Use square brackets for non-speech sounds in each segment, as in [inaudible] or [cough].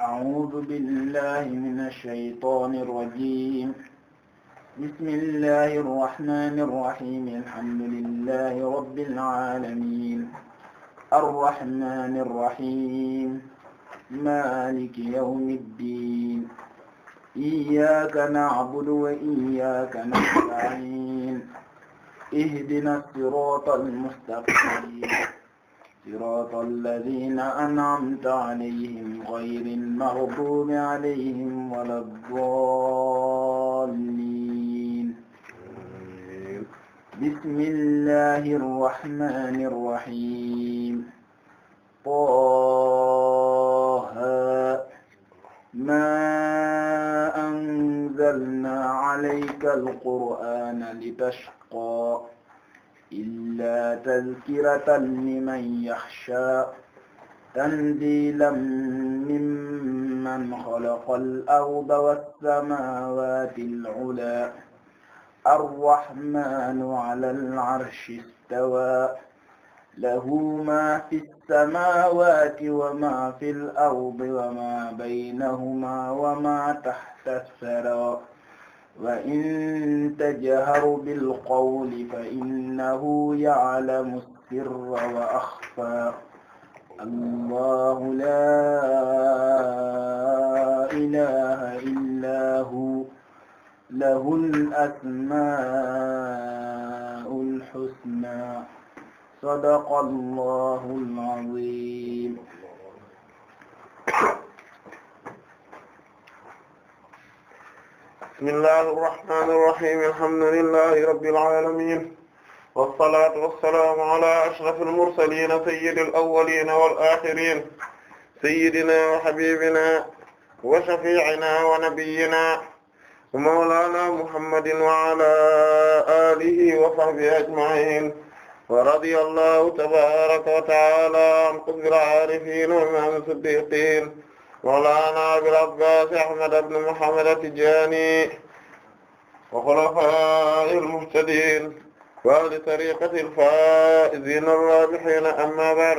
أعوذ بالله من الشيطان الرجيم بسم الله الرحمن الرحيم الحمد لله رب العالمين الرحمن الرحيم مالك يوم الدين إياك نعبد وإياك نستعين اهدنا الصراط المستقيم صراط الذين أنعمت عليهم غير المغضوب عليهم ولا الضالين بسم الله الرحمن الرحيم طه ما أنزلنا عليك القرآن لتشقى إلا تذكرة لمن يخشى تنزيلا ممن خلق الأرض والسماوات العلى الرحمن على العرش استوى له ما في السماوات وما في الأرض وما بينهما وما تحت الثرى وإن تجهر بالقول فإنه يعلم السر وأخفى الله لا إله إلا هو له الأسماء الحسنى صدق الله العظيم bismillahi irrahmani irrahim alhamdulillahi rabbil alamin wassalatu wassalamu ala ashrafil mursalin sayyidil awwalin wal akhirin sayyidina wa habibina wa shafi'ina wa nabiyyina wa mawlana muhammadin wa ala alihi wa sahbihi ajma'in wa radiyallahu tabaraka wa ta'ala an qutbil arifin wa ma'an siddiqin mawlana abil abbas ahmad ibn muhammad at-tijani wa xulafaa'il muhtadiin wa ahli tariiqatil faa'iziina raabihiina amma ba'd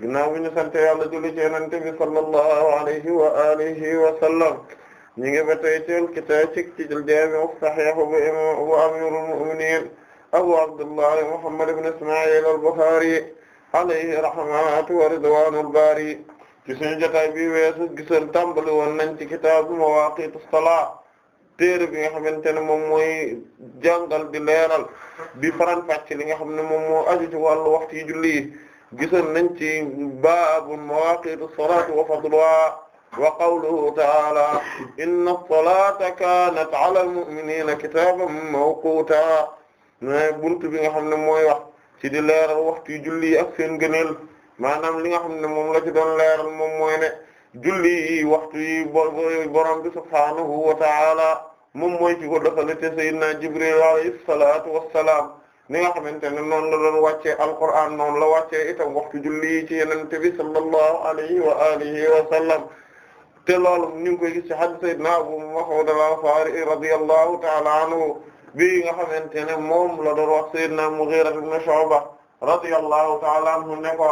ginnaaw bi ñu sant yàlla julli ci Yonent bi sallallahu alayhi wa alihi wa sallam ñu ngi ba tey ci kitaab ci al-Jaami' as-Sahiih bu amiiril mu'miniin Abu Abdullah Muhammad ibn Ismaa'iil al-Bukhaari alayhi rahmatu wa ridwaanul baari ci suñu jotaay bi weesu gisoon tàmbali woon nañ ci kitaabu mawaaqiitus salaa téere bi nga xamante ne moom mooy jàngal di leeral di faram-fàcce li nga xam ne moom moo aju ci wàllu julli yi gisoon nañ ci baabu mawaaqiitu salaati wa fadluhaa wa qawluhu ta'aala inna as-salaata kaanat 'ala al-mu'miniina kitaaban mawquutaa mais buntu bi nga xam ne mooy wax ci di leeral waxtu yi julli yi ak seen gëneel maanaam li nga xam ne moom la ci doon leeral moom mooy ne. julli yi waxtu yi borom bi subhaanahu wa ta'ala moom mooy ci ko dafale te sayyidina jibril alayhi salaatu wassalaam ni nga xamante ne noonu la doon wàccee alquran noonu la wàccee itam waxtu julli yi ci yenente bi sallallahu alayhi wa alihi wa sallam te loolu ñu ngi koy gis ci hadith sayyidina abu mas'ud al-ansari radiyallahu ta'ala anhu bi nga xamante ne moom la doon wax sayyidina mughira ibn shu'ba radiyallahu ta'ala anhu ne ko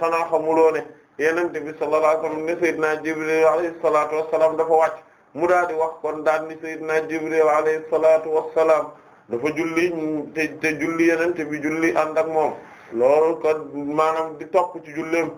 xanaa xamuloo ne yeneen bi sallallahu alayhi wa sallam ne Seydina Jibril alayhi salaatu wa salaam dafa wàcc mu daal di wax kon daal ni Seydina Jibril alayhi salaatu wa salaam dafa julli te te julli Yonent bi julli ànd moom loolu kon maanaam di topp ci julleem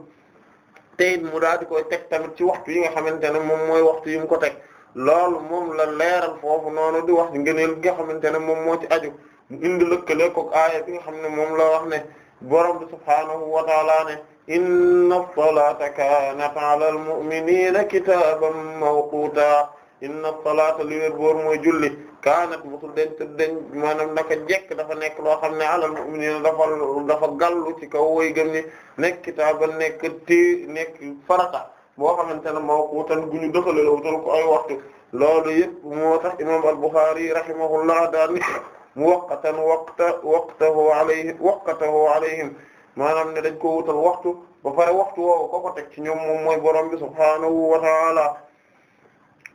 te it mu daal di koy teg tamit ci waxtu yi nga xamante ne moom mooy waxtu yi mu ko teg loolu moom la leeral foofu noonu di wax ngëneel gi nga xamante ne moom moo ci aju mu indi lëkkale ko aaya bi nga xam ne moom la wax ne borom bi subhaanahu wa taala ne. inna as-salata kanat ala al-mu'minina kitaban mawquta inna as-salata li wér boor mooy julli kaanat musul den tud den maanaam naka jekk dafa nekk loo xam ne alal mu'miniina dafa dafa gàllu ci kaw woy gëm ni nekk kitaaban nekk té nekk farata boo xamante ne mawquutan gu ñu dëxale la wutal ko ay waxtu loolu yëpp moo tax imam al-Bukhari rahimahullah daal ni [laughs] mu waqatan waqta waqtahu alayhi waqtahu alayhim maanaam ne dañ ko wutal waxtu ba pare waxtu woowu ko ko teg ci ñoom moom mooy borom bi subhaanahu wa taala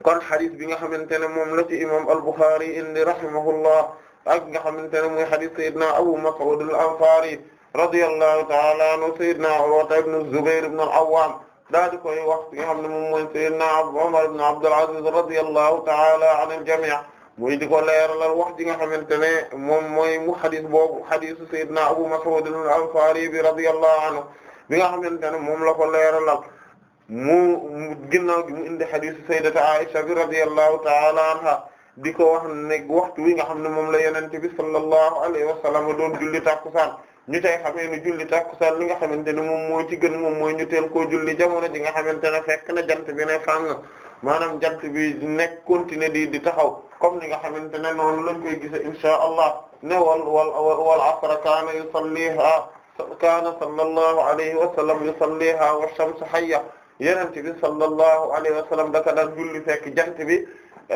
kon xadis bi nga xamante ne moom la ci imam al-Bukhari indi rahimahullah ak nga xamante ne mooy xadis sayyidina Abu Mas'ud al-Ansari radiyallahu ta'ala anhu sayyidina Urwa ibn Zubair ibn al-Awwam daa di koy wax bi nga xam ne moom mooy sayyidina Umar ibn Abdul Aziz radiyallahu ta'ala anil jami' muy di ko leeralal wax ji nga xamante ne moom mooy mu xadis boobu xadisu sayyidina Abu Mas'ud al-Ansari bi radiyallahu anhu bi nga xamante ne moom la ko leeralal mu ginnaaw gi mu indi xadisu sayyidati Aisha bi radiyallahu ta'ala anha di ko wax ne waxtu wi nga xam ne moom la yonent bi sallallahu alayhi wa sallam doon julli tàkkusaan ñu tey xamee ni julli tàkkusaan li nga xamante ne moom mooy ci gën moom mooy ñu teel koo julli jamono ji nga xamante ne fekk na jant bi maanaam jant bi nekk continuer di di taxaw comme ni nga xamante ne noonu lañ koy gise inshaa allah ne wal wal wal asr kaana yusalliha kaana sallallahu alayhi wa sallam yusalliha wa shamsu hayya yenente bi sallallahu alayhi wa sallam daka daan julli fekk jant bi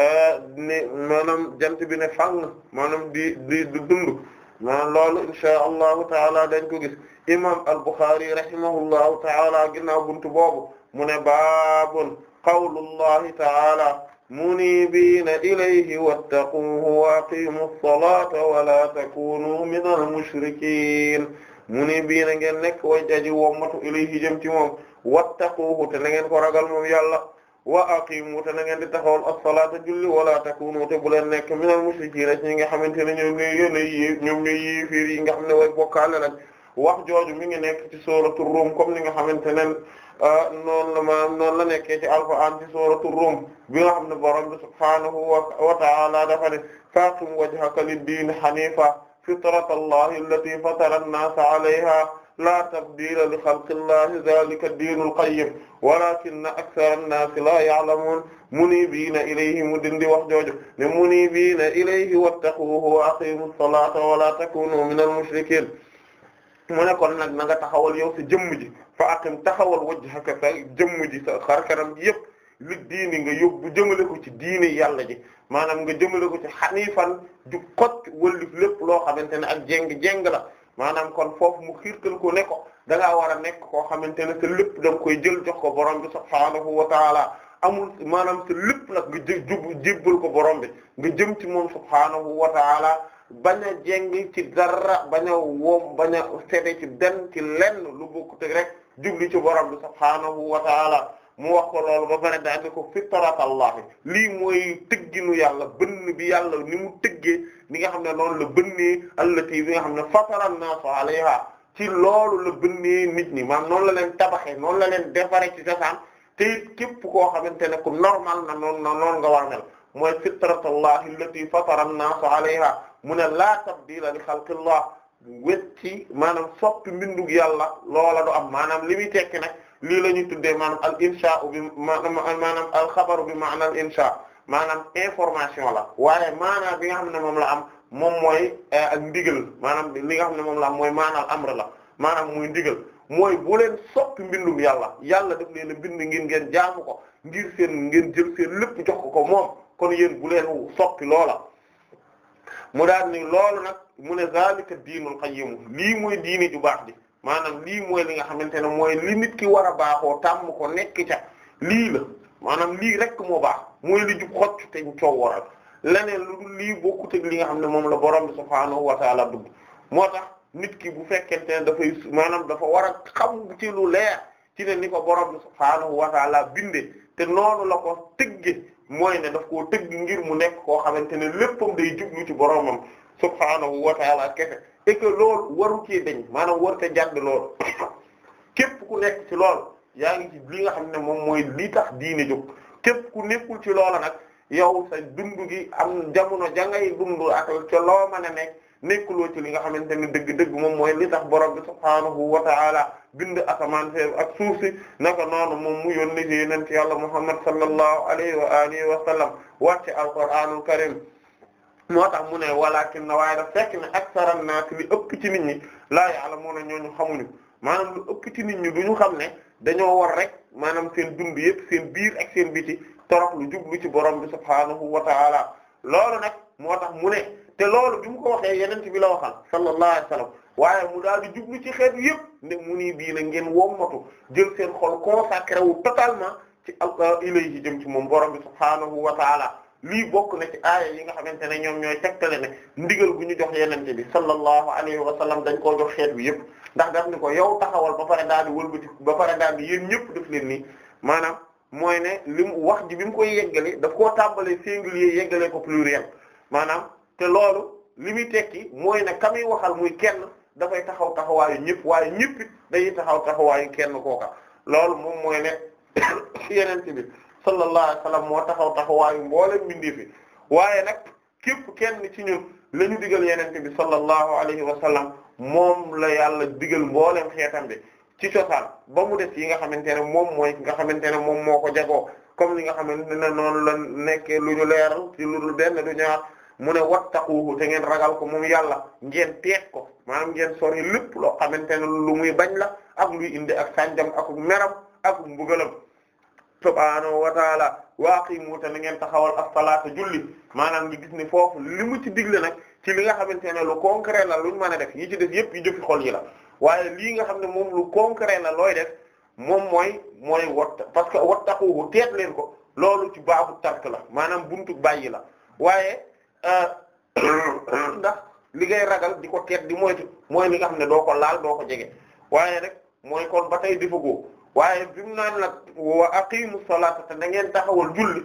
eh, ni maanaam jant bi ne fàng maanaam di di di dund maanaam loolu inshaa allahu taala da ko gis imam al-Bukhari rahimahullahu taala ginnaaw buntu boobu mu ne baabun qawlullahi ta'ala munibiina ilayhi wattaquuhu wa aqiimu salaata wa laa takuunu minal mushrikiin munibiina ngeen nekk way jaji wommatu ilayhi jëm ci moom wattaquuhu te na ngeen ko ragal moom yàlla wa aqiimu te na ngeen di taxawal as-salaata julli wa laa takuunu te bu leen nekk minal mushrikiin ci ñi nga xamante ne ñoom ñooy yéen ñoom ñooy yéefer yi nga xam ne way bokkaale lañ wax jooju mi ngi nekk ci sooratu Rum comme ni nga xamante ne euh, noonu la maanaam noonu la nekkee ci alquran ci sooratu Rum bi nga xam ne borom bi subhaanahu wa ta'ala dafa ne faqim wajhaka lid-diin haniifa fitrata allahi allati fatara an-naasa 'alayha laa tabdiila li xalqi llahi zaalika ad-diinul qayyim walaakinna akthara an-naasi laa ya'lamuun muniibiina ilayhi mu dindi wax jooju ne muniibiina ilayhi wattaquuhu wa aqiimu as-salaata wa laa takuunuu mina al-mushrikiin mu ne kon nag na nga taxawal yow sa jëmm ji fa aqim taxawal wajhaka sa jëmm ji sa xarkanam yëpp li diini nga yóbbu jëmale ko ci diine yàlla ji maanaam nga jëmale ci xaniifan ju kocc wëllif lépp loo xamante ne ak jéng-jéng la maanaam kon foofu mu xiirtal ko ne ko da ngaa war a nekk koo xamante ne sa lépp da koy jël jox ko borom bi subhaanahu wa taala amul maanaam sa lépp nag nga jë jub jébbal ko borom bi nga jëm ci subhaanahu wa bañ a jeng ci dara bañ a woom bañ a sete ci benn lenn lu bokkut rek jubli ci borom bi subhaanahu wa taala mu wax ko loolu ba pare daa di ko fitratallahi lii mooy tëgginu yàlla bënn bi yàlla ni mu tëggee ni nga xam ne noonu la bënnee allati bi nga xam ne fatara nnaasa alayha ci loolu la bënnee nit ñi maanaam noonu la leen tabaxee noonu la leen defaree ci cosaan te it képp koo xamante ne ku normal na noon na noonu nga war mel mooy fitratallahi allati fatara nnaasa alayha mu ne laa tabdila li xalqillah wetti maanaam soppi mbindug yàlla loola du am maanaam li muy tekki nag lii la ñuy tuddee maanaam al insha bi maanaam al xabaru bi maana insha maanaam information la waaye maanaam bi nga xam ne moom la am moom mooy eh, ak ndigal maanaam li nga xam ne moom la am mooy maanaam amr la maanaam muy ndigal mooy bu leen soppi mbindum yàlla yàlla daf leen a bind ngeen ngeen jaamu ko ngir seen ngeen jël seen lépp jox ko moom kon yéen bu leen soppi loola mu daal ni loolu nag mu ne zalika diinul qayyim lii mooy diini ju baax ji maanaam lii mooy li nga xamante ne mooy li nit ki war a baaxoo tàmm ko nekk lii la maanaam lii rek moo baax mooy li jub xocc te coow waral leneen lu dul lii bokkut ak li nga xam ne moom la borom bi subhaanahu wa ta'ala dugg moo tax nit ki bu fekkente ne dafay maanaam dafa war a xam ci lu leer ci ne ni ko borom bi subhaanahu wa ta'ala te noonu la ko tëgge mooy ne daf koo tëgg ngir mu nekk koo xamante ne léppam day jublu ci boromam subhaanahu wa ta'ala kefe et que loolu waru ci dañ maanaam war te jàdd loolu [coughs] képp ku nekk ci lool yaa ngi ci li nga xam ne moom mooy li tax diine jóg képp ku nekkul ci loola nag yow sa dund gi am jamono jangay dund ak ca loo mën a nekk nekkuloo ci li nga xamante ne dëgg-dëgg moom mooy li tax borom bi subhaanahu wa ta'ala bind asamaan see ak suuf si naka noonu moom mu yónni si yonent yàlla Muhammad sallallahu alayhi wa alihi wa sallam wàcce alqur'aanul karim moo tax mu ne walakin na waaye daf fekk ak aksaran naas li ëpp ci nit ñi laa ya'lamuuna ñooñu xamuñu maanaam lu ëpp ci nit ñi ñu xam ne dañoo war rek maanaam seen dund yëpp seen biir ak seen biti torox lu jublu ci borom bi subhaanahu wa ta'ala loolu nag moo tax mu ne te loolu bi mu ko waxee yeneen bi la waxal sallallahu alayhi wa waaye mu daal di jublu ci xeet yëpp nde mu nii bii na ngeen wommatu jël seen xol consacré wu totalement ci al euh, ilayhi jëm ci moom borom bi subhaanahu wa taala lii bokk na ci aaya yi nga xamante ne ñoom ñooy tegtale ne ndigal gu ñu jox yenente bi sallallahu alayhi wa sallam dañ koo jox xeet bi yëpp ndax daf ni ko yow taxawal ba pare daal di wëlbati ba pare daal yéen ñëpp def leen nii maanaam mooy ne li mu wax ji bi mu koy yeggale daf koo tàmbalee singulier yeggalee ko pluriel maanaam te loolu li muy tekki mooy ne ka muy muy kenn dafay taxaw taxawaayu ñëpp waaye ñëpp it day taxaw taxawaayu kenn kooka loolu moom mooy ne [coughs] yeneen bi sallallahu alayhi wasallam moo taxaw taxawaayu mboolem bindee fi waaye nag képp kenn ci ñun la ñu digal yeneen bi sallallahu alayhi wasallam moom la yàlla digal mboolem xeetam bi ci cosaan ba mu des yi nga xamante ne moom mooy nga xamante ne moom moo ko jagoo comme li nga xamante ne noonu la nekkee lu ñu leeral ci lu dul benn du ñaar. mu ne wattaquhu te ngeen ragal ko moom yàlla ngeen teet ko maanaam ngeen sori lépp loo xamante ne lu muy bañ la ak luy indi ak sànjam ak meram ak mbugalam subhaanahu wa taala waaqimu te na ngeen taxawal as-salaata julli maanaam ngi gis ne foofu li mu ci digle nag ci li nga xamante ne lu concret la luñ mën a def yi ci def yëpp yu jëfi xol yi la waaye lii nga xam ne moom lu concret la looy def moom mooy mooy wat parce que wattaquhu teet leen ko loolu ci baabu tark la maanaam buntu bàyyi la Euh, [coughs] ndax li ragal di ko teet di moytu mooy li nga xam ne doo ko laal doo ko jege waaye rek mooy kon ba tey di fagoo waaye bi mu naan nag wa aqimu salata te da ngeen taxawal julli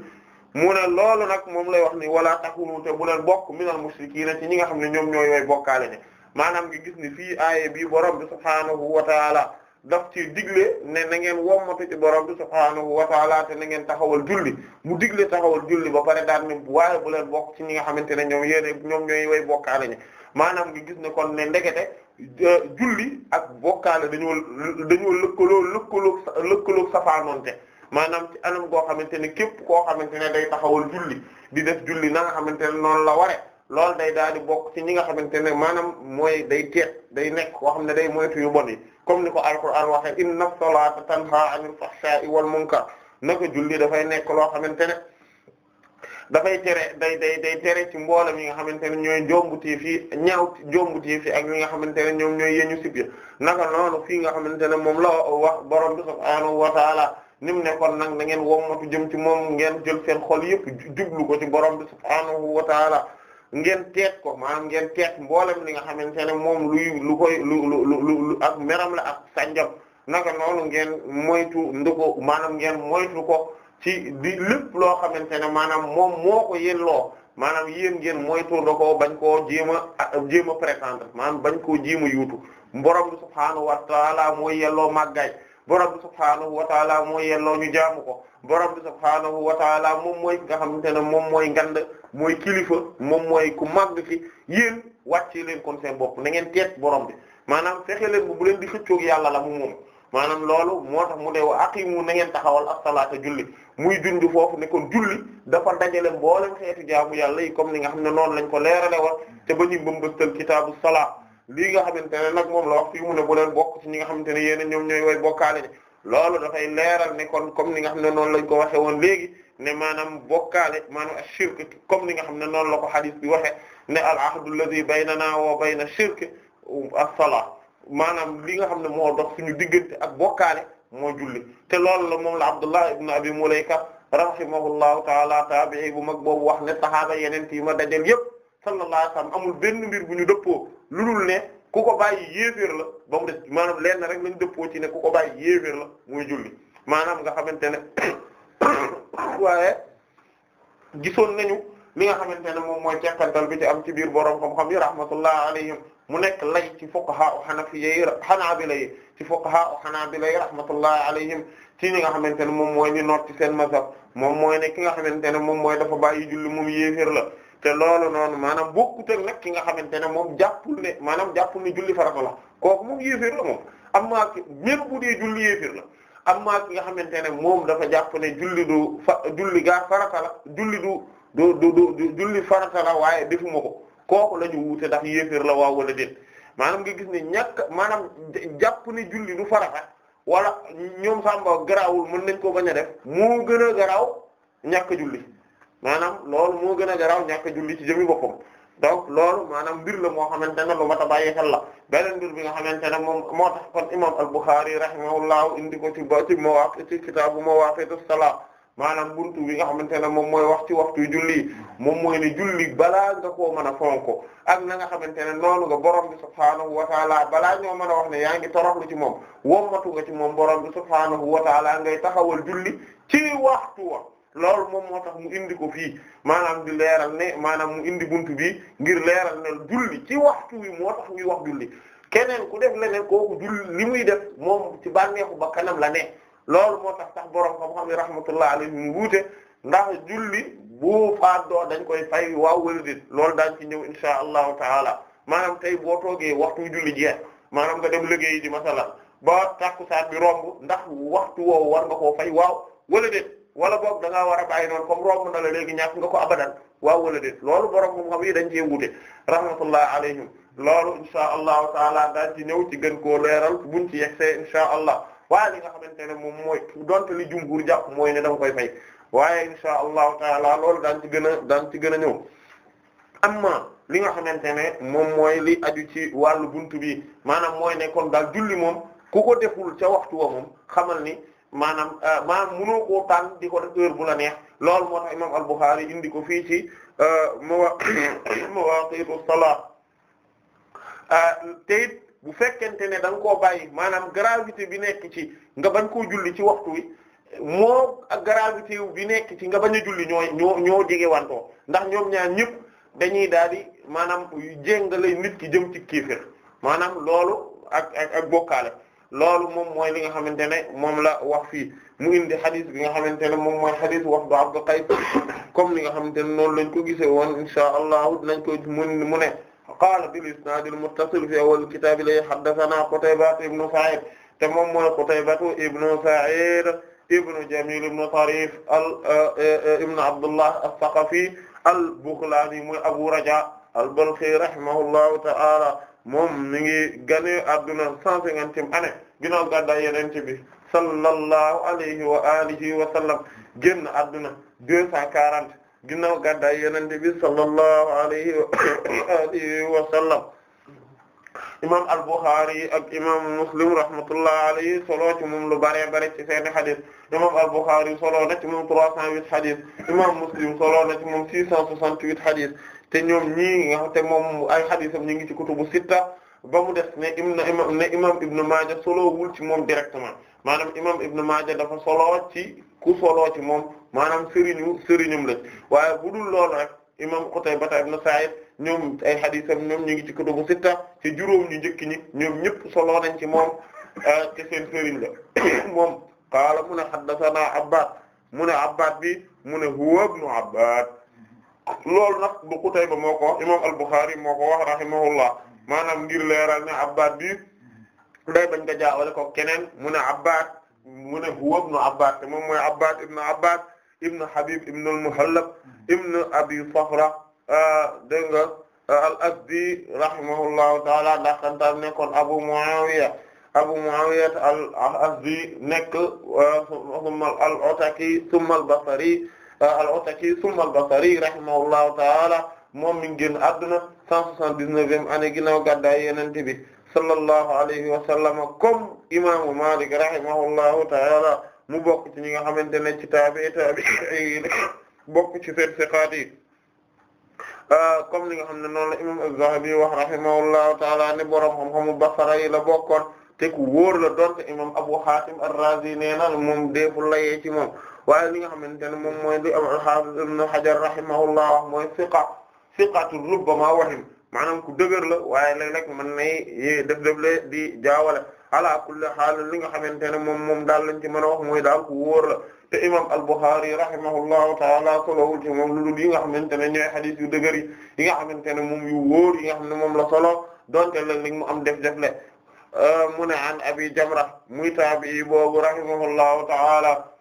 mu ne loolu nag moom lay wax ni wala takunu te bu leen bokk minal mushrikiina ci ñi nga xam ne ñoom ñooy way bokkaale ne maanaam nga gis ni fii aaye bii borom bi subhaanahu wa taala daf ci digle ne na ngeen wommatu ci borom bi subhaanahu wa ta'ala na ngeen taxawal julli mu digle taxawal julli ba pare daal ne waaye bu leen bokk ci ñi nga xamante ne ñoom yéene ñoom ñooy way bokkaale ñi maanaam nga gis ne kon ne ndekete euh, julli ak bokkaale dañoo dañoo lëkkaloo lëkkaloo lëkkaloo safaanoonte maanaam ci anam goo xamante ne képp koo xamante ne day taxawal julli di def julli na nga xamante ne noonu la ware loolu day daal di bokk ci ñi nga xamante ne maanaam mooy day teet day nekk koo xam ne day mooy yu bon yi comme ni ko alquran waxee inna salata tanha anil fahsha'i wal munkar naka julli dafay nekk loo xamante ne dafay tere day day day tere ci mboolem yi nga xamante ne ñooy njombutii fi ñaaw njombutii fi ak yi nga xamante ne ñoom ñooy yeñu sib ya naka noonu fii nga xamante ne moom la wax borom bi subhaanahu wa taala ni mu nekkoon nag na ngeen wommatu jëm ci moom ngeen jël seen xol yëpp jublu ko ci borom bi subhaanahu wa ngeen teet ko maanaam ngeen teet mboolem li nga xamante ne moom luy lu koy lu lu lu ak meram la ak sànjam naka noonu ngeen moytu ndiko maanaam ngeen moytu ko ci di loo xamante ne maanaam moom moo ko yelloo maanaam yéen ngeen moytu ndoko bañ koo jéem a jéem a prétendre maanaam bañ koo jéem a yuutu borom bi subhaanahu wa taala mooy yelloo màggaay borom bi subhaanahu wa taala mooy yelloo ñu jaamu ko borom bi subhaanahu wa taala moom mooy nga xam ne moom mooy ngand mooy kilifa moom mooy ku màgg ci yéen wàcce leen kon seen bopp na ngeen teet borom bi maanaam fexe leen bu bu leen di xëccoog yàlla la mu moom maanaam loolu moo tax mu ne wa aqimu na ngeen taxawal as-salaata julli muy jundu foofu ne kon julli dafa dajale mboolem xeetu jaamu yàlla yi comme ni nga xam ne noonu lañ ko leerale war te ba ñuy mbambastal kitaabu salaa lii xamante ne nag moom la wax fii mu ne bu leen bokk ci ñi nga xamante ne yéen ñoom ñooy way bokkaale ne loolu dafay leeral ne kon comme ni nga xam ne noonu lañ ko waxe woon léegi ne maanaam bokkaale maanaam shirk comme ni nga xam ne noonu la ko hadith bi waxe ne al ahdu alladhi baynana wa bayna shirk as-salat maanaam li nga xam ne moo dox suñu diggante ak bokkaale moo julli te loolu la moom la Abdullah ibn Abi Mulayka rahimahullahu taala tabi'i bu mag boobu wax ne sahaaba yenen yi ma dajal yépp sallallahu alayhi wa amul benn mbir bu ñu dëppoo lu dul ne ku ko bàyyi yéeféer la ba mu des maanaam lenn rek lañ dëppoo ci ne ku ko bàyyi yéeféer la muy maanaam nga xamante ne waaye gisoon nañu li nga xamante ne moom mooy cekkantal bi ci am ci biir borom xam-xam yi rahmatullah alayhim mu nekk lay ci fuqaha u hanafiyyi hanabila yi ci fuqaha u hanabila yi rahmatullah alayhim ci ñi nga xamante ne moom mooy ñu notti ci seen mazhab moom mooy ne ki nga xamante ne moom mooy dafa bàyyi julli moom yéeféer la te loolu noonu maanaam bokkut ak nag ki nga xamante ne moom jàppul ne maanaam jàppul ne julli farata la kooku moom yéeféer moom am maa même bu dee amma ki nga xamante ne moom dafa jàpp ne julli du fa julli gaa farata julli du du du julli farata waaye defuma ko kooku la ñu wuute ndax yéeféer la waaw wala déet maanaam nga gis ne ñàkk maanaam jàpp ne julli du farata wala ñoom sàmba garaawul mën nañ ko bañ a def mu gën a garaaw ñàkk julli maanaam loolu moo gën a garaaw ñàkk julli ci jëmi boppam donc loolu maanaam mbir la moo xamante ne lu mat a bàyyi xel la beneen mbir bi nga xamante ne moom moo tax kon imam al-Bukhari rahimahullahu indi ko ci ba ci mawaqit ci kitaabu mawaaqitu salaa maanaam buntu bi nga xamante ne moom mooy wax ci waxtu julli moom mooy ne julli balaa nga koo mën a fonk ak na nga xamante ne noonu nga borom bi subhaanahu wa taala balaa ñoo mën a wax ne yaa ngi toroxlu ci moom wommatu nga ci moom borom bi subhaanahu wa taala ngay taxawal julli ci waxtu wa loolu moom moo tax mu indi ko fii maanaam di leeral ne maanaam mu indi bunt bi ngir leeral ne julli ci waxtu wi moo tax ñuy wax julli keneen ku def leneen kooku julli li muy def moom ci bànneexu ba kanam la ne loolu moo tax tax borom xam-xam yi rahmatullah alayhim mu wuute ndax julli bu faatdoo dañ koy fay waaw wala déet loolu daañ ci ñëw insha allahu taala maanaam tey boo toogee waxtu julli jeex maanaam nga dem liggéey ji masala ba tàkkusaan bi romb ndax waxtu woowu war nga koo fay waaw wala wala boobu da ngaa war a bàyyi noonu comme romb na la léegi ñàkk nga ko abadan waa wala déet loolu borom moom xam yi dañ cee wute rahmatullah alayhim loolu insha allahu taala daan ci ñëw ci gën koo leeral buñ ci yegsee insha allah waaye li nga xamante ne moom mooy dont li jumhur jàpp mooy ne da nga koy fay waaye insha allahu taala loolu daan ci gën a daan ci gën a ñëw amma li nga xamante ne moom mooy li aju ci wàllu bunt bi maanaam mooy ne kon daal julli moom ku ko deful ca waxtu wa moom xamal ni maanaam euh, maanaam mënoo koo tànn di ko def bu la neex lool moo tax imam al indi ko fii ci euh, mawaqitu [coughs] salat euh, te it bu fekkente ne danga koo bàyyi maanaam gravité bi nekk ci nga bañ koo julli ci waxtu wi moo ak gravité bi nekk ci nga bañ a julli ñoo ñoo ñoo jege wantoo ndax ñoom ñaar ñëpp dañuy daal di maanaam jéngale nit ki jëm ci kiifir maanaam loolu ak ak bokkaale loolu moom mooy li nga xamante ne moom la wax fii mu indi xadis bi nga xamante ne moom mooy xadis wax du Abdu Qays comme li nga xamante ne noonu lañ ko gisee woon inshaa allahu dinañ ko mun mu ne qaala bil isnaadil muttasil fi awwal kitaab lay haddasanaa Qutaybatu ibnu Sa'iid te moom mooy Qutaybatu ibnu Sa'iid ibnu Jamiil ibnu Tariif al eh, eh, ibnu Abdullah as-Saqafi al-Baghlaani mooy Abu raja al-Balkhi rahimahullahu ta'aala moom mi ngi gane adduna cent cinquantième année ginnaaw gàddaay yenente bi sallallahu alayhi wa alihi wa sallam génn adduna deux cent quarante ginnaaw gàddaay yenente bi sallallahu alayhi wa alihi wa sallam imam al-Bukhari ak imam Muslim rahmatullah alayhi solo ci moom lu bare bare ci seeni hadith imam al-Bukhari solo na ci moom trois cent huit hadith imam Muslim solo na ci moom six cent soixante huit hadith te ñoom ñii nga xam te moom ay xadisam ñu ngi ci kutubu sitta ba mu des ne im ne imam Ibn Maaja solowul ci moom directement maanaam imam Ibn Maaja dafa solo ci ku solo ci moom maanaam sëriñu sëriñum la waaye bu dul loolu rek imam Qutayba ibn Sa'id ñoom ay xadisam ñoom ñu ngi ci kutubu sitta te juróom ñu njëkk ñi ñoom ñëpp solo nañ ci moom [coughs] ah, te seen sëriñ la [coughs] moom qaala mu ne haddathana Abbad mu ne Abbad bi mu ne huwa ibn Abbad loolu nag bu Qutayba moo ko wax imaam al-Bukhari moo ko wax rahimahullah maanaam ngir leeral ne Abbad bi day bañ ko jaawale ko keneen mu ne Abbad mu ne huwa ibnu Abbad te moom mooy Abbad ibnu Abbad ibnu Habib ibnu al-Muhallab ibnu Abi Safra ah, dégg nga al-Azdi rahimahullahu taala ndax kantaam nekkoon Abu Muawiya Abu Muawiya al-Azdi nekk ah, al-Ataki summa al Euh, al-Ataki summa al-Basri rahimahullahu ta'ala moom mi ngi génn adduna 179e année ginnaaw gàddaay Yonent bi sallallahu alayhi wa sallam comme imaamu Malik rahimahullahu ta'ala mu bokk ci nga xamante ne ci taabi'i taabi'i bokk ci seen siqaat yi euh, comme li nga xam ne noonu la imam Az-Zahabi wax rahimahullahu ta'ala ne borom xam-xamu Basra yi la bokkoon te ku wóor la doonte imam Abu Hatim Ar-Razi nee na moom deefu layee waaye li nga xamante ne moom mooy li al-Hafiz Ibn Hajar rahimahullah wax mooy siqa siqatu rubbama wahim maanaam ku dëgër la waaye léeg-léeg mën nay def def le di jaawale ala kulli haal li nga xamante ne moom moom daal lañ ci mën a wax mooy daal ku wóor la te imam al-Bukhari rahimahullahu taala solowul ci moom loolu yi nga xamante ne ñooy hadith yu dëgër yi nga xamante ne moom yu wóor yi nga xam ne moom la solo donte léeg-léeg mu am def def le mu ne an abi jamra muy taabii boobu rahimahullahu taala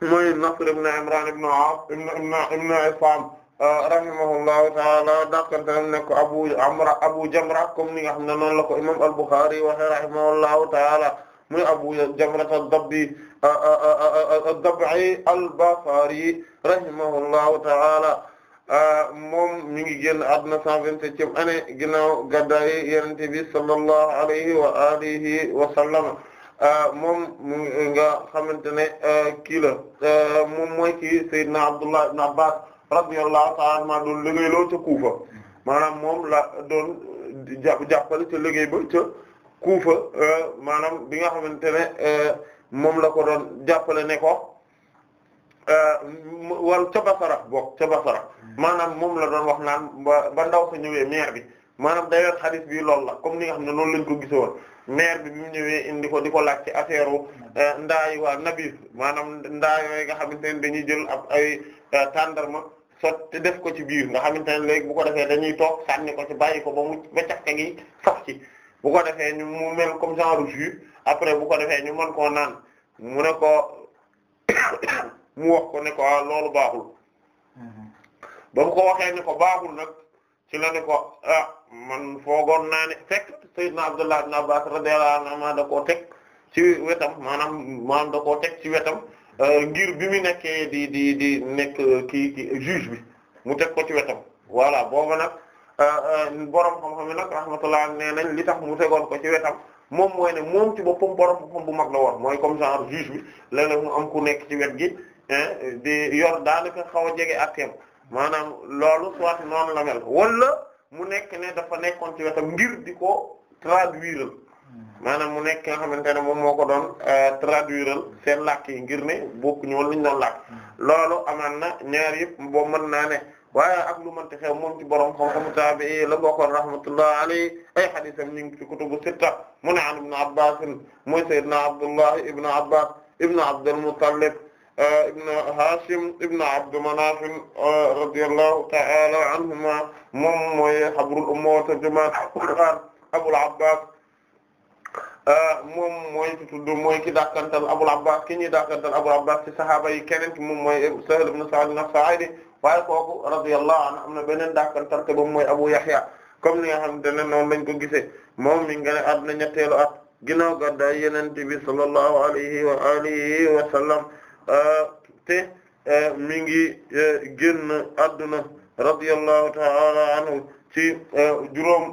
mooy Nasr ibn Imran ibn Aas ibn ibn ibn Isam euh, rahimahullahu ta'ala dakantanam nekk Abu Amra Abu Jamra comme ni nga xam ne noonu la ko imam al-Bukhari waxe rahimahullahu ta'ala muy Abu Jamra ad-Dabbi euh, euh, ad-Dab'i al-Basri rahimahullahu ta'ala moom mi ngi génn àdduna 127e année ginnaaw gàddaay Yonent bi sallallahu alayhi wa alihi wa sallam Euh, moom nga xamante ne euh, kii la euh, moom mooy kii Seydina Abdullah ibn Abbas radiyallahu ta'ala anhuma doon liggéeyloo ca maanaam moom la doon jàppale ca liggéey ba ca Kuufa maanaam bi nga xamante ne moom la ko doon jàppale ne ko wal ca Basara bokk ca Basara maanaam moom la doon wax naan ba ndaw sa ñëwee maire bi maanaam d'ailleurs bi loolu la comme ni nga xam ne noonu lañ ko gisoon maire bi mu ñëwee indi ko di ko laaj ci affaire euh, ndaayi waa nabis maanaam ndaa yooyu nga xamante ne dañuy jël ab ay euh, tàndarma sotti def ko ci biir nga xamante ne léegi bu ko defee dañuy toog sànni ko ci bàyyi ko ba mu ba cafka gi sax ci bu ko defee ñu mu mel comme genre jus après bu ko defee ñu mën koo naan mu ne ko [coughs] mu wax ko ne ko ah, loolu baaxul mm-hmm. ba mu ko waxee ne baaxul nag ci la ne ko ah man foogoon naa ne fekk Seydina Abdullah ibn Abbas radiyallahu anhuma da koo teg ci wetam maanaam maanaam da koo teg ci wetam euh, ngir bi mu nekkee di di di nekk kii ki juge bi mu teg ko ci wetam voilà boobu nag euh, euh, borom xam-xam yi nag rahmatullah nee nañ li tax mu tegoon ko ci wetam moom mooy ne moom ci boppam borom xam bu mag la woon mooy comme genre juge bi léeg-léeg mu am ku nekk ci wet gi di yor daanaka xaw a jege ak maanaam loolu soit noonu la mel mu nekk ne dafa nekkoon ci wetam ngir di ko traduire maanaam mu nekk nga xamante ne moom moo ko doon euh, traduire seen làkk yi ngir ne bokkuñu woon luñ doon làkk loolu amaan na ñaar yëpp boobu mën naa ne waaye ak lu mënti xew moom ci borom xam-xamu taabi la bokkoon rahmatullah alayhi ay hadiisam ñu ngi ci kutubu sitta mu ne an ibn Abbaas mooy Seydina Abdullah ibn Abbaas ibn Abdul Muttalib ibn Hashim ibn Abd Manaf euh, radiyallahu ta'ala anhuma moom mooy habrul umma a tarjumaan Abul Abbas euh, moom mooy ci mooy ki dàkkantal Abul Abbas ki ñuy dàkkantal Abul Abbas ci sahaaba yi keneen ki moom mooy Sahl ibn Sa'd as-Saa'idi waaye kooku radiyallahu anhu am na beneen dàkkantal te moom mooy Abu Yahya comme a nga xamante ne noonu lañ ko gisee moom mi ngi ne at na ñetteelu at ginnaaw bi sallallahu alayhi wa alihi te e, mi ngi e, génn adduna radiyallahu ta'ala anhu ci e, juróom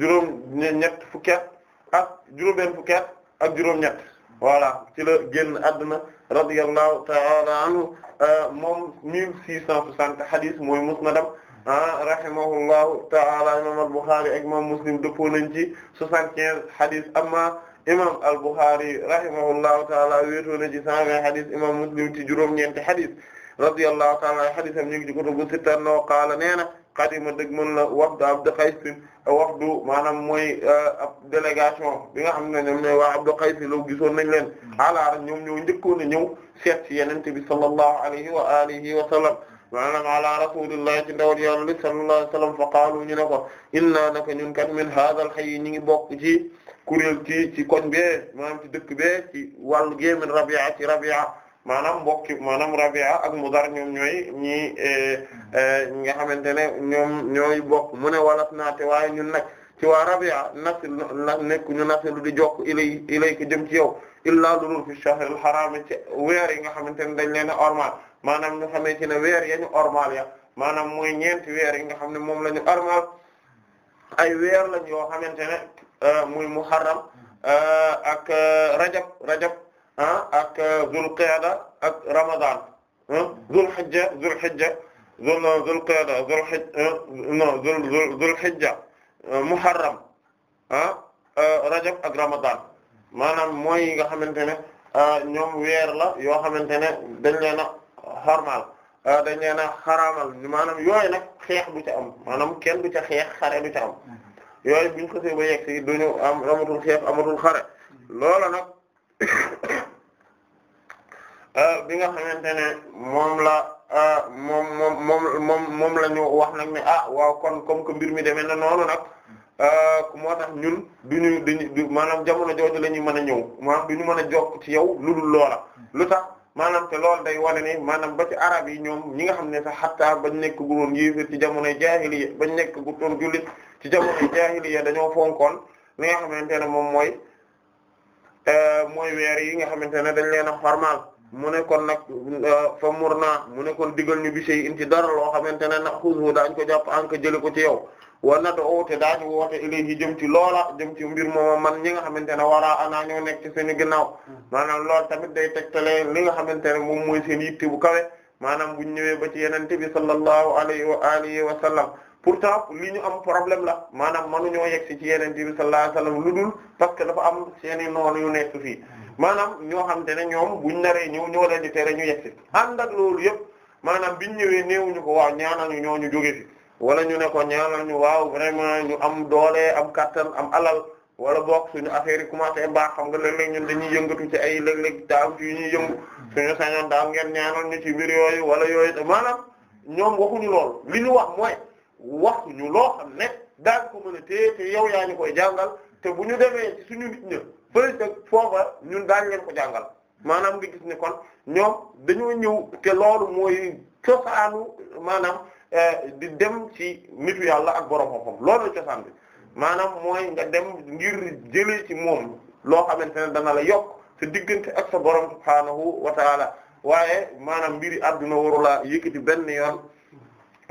juróom ñett fukki ak juróom benn fukki at ak juróom ñett voilà ci la génn adduna radiyallahu ta'ala anhu moom 1660 hadith mooy musnadam ah rahimahullahu ta'ala imam al-Bukhari ak imam Muslim dëppoo nañ ci 75 imam al-Bukhari rahimahullahu taala wéetoo na ci cent vingt hadith imam Muslim ci juróom-ñeenti hadith radiyallahu taala an hadith am ñu ngi ci kutubu sitta no qaala nee na qadima dëgg mën la wafdu Abdu Qays wafdu maanaam mooy uh, ab délégation bi nga xam ne ñoom ñooy waa Abdu Qays loo gisoon nañ leen alaara ñoom ñoo njëkkoon a ñëw seet ci Yonent bi sallallahu alayhi wa alihi maanaam ala rasulillahi ci ndawal yàlla li sallallahu alayhi wasallam fa qaalu ñu ne ko inna naka ñun kat min hadal xay ñi ngi bokk ci kuréel ci ci koñ bee maanaam ci dëkk bee ci wàllu gémin rabia ci rabia maanaam mbokki maanaam rabia ak mu mudar ñoom ñooy ñi eh, eh, ñi nga xamante ne ñoom ñooy bokk mu ne walas naate waaye ñun nag ci waa Rabi'a nasil nekk ñu nasilu di jokk ilay ilay ko ci yow illaa lulul fi shahril haram ci weer yi nga xamante ne dañ leen a ormal maanaam ñu xamee weer yañu ormal ya maanaam mooy ñeenti weer yi nga xam ne moom la ñu ormal ay weer lañ yoo xamante ne euh, muy muharram euh, ak euh, rajab rajab ah ak zulqaada ak ramadan zulhijja zulhijja zul zulqaada zulhijja non zul zulhijja muharram ah, ah rajab ak ramadan maanaam mooy yi nga xamante ne ah, ñoom weer la yoo xamante ne dañ leen a xormaal ah, dañ leen a xaraamal maanaam yooyu nag xeex du ca am maanaam kenn du ca xeex xare du ca am yooyu buñ xasee ba yegg si duñu am amatul xeex amatul xare loola nag [coughs] bi nga xamante ne moom la Ah, moom moom moom moom moom la ñu wax nag ne ah waaw kon comme que mbir mi demee na noonu nag ah, moo tax ñun du ñu dañu maanaam jamono jooju la ñuy mën a ñëw maanaam ñu mën a jokk ci yow lu dul loola lu tax maanaam te loolu day wane ni maanaam ba ci arab yi ñoom ñi nga xam ne sax xattaa bañ nekk gu doon yéefér ci jamonoy jaahiliya bañ nekk gu doon jullit ci jamonoy jaahiliya dañoo fonkoon li nga xamante ne moom mooy eh, mooy weer yi nga xamante ne dañ leen a xormaal mu ne kon nag euh, fa murna mu nekkoon kon digal ñu bi sey in dara loo xamante ne na xuusu daañ ko jàpp an ko jële ko ci yow wa nado oote daañu woote ilayhi jëm ci loola jëm ci mbir moom man ñi nga xamante ne waraa anaa ñoo nekk ci seen ginnaaw maanaam loolu tamit day tegtalee li nga xamante ne moom mooy seen yitte bu kawe maanaam buñ ñëwee ba ci yenente bi sallallahu alayhi wa alihi wa sallam pourtant li ñu am problème la maanaam mënuñoo ñoo si ci yenente bi sallallahu alayhi wa lu dul parce que dafa am seeni noonu yu nekk fii maanaam ñoo xam te ne ñoom buñ naree ñëw ñoo leen di tere ñu yegsi ànd ak loolu yëpp maanaam biñ ñëwee néewuñu ko wax ñaanal ñu ñoo ñu jóge fi ñu ne ko ñu waaw vraiment ñu am doole am kattan am alal wala bokk suñu affaire yi commencé baax xam nga léeg-léeg ñun dañuy yëngatu ci ay léeg-léeg yu ñuy yëngu suñu sañoon daal ngeen ñaanal ñu ci mbir yooyu wala yooyu maanaam ñoom waxuñu lool li ñu wax mooy waxuñu loo xam ne daal ko mën a téye te yow yaa ñu jàngal te bu ñu demee suñu nit ña fële ca foofa ñun daañu leen ko jàngal maanaam nga gis ne kon ñoom dañoo ñëw te loolu mooy cosaanu maanaam eh, di dem ci nitu yàlla ak borom xam-xam loolu la cosaan bi maanam mooy nga dem ngir jëlee ci moom loo xamante ne dana la yokk sa diggante ak sa borom subhaanahu wa waaye maanaam mbiri adduna yi yëkkati benn yoon.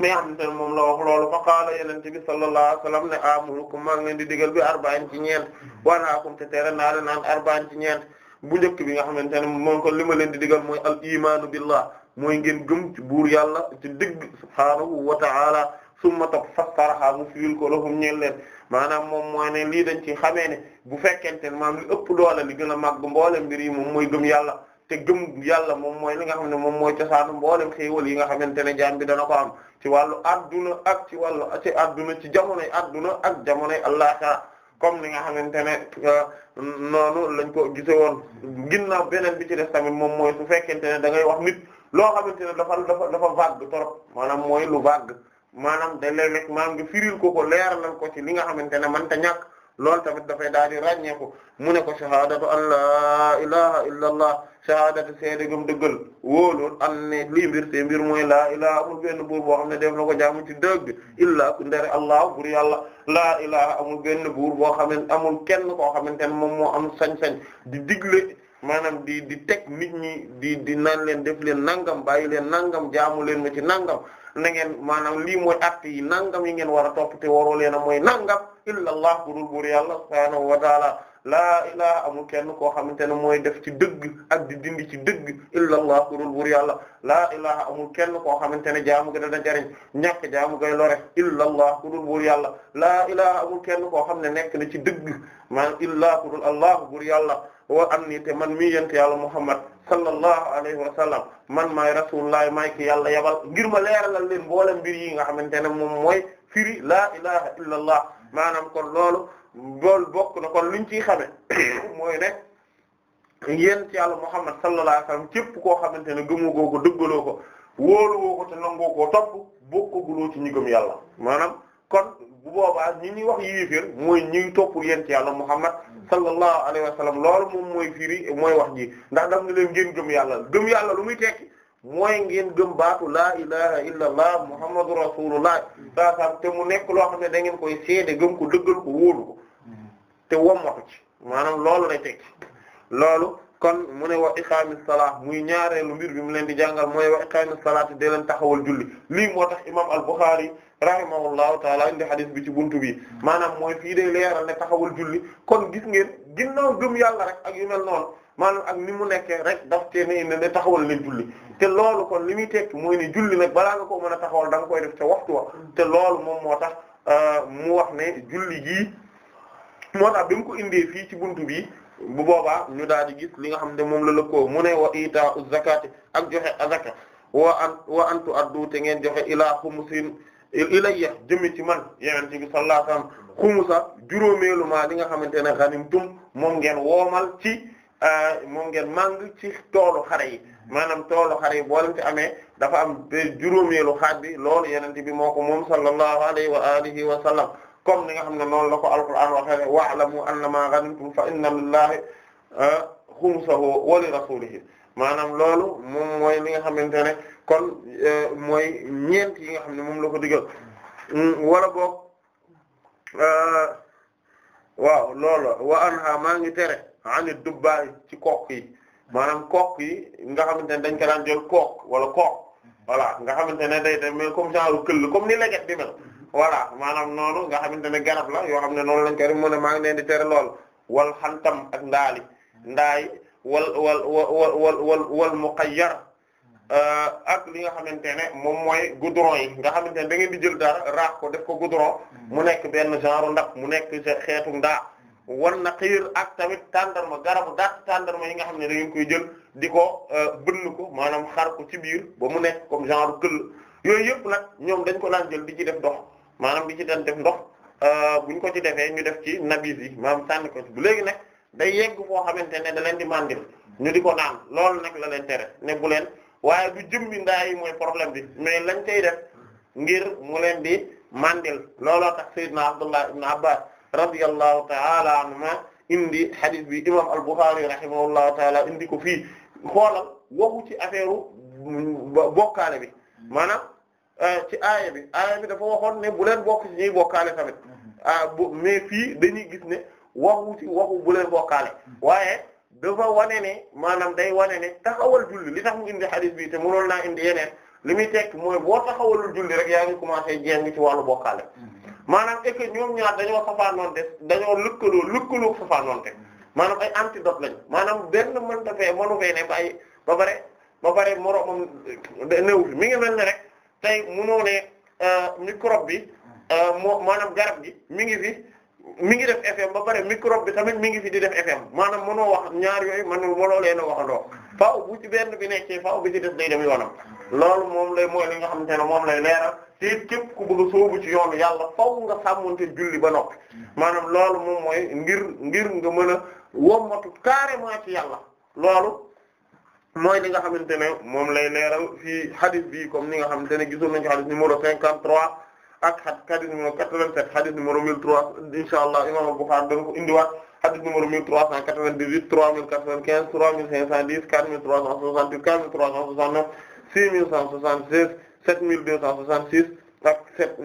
mi nga xamante ne moom la wax loolu fa qaala yenente bi sallallahu alayhi wasallam ne amurukum maa ngi leen di digal bi arba'in ci ñeent wanaakum te tere naa leen naan arba'in ci ñeent bu njëkk bi nga xamante ne moom ko li ma leen di digal mooy al imaanu billah mooy ngeen gëm ci buur yàlla ci digg subhaanahu wa ta'ala summa toog fassaraha mu fiil ko lahum ñeel leen maanaam moom mooy ne lii dañ ci xamee ne bu fekkente ne maam li ëpp doole li gën a màgg mboole mbir yi moom mooy gëm yàlla te gëm yàlla moom mooy li nga xam ne moom mooy cosaanu mboolem xéewal yi nga xamante ne jaam bi dana ko am ci wàllu adduna ak ci wàllu ci adduna ci jamonoy adduna ak jamonoy àllaxira comme li nga xamante ne euh, noonu lañ ko gise woon ginnaaw beneen bi ci des tamit moom mooy su fekkente ne da ngay wax nit loo xamante ne dafa dafa dafa vague trop maanaam mooy lu vague maanaam da léeg-léeg maanaam nga firil ko ko leeralal ko ci li nga xamante ne man ta ñàkk loolu tamit dafay daal di ràññeeku mu ne ko shahadatu an la shahadati seede gëm dëggal wóoloon an ne lii mbir te mbir mooy laa ilaha amul benn buur boo xam ne def na ko jaamu ci dëgg illaa ku ndere allah bur yàlla laa ilaha amul benn buur boo xam ne amul kenn koo xamante ne moom moo am sañ-sañ di digle maanaam di di teg nit ñi di di naan leen def leen nangam bàyyi leen nangam jaamu leen ma ci nangam na ngeen maanaam lii mooy acte yi nangam yi ngeen war a topp te waroo leen a mooy nangam illa allah bu buur yàlla subhaanahu wa taala laa ilaha amul kenn koo xamante ne mooy def ci dëgg ak di dindi ci dëgg illallah kurul wur yàlla laa ilaha amul kenn koo xamante ne jaamu ga dana jariñ ñàkk jaamu gay lore illallah kurul wur yàlla laa ilaha amul kenn koo xam ne nekk na ci dëgg man illaa kurul allah wur yàlla wo am nii te man mii yent yàlla muhammad sallallahu alayhi wa sallam man maay rasulullah maay ki yàlla yabal ngir ma leeralal leen mboolem mbir yi nga xamante ne moom mooy firi laa ilaha maanaam kon loolu bool bokk na kon luñ ciy xame [coughs] mooy ne yéen ci yàlla Muhammad sallallahu alayhi wasallam képp koo xamante ne gëmoo koo ko dëggaloo ko wóoluwoo ko te nangoo koo topp bokkaguloo ci ñi gëm yàlla maanaam kon bu boobaa ñi ñuy wax yéeféer mooy ñi topp yéen ci yàlla Muhammad sallallahu alayhi wasallam loolu moom mooy firi mooy wax ji ndax daf nga leen ngeen gëm yàlla gëm yàlla lu muy tekki mooy ngeen gëm baatu laa ilaha illa allah muhammadu rasulullah saa saa te mu nekk loo xam ne da ngeen koy seede gëm ko dëggal ko wóolu ko te wommatu ci maanaam loolu lay tekki loolu kon mu ne wa iqaamis salaat muy ñaareelu mbir bi mu leen di jàngal mooy wa iqaamis salaat di leen taxawal julli lii moo tax imaam al-Bukhari rahimahullahu taala indi hadith bi ci buntu bi maanaam mooy fii day leeral ne taxawal julli kon gis ngeen ginnaaw gëm yàlla rek ak yu mel noonu maanaam ak ni mu nekkee rek daf cee ne ne ne taxawal leen julli te loolu kon li muy tekki mooy ne julli nag balaa nga ko mën a taxawal da nga koy def ca waxtu wa te loolu moom moo tax euh, mu wax ne julli gii moo tax bi mu ko indee fii ci buntu bi bu boobaa ñu daal di gis li nga xam ne moom la lëkkoo mu ne wa ita u zakati ak joxe azaka wa an wa antu addu te ngeen joxe ilaa xumusin ilayya jëmi ci man yenente bi sallallahu alayhi wasallam xumusa juróomeelu ma li nga xamante ne ghanimtum moom ngeen woomal ci euh, moom ngeen màng ci toolu xare yi maanaam toolu xare yi boo leen dafa am juróomeelu xaaj bi lool yenente bi moo ko moom sallallahu alayhi wa alihi wa sallam comme ni nga xam ne noonu la ko alquran na wa'lamu annama ghanimtum fa inna lillahi khumsahu ah, wa li rasulihi maanaam loolu moom mooy li nga xamante ne kon eh, mooy ñeent yi nga xam ne moom la ko digal mm, wala boog ah, waaw loolu wa anha maa ngi tere ani dubbaay ci kook yi maanaam kook yi nga xam ne dañ ko daan jël kook wala kook voilà nga xamante ne day dem mais comme genre këll comme ni leget di mel voilà maanaam noonu nga xamante ne garab la yoo xam ne noonu lañ koy def mu ne maa ngi leen di tere lool wal xantam ak ndaali ndaay wal wal wal wal wal wal muqayyar euh, ak li nga xamante ne moom mooy goudron yi nga xamante ne da di jël dara raax ko ko goudron mu nekk benn genre ndax mu nekk xeetu ndaa wan na xiir ak tamit tàndarma garabu daat tàndarma yi nga xam ne da koy jël di ko euh, bënn ko maanaam xar ko ci biir ba mu nekk comme genre këll yooyu yëpp nag ñoom dañ ko daan jël di ci def dox maanaam di ci daan def ndox euh, bu ñu ko ci defee ñu def ci nabis yi maanaam sànni ko bu léegi nag day yegg foo xamante ne da leen di mandil ñu di ko naan loolu nag la leen tere ne bu leen waaye du jëmmi ndaa yi mooy problème bi mais lañ cay def ngir mu leen di mandil looloo tax sayyidna Abdullah ibn Abbas radiyallahu ta'ala anhuma indi hadith bi imam al-Bukhari rahimahullahu ta'ala indi ko fii koola waxu ci affaire mm, bokkaale bi maanaam Euh, ci aaya bi aaya bi dafa waxoon ne bu leen bokk ci ñuy bokkaale tamit mhm. ah bu mais fii dañuy gis ne waxu ci waxu bu leen bokkaale mhm. waaye dafa wane ne maanaam day wane ne taxawal julli li tax mu indi hadith bi te mënoon naa indi yeneen li muy tekk mooy boo taxawalul julli rek yaa ngi commencé ngi ci wàllu bokkaale mhm. maanaam est que ñoom ñaar dañoo safaanoonte dañoo lëkkaloo lëkkaloo safaanoonte maanaam ay antidote lañ maanaam benn mënta fee mënu fee ne ba ay ba pare ba pare moroomam néew mi ngi mel ne rek. tey munoo ne euh, microbe bi ah. euh, moo maanaam garab gi mi ngi fi mi ngi def effet ba pare microbe bi tamit mi ngi fi di def fm maanaam mënoo wax ñaar yooyu man mënoo leen a waxandoo faaw bu benn bi nekkee faaw bi ci day dem yoonam loolu moom lay mooy li nga xamante ne moom lay leeral te képp ku bëgg a sóobu ci yoonu yàlla faaw nga sàmmante julli ba noppi maanaam loolu moom mooy ngir ngir nga mën a wommatu carrément ci yàlla loolu. mooy li nga xamante ne moom lay leeral fii hadith bi comme ni nga xamante ne gisoon nañu hadith numéro 53 ak hadith numéro 87 hadith numéro 1003 insha allah imam Bukhari dañ ko indiwaat hadith numéro 1398 3095 3510 4368 4369 6176 7266 ak 7556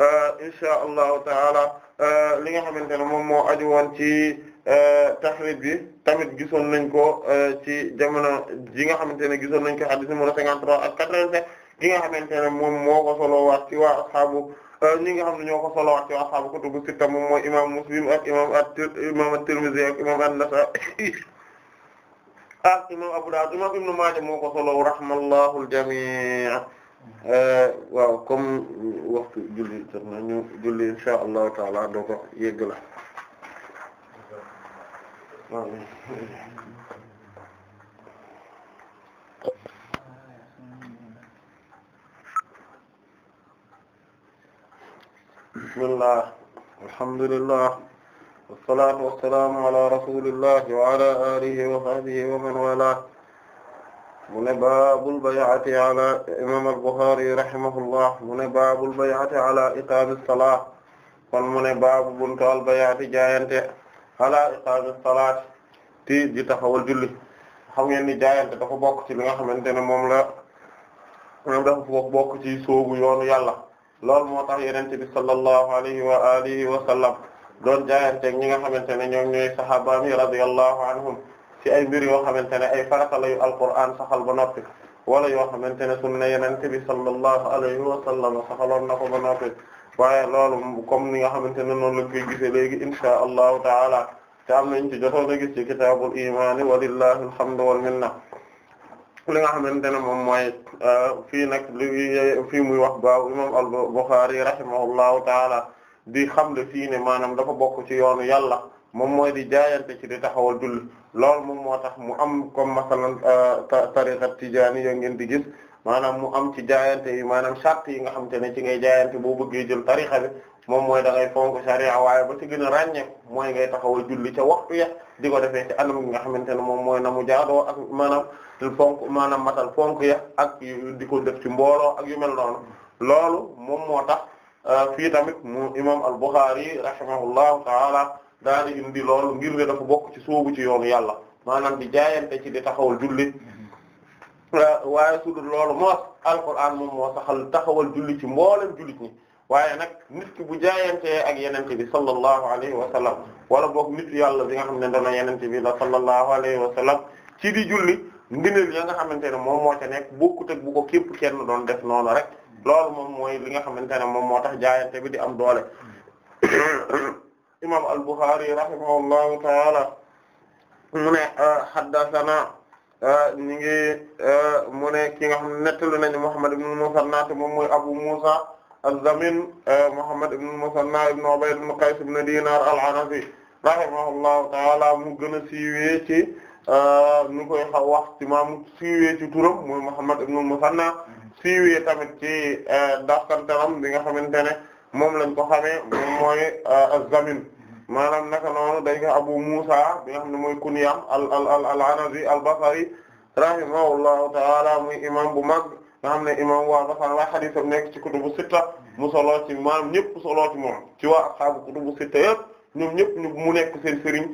euh, insha allahu taala euh, li nga xamante ne moom moo aju woon ci euh, tahrib bi. tamit gisoon nañ ko euh, ci jamono ji nga xamante ne gisoon nañ ko hadith moo 53 ak 87 gi nga xamante ne moo ko solowaat ci waa asxaabu euh, ñi nga xam ne ñoo ko solowaat ci waa asxaabu kutubu sitta moom mooy imam Muslim ak imam at imam at-Tirmidhi ak imam an-Nasa'i [laughs] ak imam Abu Dawud imam Ibn Maaja moo ko solo rahmallahu al-jami' euh, waaw comme waxtu julli jot ñu julli insha Allah taala doo ko bismillah alhamdulillah wassalatu wassalaamu ala rasulillahi wa ala alihi wa sahbihi wa man wala mu ne baabul bay'ati ala imam al-Bukhari rahimahullah mu ne baabul bay'ati ala iqamis salah kon mu ne baabu buntu al bay'ati jaayante ala iqaami salaat ti di taxawal julli xam ngeen ni jaayante dafa bokk ci li nga xamante ne moom la moom dafa bokk ci soobu yoonu yàlla lool moo tax yenente bi sallallahu alayhi wa alihi wa sallam doon jaayante ñi nga xamante ne ñoom ñooy sahabaami radiyallahu ci ay mbir yoo xamante ne ay farata la yu alquran saxal ba noppi wala yoo xamante ne sunna yenente bi sallallahu alayhi wa sallam saxaloon na ko ba noppi waaye loolu comme ni nga xamante ne noonu lañ koy gisee léegi insha allahu taala te am nañ ci jotoon a gis ci kitaabul imaani walillahi alhamdu wal minna li nga xamante ne moom mooy euh, fii nag li fii muy wax baaw imam al-Bukhari rahimahullahu taala di xam fii ne maanaam dafa bokk ci yoonu yàlla moom mooy di jaayante ci di taxawal julli loolu moom moo tax mu am comme masalan euh, tariqa tijaani ya ngeen di gis maanaam mu am ci jaayante yi maanaam sart yi nga xamante ne ci ngay jaayante boo bëggee jël tarixa bi moom mooy da ngay fonk sariya waaye ba ci gën a mooy ngay taxaw a julli ca waxtu ya di ko defee ci anam gi nga xamante ne moom mooy na mu jaadoo ak maanaam fonk maanaam matal fonk ya ak di ko def ci mbooloo ak yu mel noonu loolu moom moo tax euh, fii tamit mu imam al-Bukhari rahimahullahu taala daal di indi loolu ngir ne dafa bokk ci sóobu ci yoonu yàlla maanaam di jaayante ci di taxawal waaye su dul loolu moos alquran moom a saxal taxawal julli ci mboolem jullit ñi waaye nag nit ki bu jaayantee ak yenente bi sallallahu alayhi wa sallam wala boog nit yàlla bi nga xam ne dana yenente bi la sallallahu alayhi wa sallam ci di julli ndinel ya nga xamante ne moom moo ca nekk bokkut ak bu ko képp doon def noonu rek loolu moom mooy li nga xamante ne moom moo tax jaayante bi di am doole [coughs] imam al-Bukhari rahimahullahu taala mu ne haddathana Euh, ñu ngi euh, mu ki nga xam ne nettalu nañu Muhammad ibn al-Musanna te moom mooy Abu Musa az-Zamin euh, Muhammad ibn al-Musanna ibn Ubayd ibn Qays ibn Dinar mu gën a siiwee ci ñu koy xaw ci mooy Muhammad ibn musanna siiwee tamit ci dafkantaram bi nga xamante ne moom lañ ko xamee moom mooy az maanaam naka noonu dañ ko Abu Musa bi nga xam ne mooy kunyam al al al al-Anazi al-Basri rahimahullahu ta'ala muy imam bu mag nga xam ne imam waa Basra la hadith am nekk ci kutubu sitta mu solo ci maanaam ñëpp solo ci moom ci waa ashaabu kutubu sitta yëpp ñoom ñëpp ñu mu nekk seen sëriñ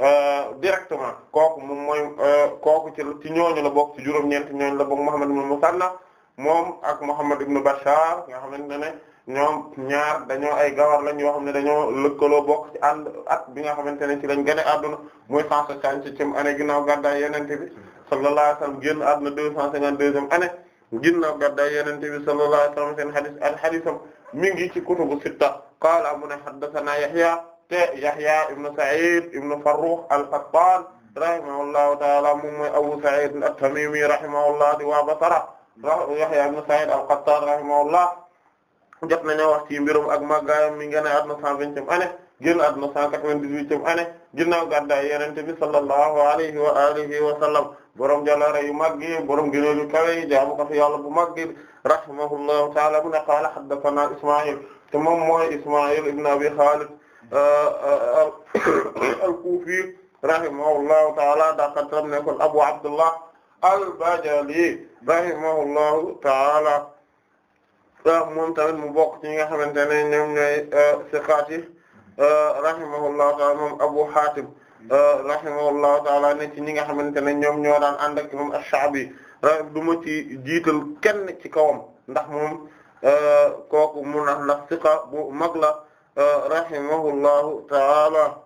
euh, directement kooku moom mooy euh, kooku ci ci ñooñu la bokk ci juróom-ñeent ñooñu la bokk Muhammad ibn Musanna moom ak Muhammad ibn Bashar nga xamante ne. ñoom ñaar dañoo ay gawar lañ yoo xam ne dañoo lëkkaloo bokk ci ànd at bi nga xamante ne ci lañ gën a adduna muy cent soixantième année ginnaaw gàddaay yonent bi sallallahu alayhi wasallam na adduna deux cent cinquante-deuxième année ginnaaw gàddaay yonent bi sallallahu alayhi wasallam seen hadith al haditham mi ngi ci kutubu sitta qaala mu ne haddathana Yahya te Yahya ibn Sa'id ibn Farrukh al-Qattan rahimahullahu ta'ala moom mooy Abu Sa'id at-Tamimi rahimahullah di waa Basra Yahya ibn Sa'id al-Qattan rahimahullah jot nañoo wax ci mbirum ak màggaayam mi nga ne adna cent vingtième année génn adna cent quatre-vingt-dix-huitième année ginnaaw gàddaay yenente bi sallallahu alayhi wa alihi wa sallam borom jaloore yu màggi borom gëneel yu kawe yi jaamu ko fi yàlla bu màggi rahimahullahu taala mu ne qaala haddathana ismail te moom mooy ismail ibn abi khalid euh, [coughs] al-kufi rahimahullahu taala daqatam ne kon abu abdullah al-bajali rahimahullahu taala moom tamit mu bokk ci ñi nga xamante ne ñoom ñooy euh, siqaat yi euh, rahimahullahu taala moom Abu Hatim euh, rahimahullahu taala ne ci ñi nga xamante ne ñoom ñoo daan ànd ak moom Ash-Sha'bi du ma ci jiital kenn ci kawam ndax moom kooku mun a ndax siqa bu mag la rahimahullahu taala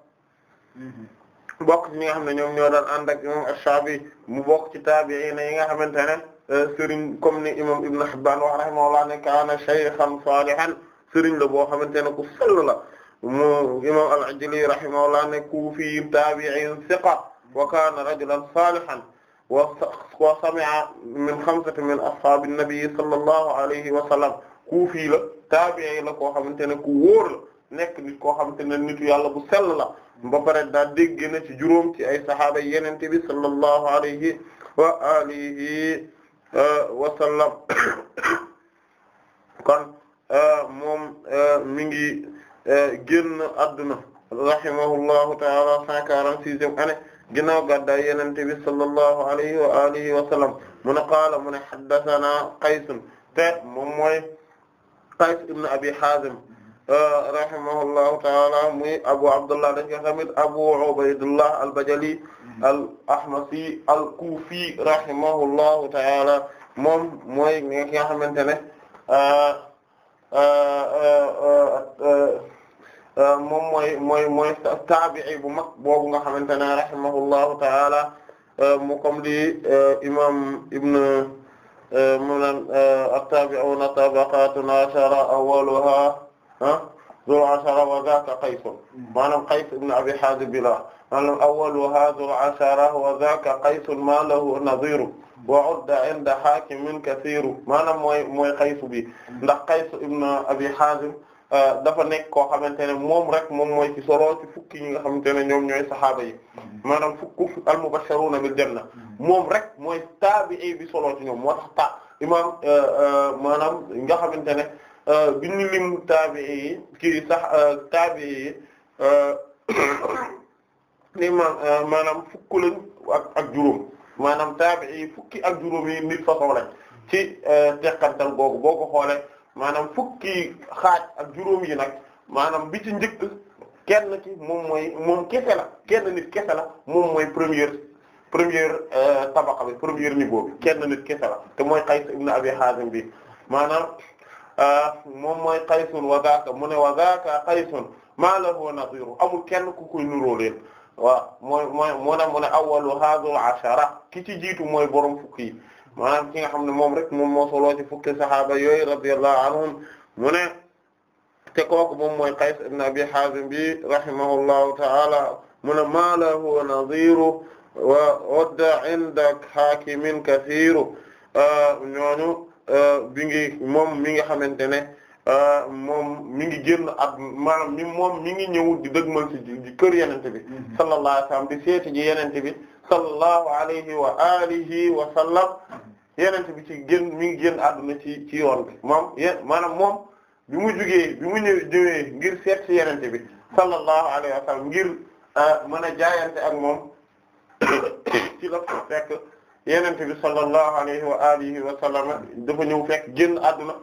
mm-hmm. bokk ci ñi nga xam ne ñoom ñoo daan ànd ak moom Ash-Sha'bi mu bokk ci taabi'iin yi nga xamante ne Euh, sëriñ comme ni imam Ibn Hibban wa rahimahullah ne kaana shaykhan salihan sëriñ la boo xamante ne ku sell la mu imam al-Ajli rahimahullah ne kufi tabi'in thiqa wa kaana rajulan salihan wa wa sami'a min khamsati min ashaabi an-nabi sallallahu alayhi wa sallam kufi la tabi'i la koo xamante ne ku wóor la nekk nit koo xamante ne nitu yàlla bu sell la ba pare daa dégg na ci juróom ci ay sahaaba yenente bi sallallahu alayhi wa alihi Euh, wa sallam [coughs] kon euh, moom euh, mi ngi génn adduna rahimahullahu ta'ala cent quarante-sixième année ginnaaw gàddaay Yonent bi sallallahu alayhi wa alihi wa sallam mu ne qaala mu ne haddathana Qays te moom mooy Qays ibn Abi Hazim rahimahullahu ta'ala muy Abu Abdullah dañ ko tamit Abu Ubaydullah al-Bajali al-Ahmasi al-Kufi rahimahullahu ta'ala moom mooy ñi nga xamante ne ah, ah, ah, moom mooy mooy mooy taabi'i bu mag boobu nga xamante ne rahimahullahu ta'ala mu comme li imam ibn mu naan at-tabi'una tabaqatun ashara awwaluha zul ashara wa zaaka Qays hmm. maanaam Qays ibn Abi Haazim bila al-awwalu haadha al-ashara wa dhaaka qaysun maa lahu nadhiiru wa udda inda haakimin kathiiru maanaam mooy mooy qaysu bi ndax qaysu ibn abi haazim euh, dafa nekk koo xamante ne moom rek moom mooy ci solo ci fukki ñi nga xamante ne ñoom ñooy saxaaba yi maanaam fukku al-mubashsharuuna bil janna moom rek mooy taabi'i bi solo ci ñoom moo tax ta imaam euh, euh, maanaam nga xamante ne bi ñu lim taabi'i yi kii sax taabi'i yi [coughs] ni euh, maanaam fukk lañ ak ak juróom maanaam taabi'i fukki ak juróom yi nit façon lañ ci euh, teqantal googu boo ko xoolee maanaam fukki xaaj ak juróom yi nag maanaam bi ci njëkk kenn ki moom mooy moom kese la kenn nit kese la moom mooy première première euh, tabaqa bi première niveau bi kenn nit kese la te mooy Qays ibn Abi Hazim bi maanaam moom mooy kay wa zaaka mu ne wa zaaka Qaysun maa lahu nadiru amul kenn ku koy nuroo leen waaw mooy mooy moo tax mu ne awwalu hadhul ashara ki ci jiitu mooy borom fukki yi maanaam ki nga xam ne moom rek moom moo soloo ci fukki sahaaba yooyu radiyallahu anhum mu ne te kooku moom mooy Qays ibn Abi Hazim bi rahimahullahu ta'ala mu ne ma lahu nadhiru wa odda indak hakimin kathiru ñooñu bi ngi moom mi nga xamante ne Euh, moom mi ngi génn at maanaam mi moom mi ngi ñëw di dëgmal di kër yenente bi mhm. sallallahu alayhi wa sallam di seeti ji yenente bi sallallahu alayhi wa alihi wa sallam yenente bi ci génn mi ngi àdduna ci ci yoon bi moom yén moom bi mu jugee bi mu ñëw ñëwee ngir seet ci yenente bi sallallahu alayhi wa sallam ngir euh, mën a jaayante ak moom [coughs] ci la fekk yenente bi sallallahu alayhi wa alihi wa sallam dafa ñëw fekk génn àdduna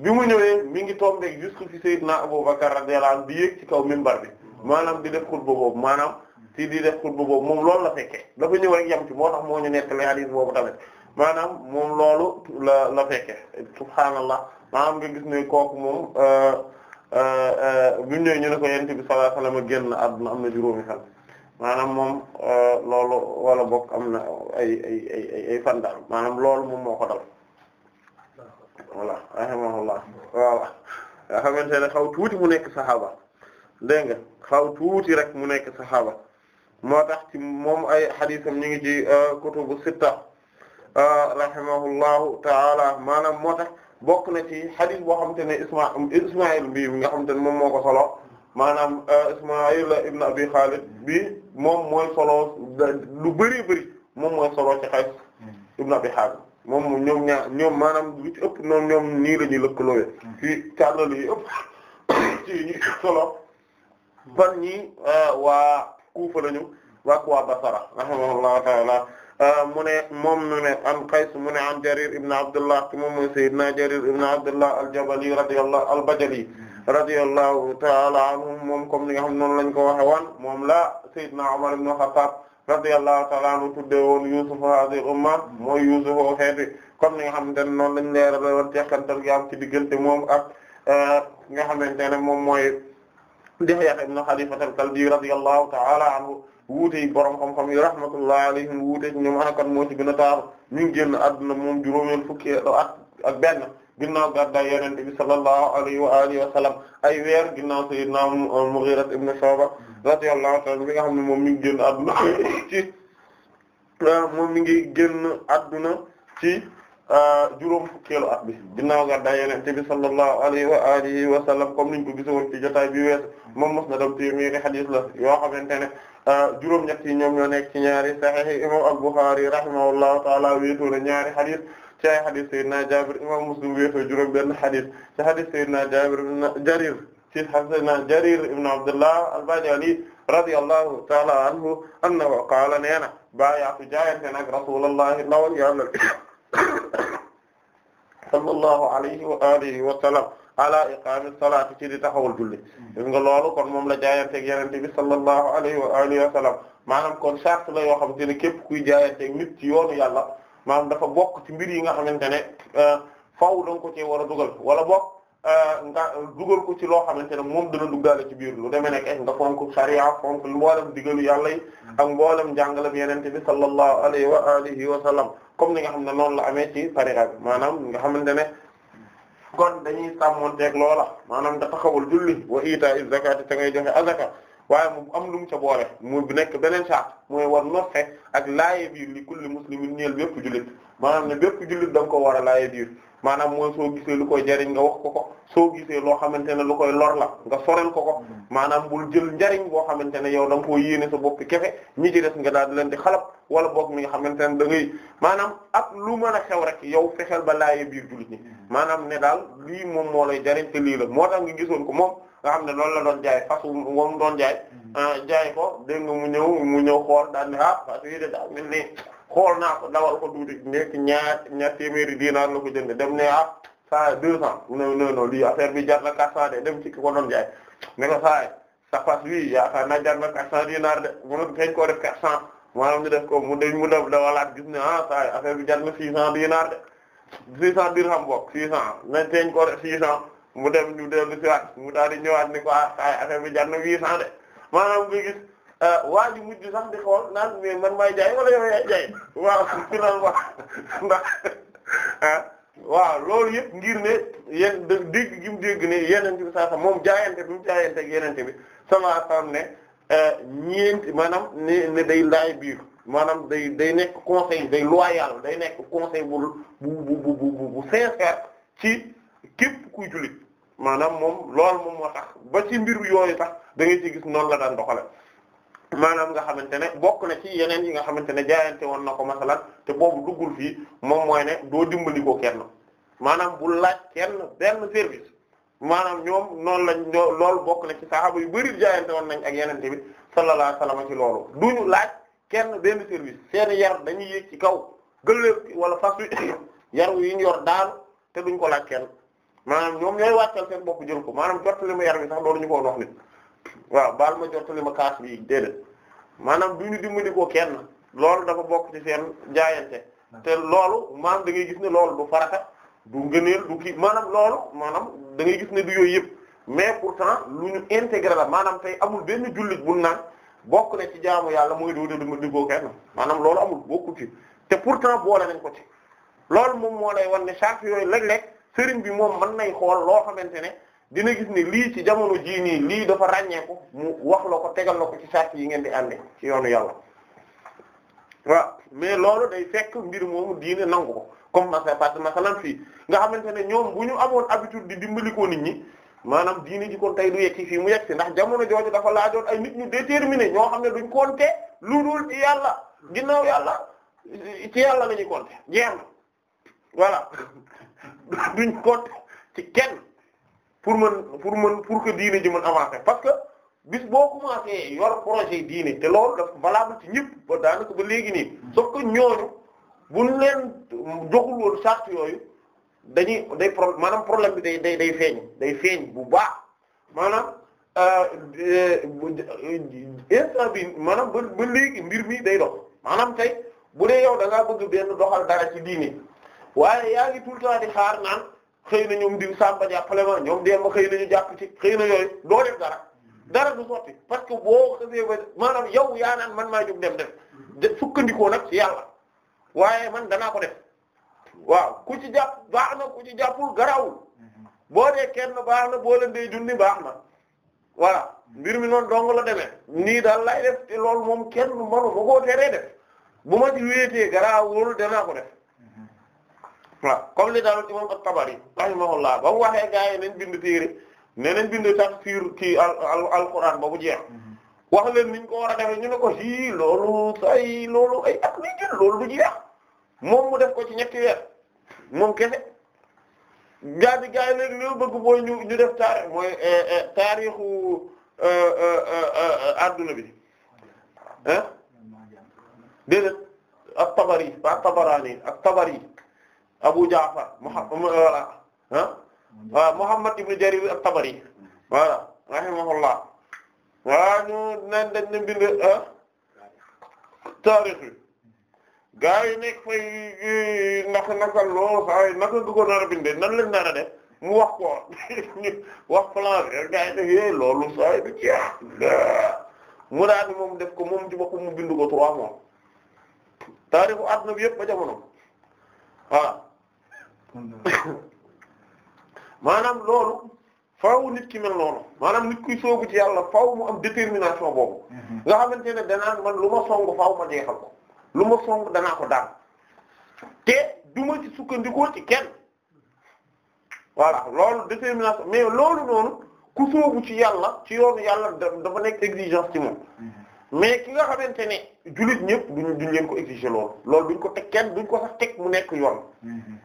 bi mu ñëwee mi ngi tombeeg jusque fi Seydina Abubakar radiyallahu anhu di yéeg ci kaw minbar bi maanaam di def xutba boobu maanaam si di def xutba boobu moom loolu la fekkee dafa ñëw rek yam moo moo ñu nettali hadith boobu tamit maanaam moom loolu la la fekkee subhaanallah maanaam nga gis ne kooku moom euh, euh, euh, mu ñëwee ñu ne ko yonent bi sallallahu alayhi wasallam génn àdduna am na juróomi fan maanaam moom loolu wala bokk am na ay ay ay ay fan daal maanaam loolu moom moo ko dal. voilà rahimahullah voilà nga xamante ne xaw tuuti mu nekk saxaaba dégg nga xaw tuuti rek mu nekk saxaaba moo tax ci moom ay xadiisam ñu ngi ci euh, kutubu sitta euh, rahimahullahu taala maanaam moo tax bokk na ci xadiis boo xamante ne ismail bi nga xamante ne moom moo ko solo maanaam euh, ismail ibn abi xaalid bi moom mooy solo lu bëri bëri moom mooy solo ci xadiis ibn abi xaalid moom ñoom ñaar ñoom maanaam lu ëpp ñoom ñoom nii la ñuy lëkkaloowe ci mm. càllal yi ëpp [coughs] ci ñi solo ban ñi euh, waa Kufa lañu waak waa Basra rahimahullahu ta'ala euh, mu ne moom mu ne an Qays mu ne an Jarir ibn Abdullah te moom mooy Sayyidina Jarir ibn Abdullah al-Jabali radiyallahu al-Bajali mm. radiyallahu ta'ala anhum moom comme ni nga xam noonu lañ ko waxe waan moom la Sayyidina Umar ibn Khattab radiyallahu ta'ala anhu tudde woon Yuusufa hadhihi umma mooy Yuusufa o xeeti comme ni nga xamante ne noonu lañ leera la woon teqantal gi am ci diggante moom ak euh, nga xamante ne moom mooy Dihya ibn Khalifa al-Kalbi radiyallahu ta'ala anhu wuute yi borom xam-xam yi rahmatullahi alayhim wuute ñoom anakat moo ci gën a taaru ñu ngi génn adduna moom juróomeel fukki at ak benn ginnaaw gàddaay Yonent bi sallallahu alayhi wa alihi wa sallam ay weer ginnaaw sayyidina Mughira ibn Shu'ba radiyallahu ta'ala xam ne moom mi ngi génn adduna [laughs] ci ah, moom mi ngi génn adduna ci ah, juróom fukkeelu bi ginnaaw gàddaay Yonent bi sallallahu alayhi wa alihi wa sallam comme niñ ko gisoon ci jotaay bi wees moom mos na dem téeméeri xadiis la yoo xamante ne ah, juróom-ñett yi ñoom ñoo nekk ci ñaari Sahih imam ta'ala wéetoo na ñaari ci ay xadis Seydina Jaabir imam Muslim wéetoo juróom benn xadis ci xadis Seydina Jaabir Jarir ci xadis Seydina Jarir ibn Abdullah al-Bajali radiyallahu ta'ala anhu annahu qaala nee na baayaatu jaayante nag rasulullahi ndawal yàlla sallallahu alayhi wa alihi wa sallam ala iqaami salaati ci di taxawal julli gis nga loolu kon moom la jaayanteeg yenente bi sallallahu alayhi wa alihi wa sallam maanaam kon charte la yoo xamante ne képp kuy jaayanteeg nit ci yoonu yàlla maanaam dafa bokk ci mbir yi nga xamante ne euh, faaw danga ko ci war a dugal wala bokk euh, nga dugal ko ci loo xamante ne moom dina duggaale ci biir lu demee nekk nga fonk sariya fonk mboolem digalu yàlla yi ak mboolem jàngale bi yenente bi sallallahu alayhi wa alihi wa sallam comme ni nga xam ne noonu la amee ci tariqa bi maanaam nga xamante ne kon dañuy sàmmonteeg loola maanaam nga taxawul julli wa iita iz zakati te ngay joxe azaka waaye moom am lu mu ca boole mu nekk beneen charte mooy war noxe ak laaye biir li kulli muslimin ñeel bépp jullit maanaam ne bépp jullit nga ko war a biir maanaam mooy soo gisee lu koy jariñ nga wax ko ko soo gisee xamante ne lu koy lor la nga sorel ko ko maanaam bul jël njariñ boo xamante ne yow da nga koo yéene sa bopp kefe ñi ci des nga daal di leen di xalab wala boog mi nga xamante ne da ngay maanaam ak lu mën a xew rek yow fexeel ba laaye biir jullit ñi maanaam ne daal lii moom moo lay jariñ te lii la moo tax nga gisoon ko moom nga xam ne loolu la doon jaay fas moom doon jaay mm. ah, jaay ko dégg nga mu ñëw mu ñëw xool daal ne ah fas yii de daal mel xool naa ko dawal ko duuti nekk ñaar ñaar téeméeri dinaar la ko jënd dem ne ah saa deux cent non non non lii affaire na quatre cent de dem ci ki ko doon jaay ne ko saa sa fas wi yaakaar naa jar na quatre cent dinaar de mënut kañ koo def quatre cent maanaam ñu def ko mu dañ mu def dawalaat gis ne ah saa affaire bi jar na six cent dinaar de six cent dirham bokk six cent nañ kañ koo def mu dem ñu dellu si waat mu daal di ñëwaat ni ko ah, ay affaire bi jar na huit cent de maanaam nga gis euh, waa ji mujj sax di xool naan mais man maay jaay wala yow yaay waaw finalement ndax ah, waaw loolu yëpp ngir ne yéen dégg gi mu dégg ne yeneen bi saa sax moom jaayante bi mu jaayante ak yeneen bi sama xam ne euh, ñeenti maanaam ne ne day laay maanaam day day nekk conseil day loyal day nekk conseil bu bu bu bu bu sincère ci képp kuy jullit. maanaam moom loolu moom moo tax ba ci mbir yooyu sax da ngay ci la daan doxale maanaam nga xamante ne bokk na ci yeneen yi nga xamante ne jaayante woon na ko masalan te boobu duggul fii moom mooy ne doo dimbali ko kenn maanaam bu laaj kenn benn service maanaam ñoom noonu la lool bokk na ci saxaaba yu bari jaayante woon nañ yeneen yenente bi sallallahu alayhi wasallam ci loolu duñu laaj kenn benn service seen yar dañuy yéeg ci kaw gëléeb wala fas wi [coughs] yaru yi ñu yor daanu te duñ ko laaj kenn maanaam ñoom ñooy wàccal seen bopp jël ko maanaam jottali ma yar bi sax loolu ñu ko wax nit waaw baal ma jottali ma kaas bi déedéet maanaam du ñu dimbali ko kenn loolu dafa bokk ci seen jaayante te loolu maanaam da ngay gis ne loolu du farata du ngëneel du kii maanaam loolu maanaam da ngay gis ne du yooyu yëpp mais pour pourtant lu ñu intégré la maanaam tey amul benn jullit bu naan bokk na ci jaamu yàlla mooy di dima diggoo kenn maanaam loolu amul bokkul ci te pour pourtant boole nañ ko ci loolu moom moo lay wan ne saako yooyu léeg-léeg sëriñ bi moom mën nay xool loo xamante ne dina gis ni lii ci jamono jii nii lii dafa ràññeeku mu wax la ko tegal la ko ci sart yi ngeen di ànde ci yoonu yàlla waaw mais loolu day fekk mbir moom diine nangu ko comme masa parce que masalan fii nga xamante ne ñoom bu ñu amoon habitude di ko nit ñi maanaam diine ji kon tey du yegg fii mu yekk si ndax jamono jooju dafa laajoon ay nit ñu déterminé ñoo xam ne duñ compter lu dul ci yàlla ginnaaw yàlla ci yàlla la ñuy compter [laughs] duñ compte ci kenn pour mën pour mën pour que diine ji mën avancer parce que bis boo commencé yor projet diine te loolu dafa valable ci ñëpp ba daanaka ba léegi nii sauf que ñooñu bu leen joxul woon charte yooyu dañuy day pro maanaam problème bi day day day feeñ day feeñ bu baax maanaam euh, euh, instant bi maanaam ba ba mbir mi day dox maanaam tey bu dee yow da ngaa bëgg benn doxal dara ci diine waaye yaa ngi tout le temps di naan xëy na ñoom diw sàmba jàppale ma ñoom dem ba xëy na ñu jàpp ci xëy na yooyu doo def dara dara du sotti parce que boo xasee ba maanaam yow yaa naan man maa jóg dem def de sukkandikoo nag ci waaye man danaa ko def waaw ku ci jàpp baax na ku ci jàppul garawul boo dee kenn baax na boo leen dee junni baax na waa mbir mi noonu dong la demee nii daal lay def te loolu moom kenn manu ma koo teree def bu ma ci wéetee garawul danaa waaw comme li daal imam at-Tabari rahimahullah ba mu waxee gaa yi nañ bind téere ne nañ bind tafsir ci al alquran ba bu jeex mm-hmm. wax leen niñ ko war a defee ñu ne ko si loolu say loolu ay at mi jël loolu du jeex moom mu def ko ci ñetti weer moom kese gaa di gaa yi léegi loolu bëgg mooy ñu def taarix mooy eh, eh, taarixu eh, adduna bi ah déedéet ak tabari ak tabarani ak tabari Abu Ja'far Muhammad ah Muhammad Jarir at-Tabari voilà rahimahullah waaw ñu naan dañ ne bind ah yi nekk fay naka naka loo waaye naka nga a bindee nan lañ nar def mu wax ko [laughs] wax plan bi eh, loolu saa yi du jeex mu daal moom def ko moom ci boppam mu bind ko trois mois taarixu àdduna bi yëpp ba jamono [coughs] maanaam loolu faw nit ki mel noonu maanaam nit kuy soogu ci yàlla faaw mu am détermination boobu mhm. nga xamante ne danaan man lu ma song faaw ma jeexal ko lu ma song danaa ko daal te duma ci sukkandikoo ci kenn voilà loolu détermination mais loolu noonu ku soobu ci yàlla ci yoonu yàlla dafa nekk exigence ci moom mhm. mais ki nga xamante ne jullit ñëpp ñu duñ leen ko exiger loolu loolu duñ ko teg kenn duñ ko sax teg mu nekk yoon mhm.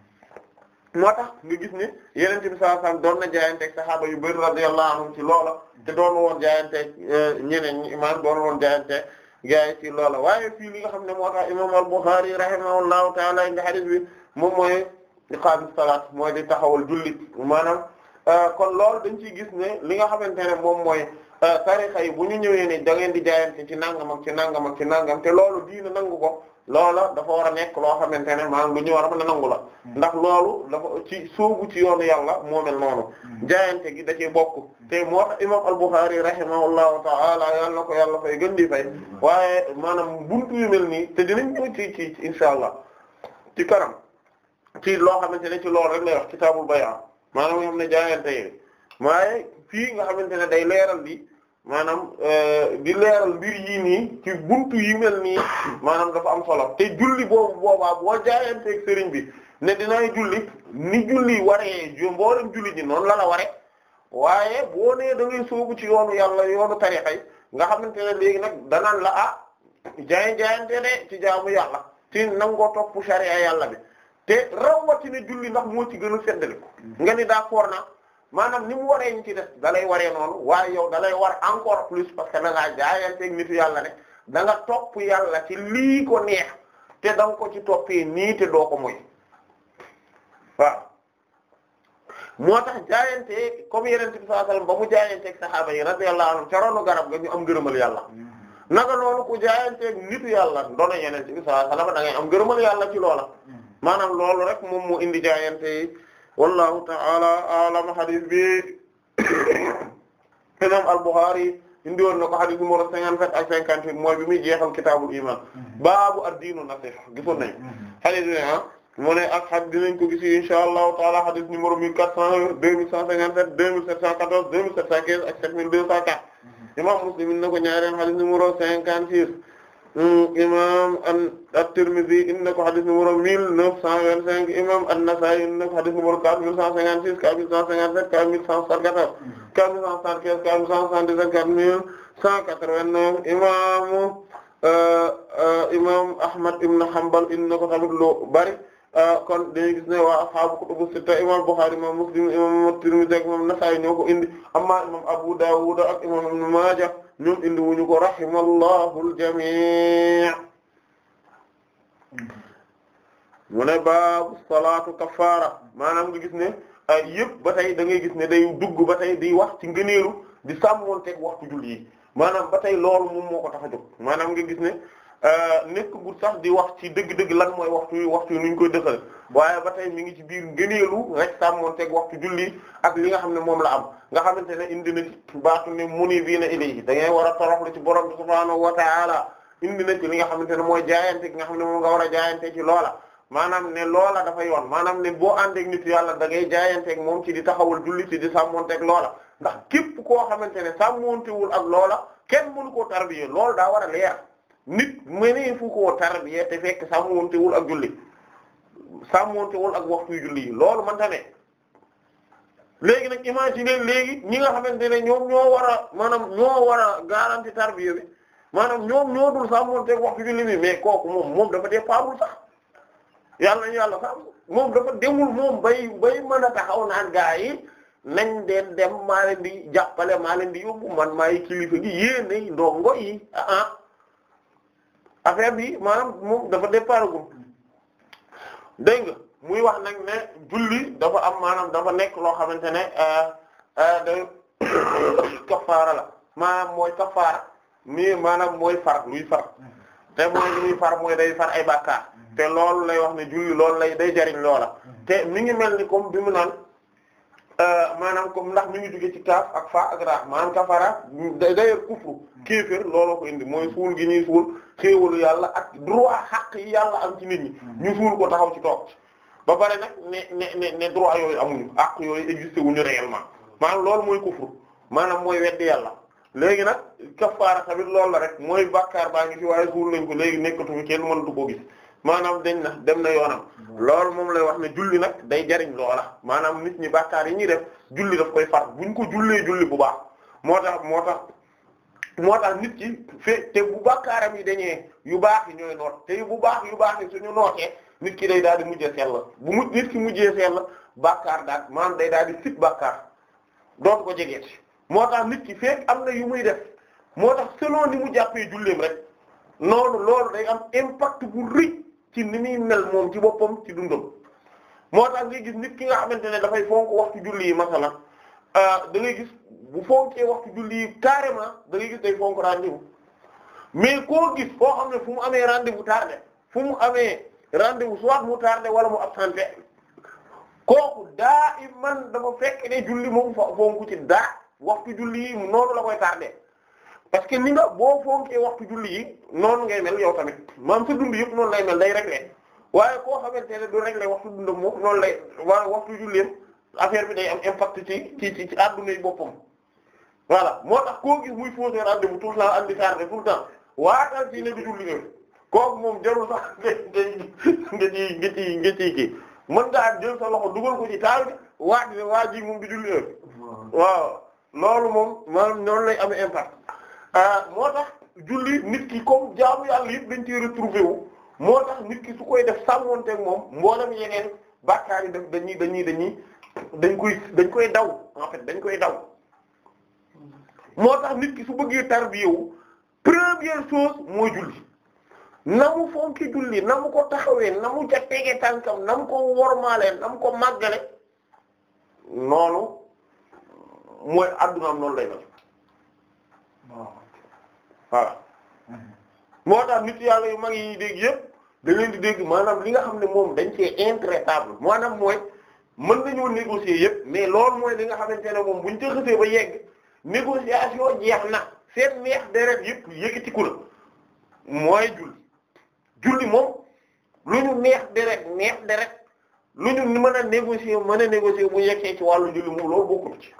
moo tax nga gis ne yeneen bi sallallahu alayhi wasallam doon na jaayanteeg saxaaba yu bari radiyallahu anhum ci loola te doon woon jaayanteeg eh, ñeneen ñi imaam doon woon jaayanteeg gars yi ci loola waaye fii li nga xam ne moo tax imaam al-Bukhari rahimahullahu ta'ala nga hadith moom mooy iqaam salaat mooy di taxawal jullit maanaam eh, kon loolu dañ ciy gis ne li nga xamante ne moom mooy eh, tarixa yi bu ñu ñëwee ne da ngeen di jaayante ci nangam ak ci nangam ci nangam te loolu diina nangu ko loola dafa war a nekk loo xamante ne maanaam nga ñu war a mën a nangu la mm. ndax loolu dafa ci sóobu ci yoonu yàlla moo mel noonu mm. jaayante gi da bokk mm. te moo tax imam al-Bukhari rahimahullahu ta'ala yàlla na ko yàlla fay gën di fay waaye maanaam buntu yu mel nii te dinañ ñëw ci ci insha allah ci karam ci loo xamante ne ci loolu rek lay wax kitaabul bay'a maanaam nga xam ne jaayante yi waaye fii nga xamante ne day leeral bi maanaam euh, di leeral mbir yii nii ci buntu yi mel nii [coughs] maanaam dafa am solo te julli boobu boobaa boo jaayanteeg sëriñ bi ne dinaay julli ni julli waree ju mboolem julli ji noonu lala ware waaye boo nee da ngay soobu ci yoonu yàlla yoonu tarixa yi nga xamante ne léegi nag danaan la ah jaayan jaayante ne ci jaamu yàlla ci nangoo topp charia yàlla bi te rawatina julli ndax moo ci gën a seddale ko mm-hmm. nga ni d'accord na maanaam ni mu waree ñu ci def da lay waree noonu waaye yow da lay war encore plus parce que da ngaa jaayanteeg nitu yàlla ne da nga topp yàlla ci lii ko neex te da nga ko ci toppee nii te doo ko moy waaw moo tax jaayante comme yeneen bi sallallahu alayhi wasallam ba mu jaayanteeg saxaaba yi radiyallahu anhum ca ronu garab ga ñu am ngërëmal yàlla naka noonu ku jaayanteeg nitu yàlla ndono yeneen bi sallallahu alayhi wasallam da ngay am ngërëmal yàlla ci loola hmm. maanaam loolu rek moom moo indi jaayante wallahu ta'ala a'lam hadith bi [coughs] imam al-Bukhari indi woon na ko hadith numéro cinquante-sept ak cinquante-huit mooy bi muy jeexal kitaabul iman mm-hmm. baabu ad-diinu nasiha gisoon nañ mm-hmm. hadith bi ah mu ne ak hadith dinañ ko gisi insha allahu taala hadith numéro mille quatre cent deux mille cent cinquante-sept deux mille sept cent quatorze ak sept mille deux cent quatre mm-hmm. imam Muslim na ko ñaareel hadith numéro cinquante-six imam at-Tirmidhi indi na ko xadis numéro mille neuf cent vingt-cinq imam an-Nasa'i indi na ko xadis numéro quatre mille cent cinquante-six quatre mille cent cinquante-sept quinze quatre vingt neuf imam euh, euh, imam ibn Hanbal indi na ko tamit lu bari euh, kon dañuy gis ne waa ashaabu kutubu sitta imam Bukhari imam Muslim imam at-Tirmidhi ak imam an-Nasa'i ñoo ko indi amma Abu Dawud ak imam Ibn Maaja ñoom indi ko rahimallahu al-jamii mu ne baabu salaatu kafaara maanaam nga gis ne yëpp ba tey da ngay gis ne day dugg ba tey di wax ci ngëneelu di sàmmonteeg waxtu julli yi maanaam ba tey loolu moom moo ko tax a jóg maanaam nga gis ne euh, nekk gu sax di wax ci dëgg-dëgg lan mooy waxtu waxtu yi nu ñu koy dëxale waaye ba tey mi ngi ci biir ngëneelu rek sàmmonteeg waxtu julli ak li nga xam ne moom la am nga xamante ne indi na ci baatu ne munibiina ilayhi da ngay war a toroxlu ci borom subhaanahu wa ta'ala indi na li nga xamante ne mooy jaayante nga xam ne moom nga war a jaayante ci loola maanam ne loola dafa yoon maanaam ne boo àndeeg nit yàlla da ngay jaayanteeg moom ci di taxawul julli ci di sàmmonteeg loola ndax képp koo xamante ne sàmmontewul ak loola kenn mënu koo tarbiye loolu daa war a leer nit mënee fu koo tarbiye te fekk sàmmontewul ak julli sàmmontewul ak waxtu julli yi loolu manta ne léegi nag imaginer léegi ñi nga xamante ne ñoom ñoo war a maanaam ñoo war a garantie tarbiya bi maanaam ñoom ñoo dul sàmmonteeg waxtu julli bi mais kooku moom moom dafa dee paamul sax yàlla nañu sax moom dafa demul moom bay bay mën a taxaw naan gaa yi nañ deen dem maa jàppale maa leen di yóbbu man kilifa gi yéenay ndongo yi ah, ah. bi maanaam moom dafa départagum dégg nga muy wax nag ne julli dafa am maanaam dafa nekk loo xamante ne euh, euh, day [coughs] kafaara la maa mooy kafaara nii maanaam mooy far luy far te mooy luy far mooy day far ay bàkkaar te loolu lay wax ne julli loolu lay day jariñ loola te mi mel ni comme bi mu naan Euh, maanaam comme ndax mi ngi jóge ci kaaf ak fa ak ra maanaam kafara d'ailleurs kufru kéefër looloo ko indi mooy suul gi ñuy suul xéewalu yàlla ak droit xaq yi yàlla am ci nit ñi hmm. ñu suul ko taxaw ci toog ba pare nag ne ne ne ne droit yooyu amuñu àq yooyu existé wuñu réellement maanaam loolu mooy kufru maanaam mooy weddi yàlla léegi nag kafaara tamit loolu la rek mooy bàkkaar baa ngi fi waaye suul lañ ko léegi nekkatu fi kenn mënatu ko gis maanaam deñ na dem na yoonam loolu moom lay wax na julli nag day jariñ loola maanaam nit ñi bàkkaar yi ñuy def julli daf koy far ñu ko jullee julli bu baax moo tax moo tax tax nit ki fe bu bàkkaaram yi dañee yu baax yi ñooy noot te bu baax yu baax yi suñu nit ki day daal di mujjee sell bu mujj nit ki mujjee sell bàkkaar daal maanaam day daal di sit bàkkaar dootu ko jegeeti moo tax nit ki feek am na yu muy def moo tax selon ni mu jàppee julleem rek noonu loolu day am impact bu rëy ci ni muy mel moom ci boppam ci dundam moo tax ngay gis nit ki nga xamante ne dafay fonk waxtu julli yi masala ah, da ngay gis bu fonkee waxtu julli yi carrément da gis day fonk rendez-vous mais koo gis koo xam ne fu mu amee rendez-vous tardé fu mu amee rendez bu soit mu tardé wala mu absenté kooku daa man dafa fekk ne julli moom fonku ci daa waxtu julli yi noonu la koy tardé. parce que ni nga boo fonkee waxtu julli yi noonu ngay mel yow tamit maanaam sa dund yëpp noonu lay mel day réglé waaye koo xamante ne du réglé waxtu dundam moom noonu lay affaire bi day am impact ci ci ci ci adduna yi boppam voilà moo tax koo kooku moom jarul sax [laughs] nga jël sa ko ci taal moom du julli ñëw waaw impact. Ah, moo tax julli nit ki comme jaamu yàlla yit dañ ciy retrouver wu moo tax nit ki su koy def sàmmonteeg moom mboolem yeneen bàkkaar yi def dañuy dañuy dañuy dañ koy dañ koy daw en fait dañ koy daw moo tax nit ki su bëggee tarbiyewu première chose mooy julli na mu fonki julli na mu ko taxawee na mu jattege tànkam na mu ko wormaalee na mu ko màggale noonu mooy addunaam noonu lay mel waaw moo tax nit yàlla yu mag yi dégg yëpp da leen di dégg maanaam li nga xam ne moom dañ cee intraitable maanaam mooy mën nañoo négocier yëpp mais lool mooy li nga xamante ne moom buñ ca xasee ba yegg négociation jeex na seen neex deret yëpp yëkkatiku la mooy julli julli moom lu ñu neex deret neex deret lu ñu mën a négocier mën a négocier bu yeggee ci wàllu julli moom loolu bokkul ci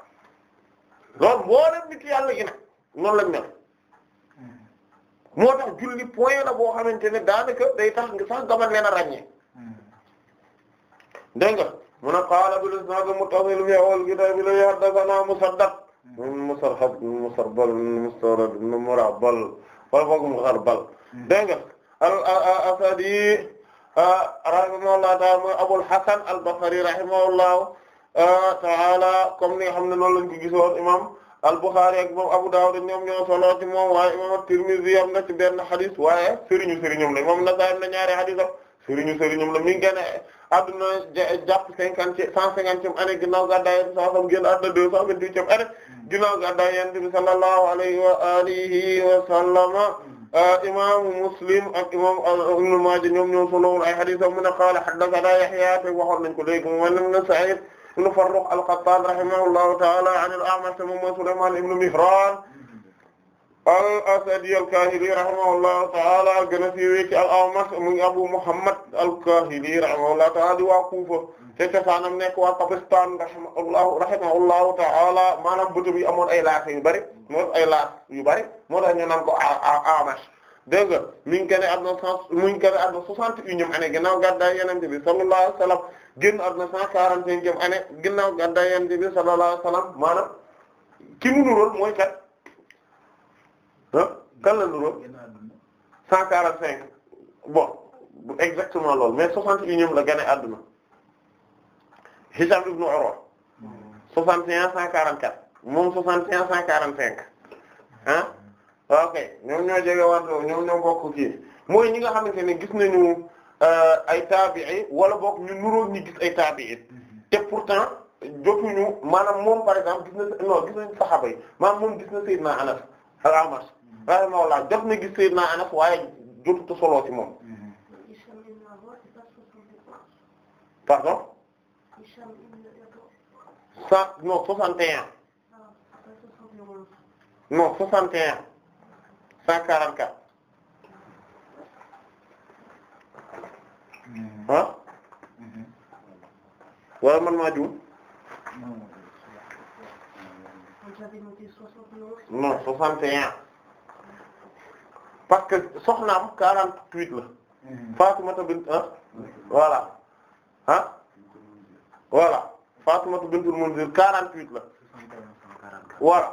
loolu moo dem nit yàlla gi nag noonu lañ mel. moo tax julli point la boo xamante ne daanaka day tax nga sax gaman leen a ràññee hmm. dégg nga mu ne qaala bil isnaad muttasil fi awwal kitaab la haddathana Musaddad hmm. ibn Musarhab ibn Musarbal ibn Mustarad ibn Murabal wala boog Mugharbal hmm. dégg nga al-Asadi rahimahullahu ta'ala mooy Abul ta'ala comme ni nga xam ne noonu lañ ko gisoon imam al-Bukhari ak moom Abu Dawud ñoom ñoo solo ci moom waaye imam at-Tirmidhi am na ci benn xadis waaye sëriñu sëriñum la moom Nasaa'i am na ñaari xadis am sëriñu sëriñum la mi ngi génn àdduna jàpp cinquante cent cinquantième année ginnaaw gàddaay Yonent bi sallallahu alayhi wa sallam génn àdduna deux cent vingt-huitième année bi sallallahu alayhi wa alihi wa Muslim ak imam Ibn Maaja ñoom ñoo solo ay xadis am mu ne qaala haddathanaa Yahyaa te waxoon nañ ko léegi mu ne Sa'iid ibn Farrukh al-Qattan rahimahullahu ta'ala an al-A'mash moom mooy Sulaymaan ibn Mihraan al-Asadi al-Kahili rahimahullahu ta'ala gën a siiwee ci al-A'mash muy Abu Muhammad al-Kahili rahimahullahu ta'ala di waa Kufa te cosaanam nekk waa Tabastan rahimahullahu rahimahullahu ta'ala maanaam bëtëm yi amoon ay laas yu bari moo ay laas yu bari moo tax ñu naan ko A'mash dégg nga mi ngi génn àdduna cent mi ngi génn àdduna soixante et unième année ginnaaw gàddaay Yonent bi sallallahu alayhi wa sallam génn àdduna cent quarante-cinquième année ginnaaw gàddaay Yonent bi sallallahu alayhi wa sallam maanaam ki mu nuróol mooy kat ah kan la nuróol cent quarante-cinq bon exactement loolu mais soixante et unième la génn àdduna Hisham ibn Urwa hmm. soixante et un cent quarante-quatre moom soixante et un cent quarante-cinq ah ok ñoom ñoo jege ñoom ñoo bokk mooy ñi nga xamante ne gis nañu euh, ay taabii wala bokk ñu nuróog ñi gis ay taabii mm-hmm. te pourtant jotuñu maanaam moom par exemple gis na non gis nañu saxaaba yi maanaam moom gis na Seydina Anas al-Amash mm-hmm. rahimahullah jot na gis Seydina Anas waaye jotuta solo ci moom mm-hmm. pardon cent soixante et un ah, soixante et cent quarante-quatre ah wala man maa juum non soixante et un parce que soxnaam quarante-huit la mm-hmm. Faatumata bint ah voilà ah voilà Faatumata bintul Munzir quarante-huit la voilà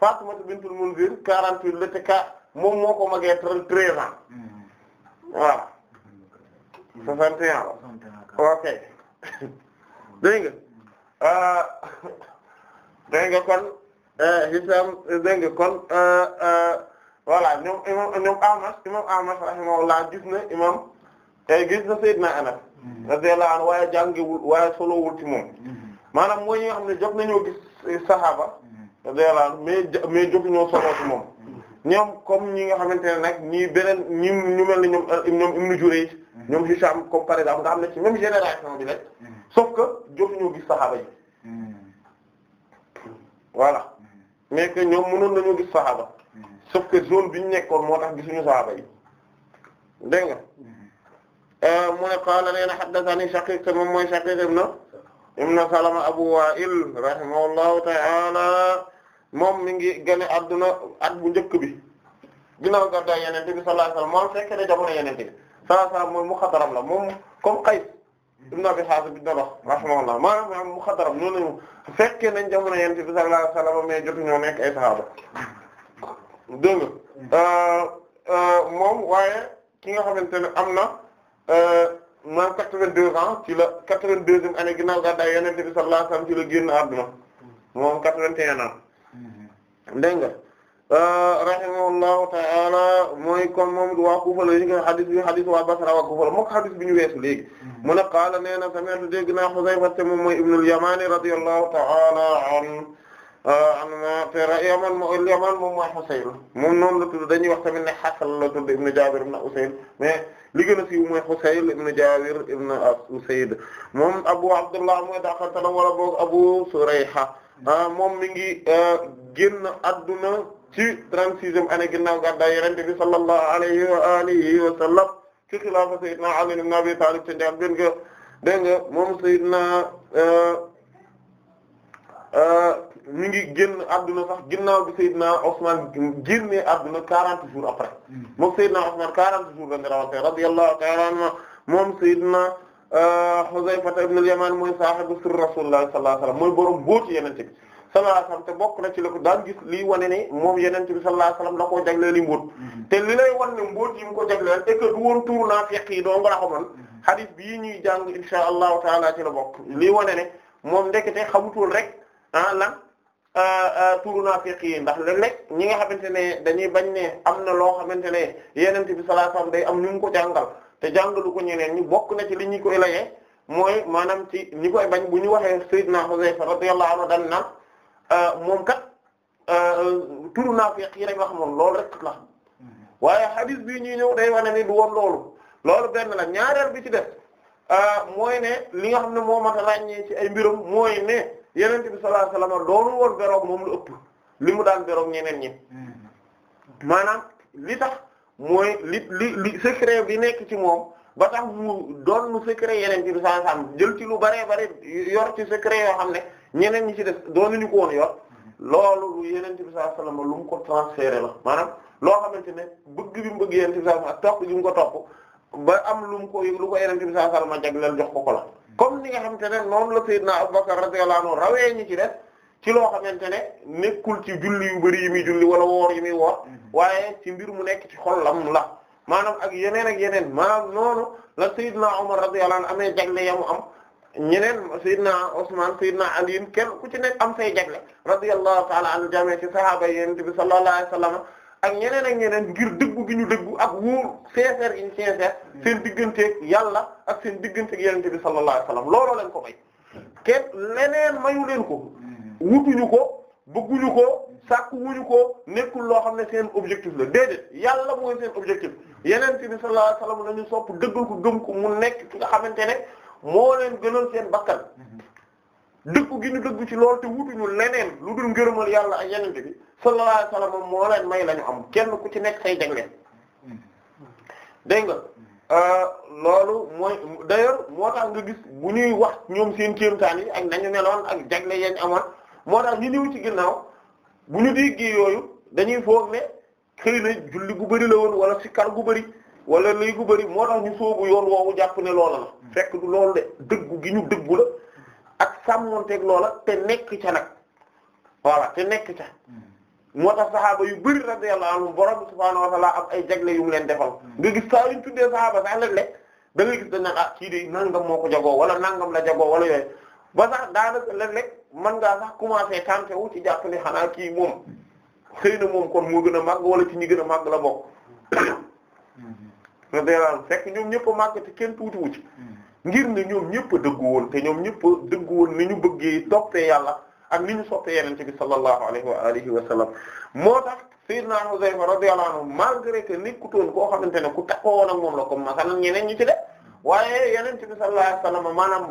Faatumata bintul Munzir quarante-huit la te ka moom moo ko magee trente treize ans voilà soixante et un ok dégg nga euh, dégg nga kon euh, Hisam dégg nga kon euh, voilà ñoom imam ñoom Ahmad imam Ahmad rahimahullah gis na imam gis na Seydina Anas mm-hmm. radiyallahu anhu waaye jàngewul waaye solowul ci moom mm-hmm. maanaam mooy ñi nga xam ne jot nañoo gis saxaaba mm-hmm. radiyallahu anhu mais mais jotuñoo solo ci moom ñoom comme ñi nga xamante ne nag ñii beneen ñi ñu mel ni ñoom euh, ñoom Ibn Jurayj mm-hmm. ñoom Hisham comme par exemple nga xam ne ci même génération bi rek mm-hmm. sauf que jotuñoo gis saxaaba yi mm-hmm. voilà mais que ñoom mënoon nañoo gis saxaaba sauf que zone bi nekkoon moo tax gisuñu saxaaba yi dégg nga euh, mu ne qaala nee na haddathani Shaqiq te moom mooy Shaqiq ibn na Salama Abu Wa'il rahimahullahu ta'ala moom mi ngi gane adduna at bu njëkk bi ginnaaw gàddaay yenente bi sallallahu alayhi wasallam moom fekk na jamono yenente bi sallallahu alayhi wasallam mooy muxadaram la moom comme Qays ibn Abi Hazim bi na wax rahimahullah maanaam muxadaram noonu lañu fekkee nañ jamono yenente bi sallallahu alayhi wasallam mais ñoo nekk ay sahaaba dégg euh, euh, moom waaye ki nga xamante ne am na euh, maanaam quatre-vingt-deux ans ci la quatre-vingt-deuxième année ginnaaw gàddaay yenente bi sallallahu alayhi wasallam ci la adduna moom quatre-vingt-un ans dégg nga euh, rahimahullahu ta'ala mooy comme moom waa Kufa la ñu ngi xadis bi xadis waa Basra waa Kufa la moom xadis bi ñu weesu léegi mm-hmm. mu ne qaala nee na sami'tu dégg naa Xuzayfa te moom mooy ibnul Yamaani radiyallahu ta'ala anhu euh, anma tera yaman m yaman moom mooy Husayn moom noonu la tudd dañuy wax tamit ne Hasan la tudd ibnu Jaabir ibnu Usayd mais li gën a siiw mooy Husayn ibnu Jaabir ibnu Usayd moom Abu Abdullah mooy daxal tanam wala boog Abu Surayha Ah, moom mi ngi ah, génn adduna ci 36e année ginnaaw gàddaay Yonent bi sallallahu alayhi wa alihi wa sallam ci xilaafa Seydina Ali ibn Abi Talib njaal ben nga dégg moom Seydina ah, mi ngi génn adduna sax ginnaaw gi Seydina Ousmane génnee adduna 40 jours après hmm. moom Seydina Ousmane 40 jours la ñu rawante radiyallahu ta'ala anhu moom Seydina Euh, Huzayfa ibn al-Yaman mooy saahibu sirr Rasulullah sallallahu mooy borom bóoti Yonent bi sallallahu alayhi te bokk na ci la ko daan gis lii wane ne moom Yonent bi sallallahu alayhi wasallam la koo jagleel yi mbóot mhm. te li lay wan ne mbóot yi mu ko jagleel et que du woon tuuru naafiq yi doo nga la xamoon mhm. hadith bii ñuy jàng insha allahu taala ci la bokk lii wane ne moom ndekete xamutul rek ah lan turu euh, euh, naafiq yi ndax léeg-léeg ñi nga xamante ne dañuy bañ ne am na loo xamante ne yonent bi sallallahu alayhi day am ñu mu ko jàngal te jàngalu ko ñeneen ñi bokk na ci li ñu koy layee mooy maanaam ci ñi koy bañ bu ñu waxee sayyidna Huzayfa radiyallahu anhu dan na euh, moom kat turu naafiq yi rek la xamoon loolu rek la waaye hadith bii ñuy ñëw day wane ni du woon loolu loolu benn la ñaareel bi ci def mooy ne li nga xam ne moo mat a ràññee ci ay mbirum mooy ne. yeneen bi sallallahu alayhi wasallam doonul woon beroog moom lu ëpp li mu daan beroog ñeneen ñi maanaam li tax mooy li li li secret bi nekk ci moom ba tax mu doon mu secret yeneen bi sallallahu alayhi wasallam jël ci lu bare bare yor ci secret yoo xam ne ñeneen ñi ci def doonuñu ko woon yor loolu yeneen bi sallallahu alayhi wasallam lu mu ko transféré la maanaam loo xamante ne bëgg bi mu bëgg yeneen bi sallallahu alayhi wasallam ak mu ko topp ba am lu mu ko lu ko yenente bi sallallahu alayhi wasallam jagleel jox ko ko la comme ni nga xamante ne noonu la Seydina Abubakar radiyallahu anhu rawee ñi ci def ci loo xamante ne nekkul ci julli yu bari yi muy julli wala woor yi muy woor mhm. waaye ci mbir mu nekk ci xollam la maanaam ak yeneen ak yeneen maanaam noonu la Seydina Umar radiyallahu anhu amee jagle yamu am ñeneen Seydina Usman Seydina Ali kenn ku ci nekk am say jagle radiyallahu ta'ala anhu jamee ci sahaaba yi yenente bi sallallahu alayhi wasallam ak ñeneen ak ñeneen ngir dëggu gi ñu dëggu ak wóor sincère in sincère seen digganteeg yàlla ak seen digganteeg yonent bi sallallahu alayhi wasallam looloo leen ko may kenn leneen mayu leen ko wutuñu ko bëgguñu ko sàkk wuñu ko nekkul loo xam ne seen objectif la déedéet yàlla mooy seen objectif yonent bi sallallahu alayhi wasallam lañu sopp dëggal ko gëm ko mu nekk ki nga xamante ne moo leen gënal seen bakkan dëggu gi ñu dëggu ci lool te wutuñu leneen lu dul ngërëmal yàlla ay yeneen bi sallallahu alayhi wa moo leen may lañu am kenn ku ci nekk say jagleel dégg nga euh, loolu mooy d'ailleurs moo tax nga gis bu ñuy wax ñoom seen kéemtaan yi ak nañu meloon ak jagle yañ amoon moo tax ñu ñëw ci ginnaaw bu ñu déggee yooyu dañuy foog ne xëy julli gu bari la woon wala sikkar gu bari wala lay gu bëri moo tax ñu soobu yoon woowu jàpp ne loola la fekk du loolu de dëggu gi ñu dëggu ak teg loola te nekk ca nag voilà te nekk ca hmm. moo tax saxaaba yu bari radiyallahu anhum borom subhaanahu wa ta'ala am ay jagle yu mu leen defal hmm. nga gis saa yuñ tuddee saxaaba sax léeg-léeg da ngay gis dañ naan ah kii de nangam moo ko jagoo wala nangam la jagoo wala yooyu ba sax daanaka léeg-léeg mën ngaa sax commencé tànte wu ci jàpp ne xanaa kii moom xëy na moom kon moo gën a màgg wala ci ñi gën màgg la bokk hmm. radiyallahu fekk ñoom ñëpp a màgg te kenn tuutiwu ci ngir ne ñoom ñëpp a woon te ñoom ñëpp a woon ni ñu bëggee toppee yàlla ak ni ñu soppee yenente bi sallallahu alayhi wa alihi wa sallam moo tax sayyidna Huzayfa radiyallahu anhu malgré que nekkutoon koo xamante ne ku takkoo woon ak moom la ko masalan ñeneen ñi ci def waaye yenente bi sallallahu alayhi wa sallam maanaam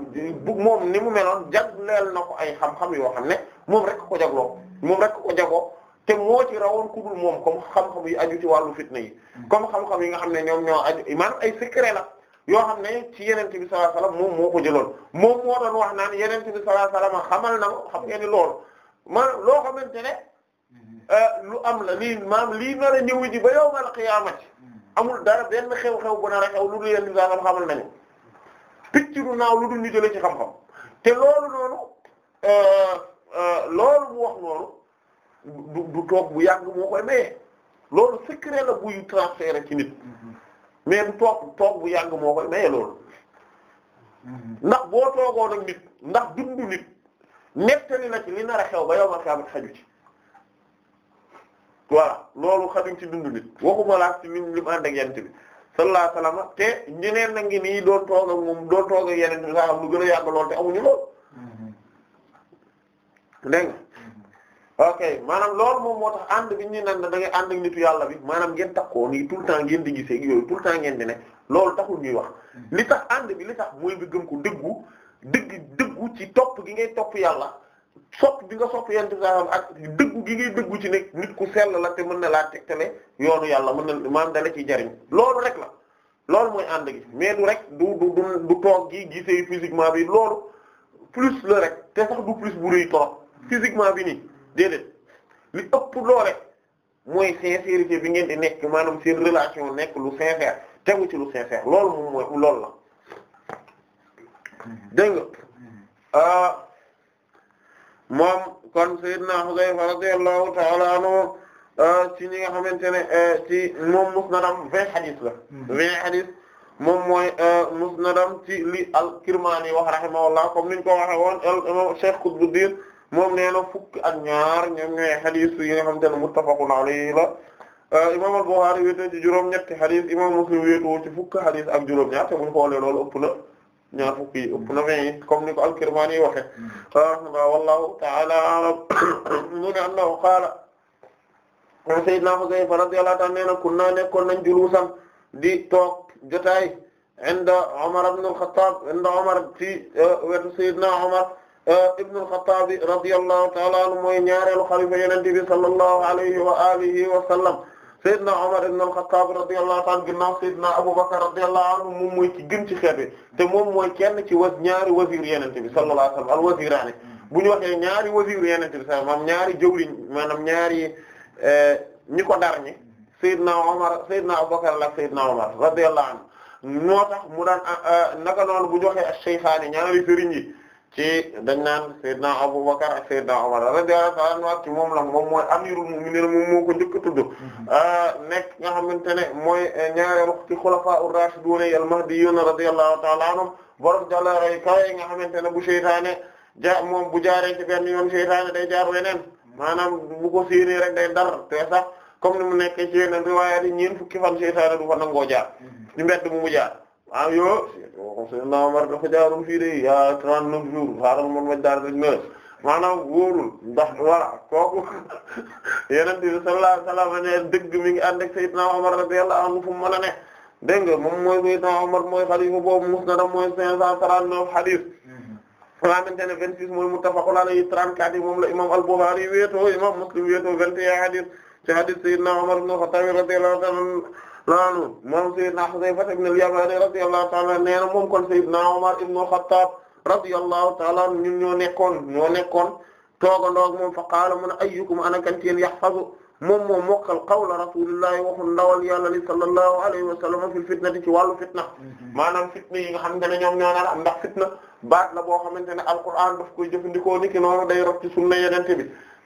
bu moom ni mu meloon jagleel na ko ay xam-xam yoo xam ne moom rek ko jagloo moom rek ko jagoo te moo ci rawoon ku dul moom comme xam-xam yi aju ci wàllu fitna yi mm. comme xam-xam yi nga xam ne ñoom ñoo aju maanaam ay secret la yoo xam ne ci yenente bi sallallahu alayhi moom moo ko jëloon moom moo doon wax naan yeneen bi sallallahu alayhi xamal na xam ngeen ni loolu maanaam loo xamante ne mm-hmm. euh, lu am la lii lii a ñëw ji ba yawmal qiyaamati mm-hmm. amul dara benn xew-xew bu nar lu dul yenente bi sallallahu alayhi wasallam picc du naaw lu dul ñu jëlee ci xam-xam te loolu noonu euh, euh, loolu mu wax noonu du toog bu yàgg moo koy maye loolu secret la buy transférer ci nit mhm. mais du toog toog bu yàgg moo koy maye loolu mhm. ndax boo toogoo nag nit ndax dundu nit nettali na ci li nar a xew ba yow ma xaamat xaju ci voilà loolu xaduñ ci dund nit waxuma laa ci lim lim ànd ak yent bi sallallahu alayhi wasallam te ñeneen na ngi nii doon toog ak moom doon toog ak yeneen bi saa am lu gën a yàgg lool te amuñu lool mhm. dégg nga ok maanaam loolu moom moo tax ànd bi ñu naan da ngay ànd ak nitu yàlla bi maanaam ngeen takkoo nii tout le temps ngeen di gisee yooyu tout le temps ngeen di ne loolu taxul ñuy wax hmm. li tax ànd bi li tax mooy nga gëm ko dëggu dëgg dëggu ci topp gi ngay topp yàlla sopp bi nga sopp yent saam ak dëggu gi dëggu ci nekk nit ku sell la te mën na laa tegtale yoonu yàlla mën na maam dala ciy jariñ loolu rek la loolu mooy ànd gi mais rek du du du du toog gi gisee physiquement bi loolu plus la rek te sax du plus bu rëy trop hmm. physiquement bi nii déedéet li ëpp doole mooy sincérité bi ngeen di nekk maanaam seen relation nekk lu sincère tegu ci lu sincère loolu moom mooy loolu la dégg mhm. ah, moom kon Seydina Hudayfa radiyallahu ta'ala anhu ah, ci ñi nga xamante ne eh, ci moom musnadam vingt hadith la mhm. vingt hadith moom mooy eh, musnadam ci li al-Kirmani wax rahimahullah comme niñ ko waxe woon al imam Cheikh Qutbuddin moom nee fukk ak ñaar ñoom ñooy xadis yi nga xamante ne muttafaqun alayhi la euh, imam al-Bukhari wéetoo ci juróom-ñetti xadis imam Muslim wéetoo ci fukk xadis ak juróom-ñaar te buñ xoolee loolu ëpp na ñaar fukk yi na vingt comme ni ko al-Kirmani yi waxe rahma wallahu ta'ala alam [coughs] mu ne annahu qaala sayyidna Hudayfa radiyallahu ta'ala nee na kunna nekkoon nañ julusan di toog jotaay inda Umar ibn al-Khattab inda Umar ci euh, wetu sayyidna Umar Euh, ibn al-Khattab radiyallahu ta'ala anhu mooy ñaareelu xalifa Yonent bi sallallahu alayhi wa alihi wa sallam Seydina Omar ibn al-Khattab radiyallahu ta'ala ginnaaw Seydina Abu Bakr radiyallahu anhu moom mooy ci gën ci xeet bi te moom mooy kenn ci was ñaari wazir Yonent bi sallallahu alayhi wa sallam al-wazirani bu ñu waxee ñaari wazir Yonent bi sallallahu alayhi wa sallam ñaari jëwriñ maanaam ñaari euh, ñi ko dar ñi Seydina Omar Seydina Abu Bakr ak Seydina Omar radiyallahu anhu moo tax mu daan euh, naka noonu bu ñu waxee ash-shaykhaani ñaari sëriñ yi ci dañ naan Seydina Aboubacar ak Seydina Omar radiyallahu ta'ala moom la moom mooy amirul mu'minin moom moo ko njëkk a tudd mm-hmm. ah, nekk nga xamante ne mooy eh, ñaareelu ci xulafaa ar-rashidun al-mahdiyyun radiyallahu ta'ala anhum borom jàllale yi kawe nga xamante ne bu seytaane ja moom bu jaare ci benn yoon seytaane day jaar weneen maanaam bu ko séenee rek day dar te sax comme ni mu nekkee ci yeneen riwaaya yi ñeent fukki fan seytaane du fa nangoo jaar mm-hmm. ci mbedd mu mu jaar. am yo Seydina bi dafa jaaroon fii de yaa trente-neuf jours xaaral man ma jaar rek ne maanaam wóorul ndax voilà kooku [laughs] Yonent bi sallallahu alayhi wasallam ne dëgg mi ngi ànd ak Seydina Omar radiyallahu anhu fu mu a ne dégg nga moom mooy Seydina Omar mooy xalifa boobu musnadam mooy cinq cent trente-neuf hadith mooy muttafaqun alayhi trente-quatre yi moom la imam al-Bukhari wéetoo loolu moom sayyidna Hudayfa ibn al-Yamani radiyallahu ta'ala nee na moom kon sayyidna Umar ibn al-Khattab radiyallahu ta'ala ñun ñoo nekkoon ñoo nekkoon toogandoog moom fa qaala mun ayyukum ana kan teen yahfazu moom moom mokkal qawla rasulillahi waxul ndawal yàlla li sallallahu alayhi wa sallam fil fitnati ci wàllu fitna mm-hmm. maanaam fitna yi nga xamante ne ñoom ñoo naan am ndax fitna baat la boo xamante ne alquran daf koy jëfandikoo niki noonu day rob ci sunna yenente bi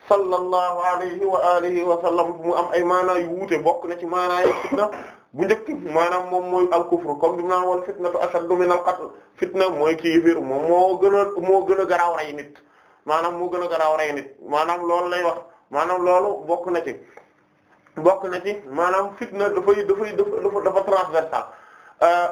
sallallahu alayhi wa alihi wa sallam mu am ay maanaa yu wuute bokk na ci maanaa yi fitna bu njëkk maanaam moom mooy al kufru comme bi maanaam woon fitnatu ashaddu min al qatl fitna mooy kii biir moom moo gën a moo gën a garaaw rey nit maanaam moo gën a garaaw rey nit maanaam loolu lay wax maanaam loolu bokk na ci bokk na ci maanaam fitna dafay dafay dafa dafa transversal euh,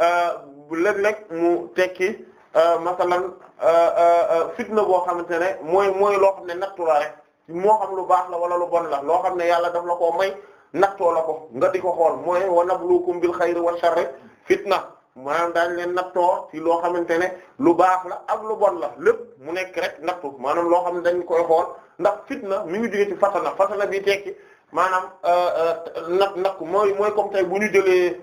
euh, léeg-léeg mu tekki euh, masalan Euh, euh, euh, fitna boo xamante ne mooy mooy loo xam ne nattu la rek moo xam lu baax la wala lu bon la loo xam ne yàlla daf la koo may nattoo la ko nga di ko xool mooy wa nabluukum bil xayri wa sharri fitna maanaam daañ leen nattoo ci loo xamante ne lu baax la ak lu bon la lépp mu nekk rek nattu maanaam loo xam ne dañ koy xool ndax fitna mi ngi jóge ci fatana fatana bi tekki maanaam nag nag mooy mooy comme tey bu ñu jëlee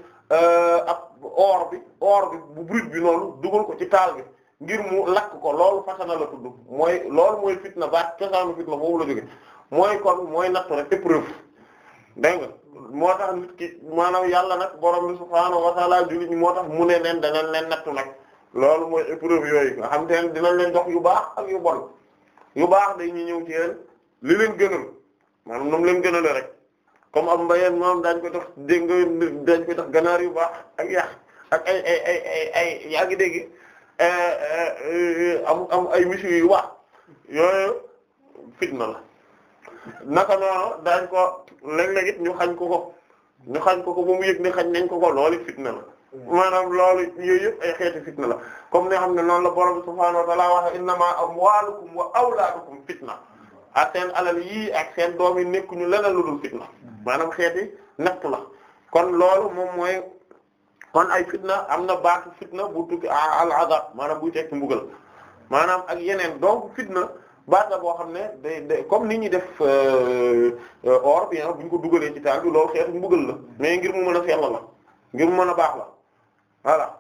ak or bi or bi bu brut bi noonu dugal ci taal bi ngir mu lakk ko loolu fatana la du mooy lool mooy fitna baat cosaanu fitna boobu la jóge mooy kon mooy nattu rek épreuve dégg nga moo tax nit ki maanaam yàlla nag borom bi subhaanahu wa ta'ala jullit ñi moo tax mu ne leen danañ leen nattu nag loolu mooy épreuve yooyu nga xam te ne dinañ leen jox yu baax ak yu bon yu baax day ñu ñëw ci yéen li leen gënal maanaam ñoom leen gënale rek comme am mbayeen moom daañ ko tax dégg nga dañ ko tax ganaar yu baax ak yàq ak ay ay ay ay ay yaa ngi dégg Eh, eh, eh, am am ay missions yu wax yooyu fitna la naka noonu daañ ko léeg-léeg ñu xañ ko ko ñu xañ ko ko ba mu yëg ne xañ nañ ko ko loolu fitna la maanaam loolu yooyu yëpp ay xeeti fitna la comme ni xam na noonu la borom subhaanahu wa ta'aala wax innama amwaalukum wa awlaadukum fitna ak seen alal yii ak seen doom yi nekkuñu leneen lu dul fitna maanaam xeeti natt la kon loolu moom mooy kon ay fitna am na baatu fitna bu tukki ah, al azab maanaam buy tekki mbugal maanaam ak yeneen donc fitna baat la boo xam ne day day comme ni ñuy def euh, euh, or bien ah, bu ñu ko dugalee ci taal bi loolu xeetu mbugal la mais ngir mu mën a sell la ngir mu mën a baax la voilà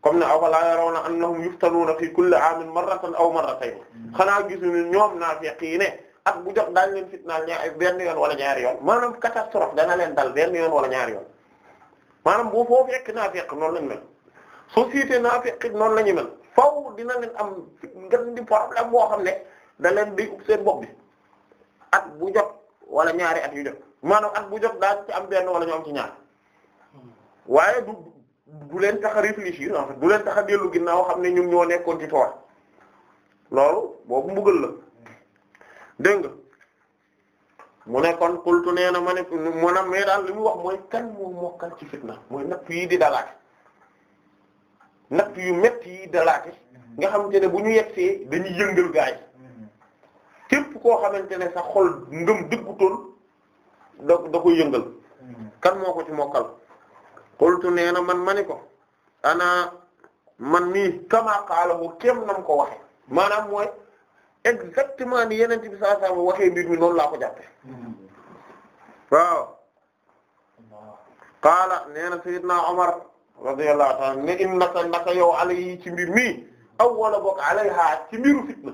comme ne afalaa yarawna annahum yuftanuuna fi kulli aamin marratan aw marratayn xanaa gisuñu ñoom naafiq yi ne at bu jox daañu leen fitnaal ñaar benn yoon wala ñaari yoon maanaam catastrophe dana leen dal benn yoon wala ñaari yoon maanaam boo foo fekk naafiq noonu lañ mel société naafiq noonu la ñu mel faw dina leen am ngën di problème boo xam ne da leen di ub seen bopp bi at bu jot wala ñaari at yu jot maanaam at bu jot daa ci am benn wala ñu am ci ñaar waaye du leen tax a réfléchir en fait du leen tax a dellu ginnaaw xam ne ñun ñoo nekkoon ci toor loolu boobu mbugël la dégg nga mu nekkoon kon kultu nee na ma ne mu ne mais daal li mu wax mooy kan moo mokkal ci fitna mooy natt yii di dalaate natt yu métti yi dalaate nga xamante ne bu ñu yettee dañuy yëngal gaay képp koo xamante ne sa xol ngëm dëggutoon da da ko yëngal kan moo ko ci mokkal kultu nee na man ma ni ko ana man mii kama qaalahu kéem nam ko waxe maanaam mooy exactement ni yeneen bi sallallahu alayhi wasallam mbir mi noonu laa ko jàppe waaw qaala nee na sayyidna Umar radiyallahu ta'ala ne innaka naka yow alayhi ci mbir mi awwala bokk alayha ci mbiru fitna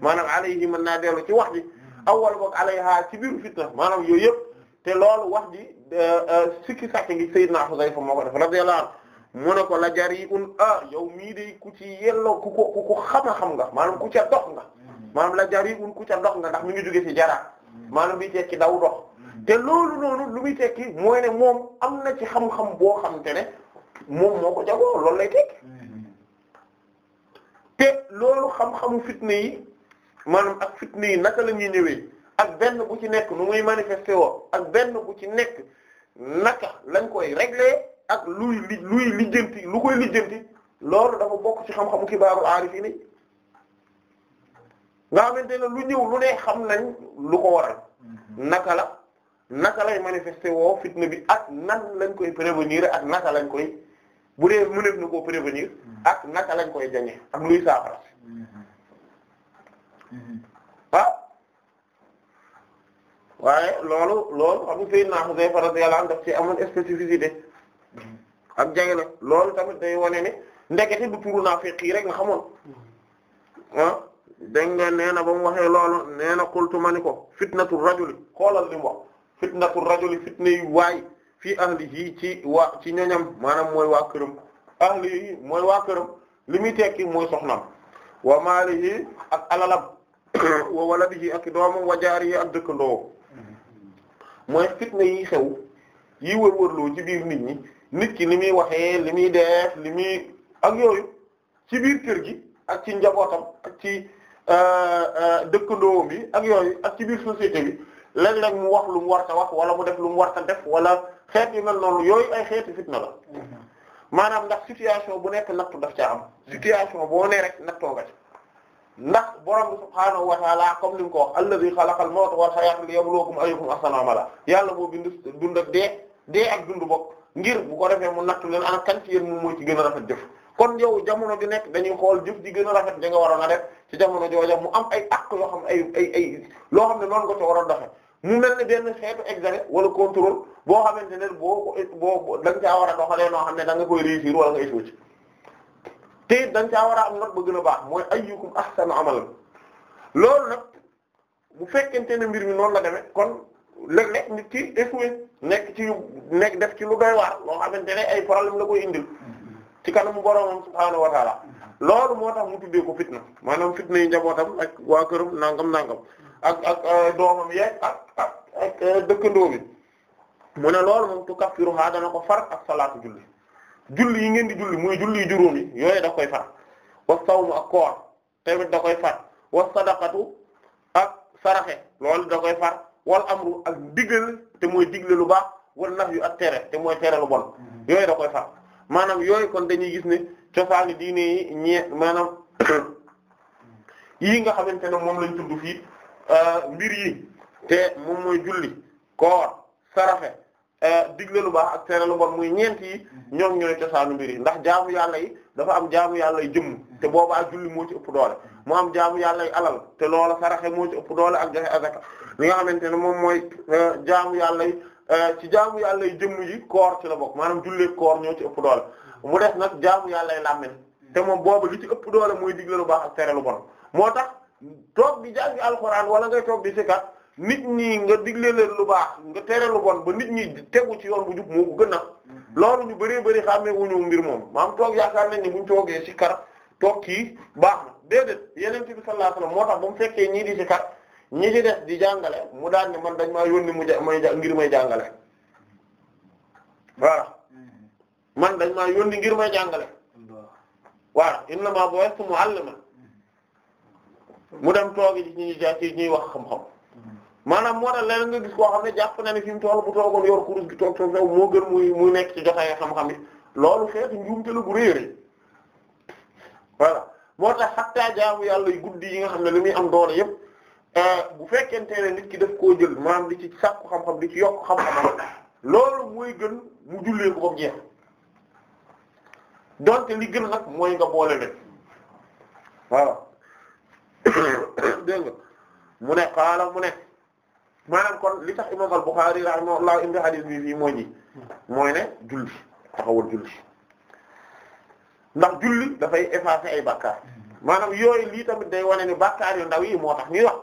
maanaam alayhi mën naa dellu ci wax ji awwala bokk alayha ci mbiru fitna maanaam yooyu yëpp te loolu wax ji euh, euh, sikki sàkk ngi sayyidna Hudayfa moo ko def radiyallahu anhu mu ne ko la jari'un ah yow mii de ku ci yelloo ku ko ku ko xam-xam nga maanaam ku ca dox nga maanaam la jariun ku ca ndox nga ndax mu ngi jóge ci jara maanaam bi tekki daw dox te loolu noonu lu muy tekki mooy ne moom am na ci xam-xam boo xam ne moom moo ko jagoo loolu lay tekki te loolu xam-xamu fitna yi maanaam ak fitna yi naka la ñuy ak benn bu ci nekk nu muy manifesté ak benn bu ci nekk naka lañ koy régler ak luy luy lijjanti lu koy lijjanti loolu dafa bokk ci xam-xamu kibaaru aarifiin nga xamante lu ñëw lu ne xam nañ lu ko waral mhm. naka la naka lay manifester woo fitna bi ak nan lañ koy prévenir ak naka lañ koy bu dee mëneef na koo mhm. ak naka lañ koy jañe ak luy saafara ah waaye loolu loolu xam nga Seydina Xuzayfa radiyallahu anhu daf ci amoon spécificité ak jagle loolu tamit day wane ne ndekete du turu naafiq yi rek nga xamoon ah. dégg ngeen nee na ba mu waxee loolu nee na ma ni ko fitnatu rajuli xoolal li mu wax fitnatu rajuli fitna yu waay fii ahlihi ci waa ci ñoñam maanaam mooy waa këram ahlihi mooy waa këram li muy tekki mooy soxnam wa maalihi ak alalab [coughs] wa waladihi ak doomam wa jaarihi ak dëkkandoo mooy fitna yi xew yi wër-wërloo ci biir nit ñi nit ki li muy waxee li muy def li muy ak yooyu ci biir kër gi ak ci njabootam ak ci Euh, euh, dëkkandoom yi ak yooyu ak ci biir société bi léeg-léeg mu wax lu mu war ta wax wala mu def lu mu war ta def wala xeet yu mel noonu yooyu ay xeeti fitna la mm-hmm. maanaam ndax situation bu nekk nattu daf ca am situation boo nee rek nattoo nga ndax borom bi subhaanahu wa ta'ala comme li mu ko wax alladhi xalaqal mawta wal hayaata liyabluwakum ayyukum ahsanu amala yàlla boo bind dund ak dee dee ak dund bokk ngir bu ko defee mu nattu leen ana kan ci yéen moom ci gën a rafet jëf kon yow jamono di nekk dañuy xool jëf ji gën a rafet da nga waroon a def ci jamono jooja mu am ay actes yoo xam ay ay ay loo xam ne noonu nga ci waroon doxe mu mel ni benn xeetu examen wala contrôle boo xamante ne boo boo da caa war a doxalee noo xam ne da nga koy réussir wala nga échoué ci da caa war a am note ba gën a baax mooy ayyukum ahsanu amalan loolu nag bu fekkente ne mbir mi noonu la demee kon léeg nit ki nekk ci nekk def ci lu doy waar loo xamante ne ay problème la koy indil. ci kanamu boroomam subhaanahu wa taala loolu moo tax mu tuddee ko fitna maanaam fitna yi njabootam ak waa këram nangam nangam ak ak euh, doomam yeeg ak ak ak euh, dëkkandoo bi mu ne loolu moom tukaffiruha dana ko far ak salaatu julli julli yi ngeen di julli muy julli juróom yi yooyu da koy far wa sawmu ak da koy far loolu da koy far wal amru ak digal te mooy digle lu baax wal nahyu ak tere te mooy tere lu bon mm-hmm. yooyu da koy far maanaam yooyu kon dañuy gis ne cosaani diine yi ñee maanaam yii nga xamante ne moom lañ tudd fii euh, mbir yi te moom mooy julli koor sarafe euh, digle lu baax ak tere lu bon muy ñeent yi ñoom ñooy cosaanu mbir yi ndax jaamu yàlla yi dafa am jaamu yàlla yi jëmm te boobaa julli moo ci ëpp doole mu am jaamu yàlla yi alal te loola saraxe moo ci ëpp doole ak joxe azaka li nga xamante ne moom mooy euh, jaamu yàlla yi Euh, ci jaamu yàlla yi jëmm yi koor ci la bokk maanaam jullee koor ñoo ci ëpp doole mu def nag jaamu yàlla yi làmmiñ te moom boobu li ci ëpp doole mooy digle lu baax ak tere lu bon moo tax toog di jàng alxuraan wala ngay toog di sikat nit ñi nga digle leen lu baax nga tere lu ba nit ñi tegu ci yoon bu jub moo gën a loolu ñu bëree bëri xàmmee wuñu mbir moom maam toog yaakaar nañ ne buñ toogee kar toog kii baax na déedéet yeneen bi sallallahu alayhi moo tax bu mu fekkee ñii di sikar ñi ci di jàngale mu daan ne man dañ maa yónni mu ja may ngir may jàngale voilà man dañ maa yónni ngir may jàngale voilà innama bu'ithtu mu'allima mu dem toogi ci ñi ci ñuy wax xam-xam maanaam moo tax leneen nga gis koo xam ne jàpp na ne fi mu bu toogoon yor kurus gi toog toog moo gën muy nekk ci joxee xam-xam yi loolu xeetu njuumte la bu réeré voilà moo tax xattaa jaamu yàlla yu guddi yi nga xam ne li muy am doole yépp Euh, bu fekkente ne nit ki def koo jël maanaam li ci sàkku xam-xam di ci yokk xam-xamam loolu mooy gën mu jullee ko ba jeex donte li gën nag mooy nga boole leen waaw [coughs] dégg nga mu ne xaala mu ne maanaam kon li tax imam al-Bukhari rahimahullah indi hadith bi fii mooy ji mooy ne julli taxawal julli ndax julli dafay effacer ay bàkkaar maanaam yooyu lii tamit day wane ni bàkkaar yu ndaw yi moo tax ñuy wax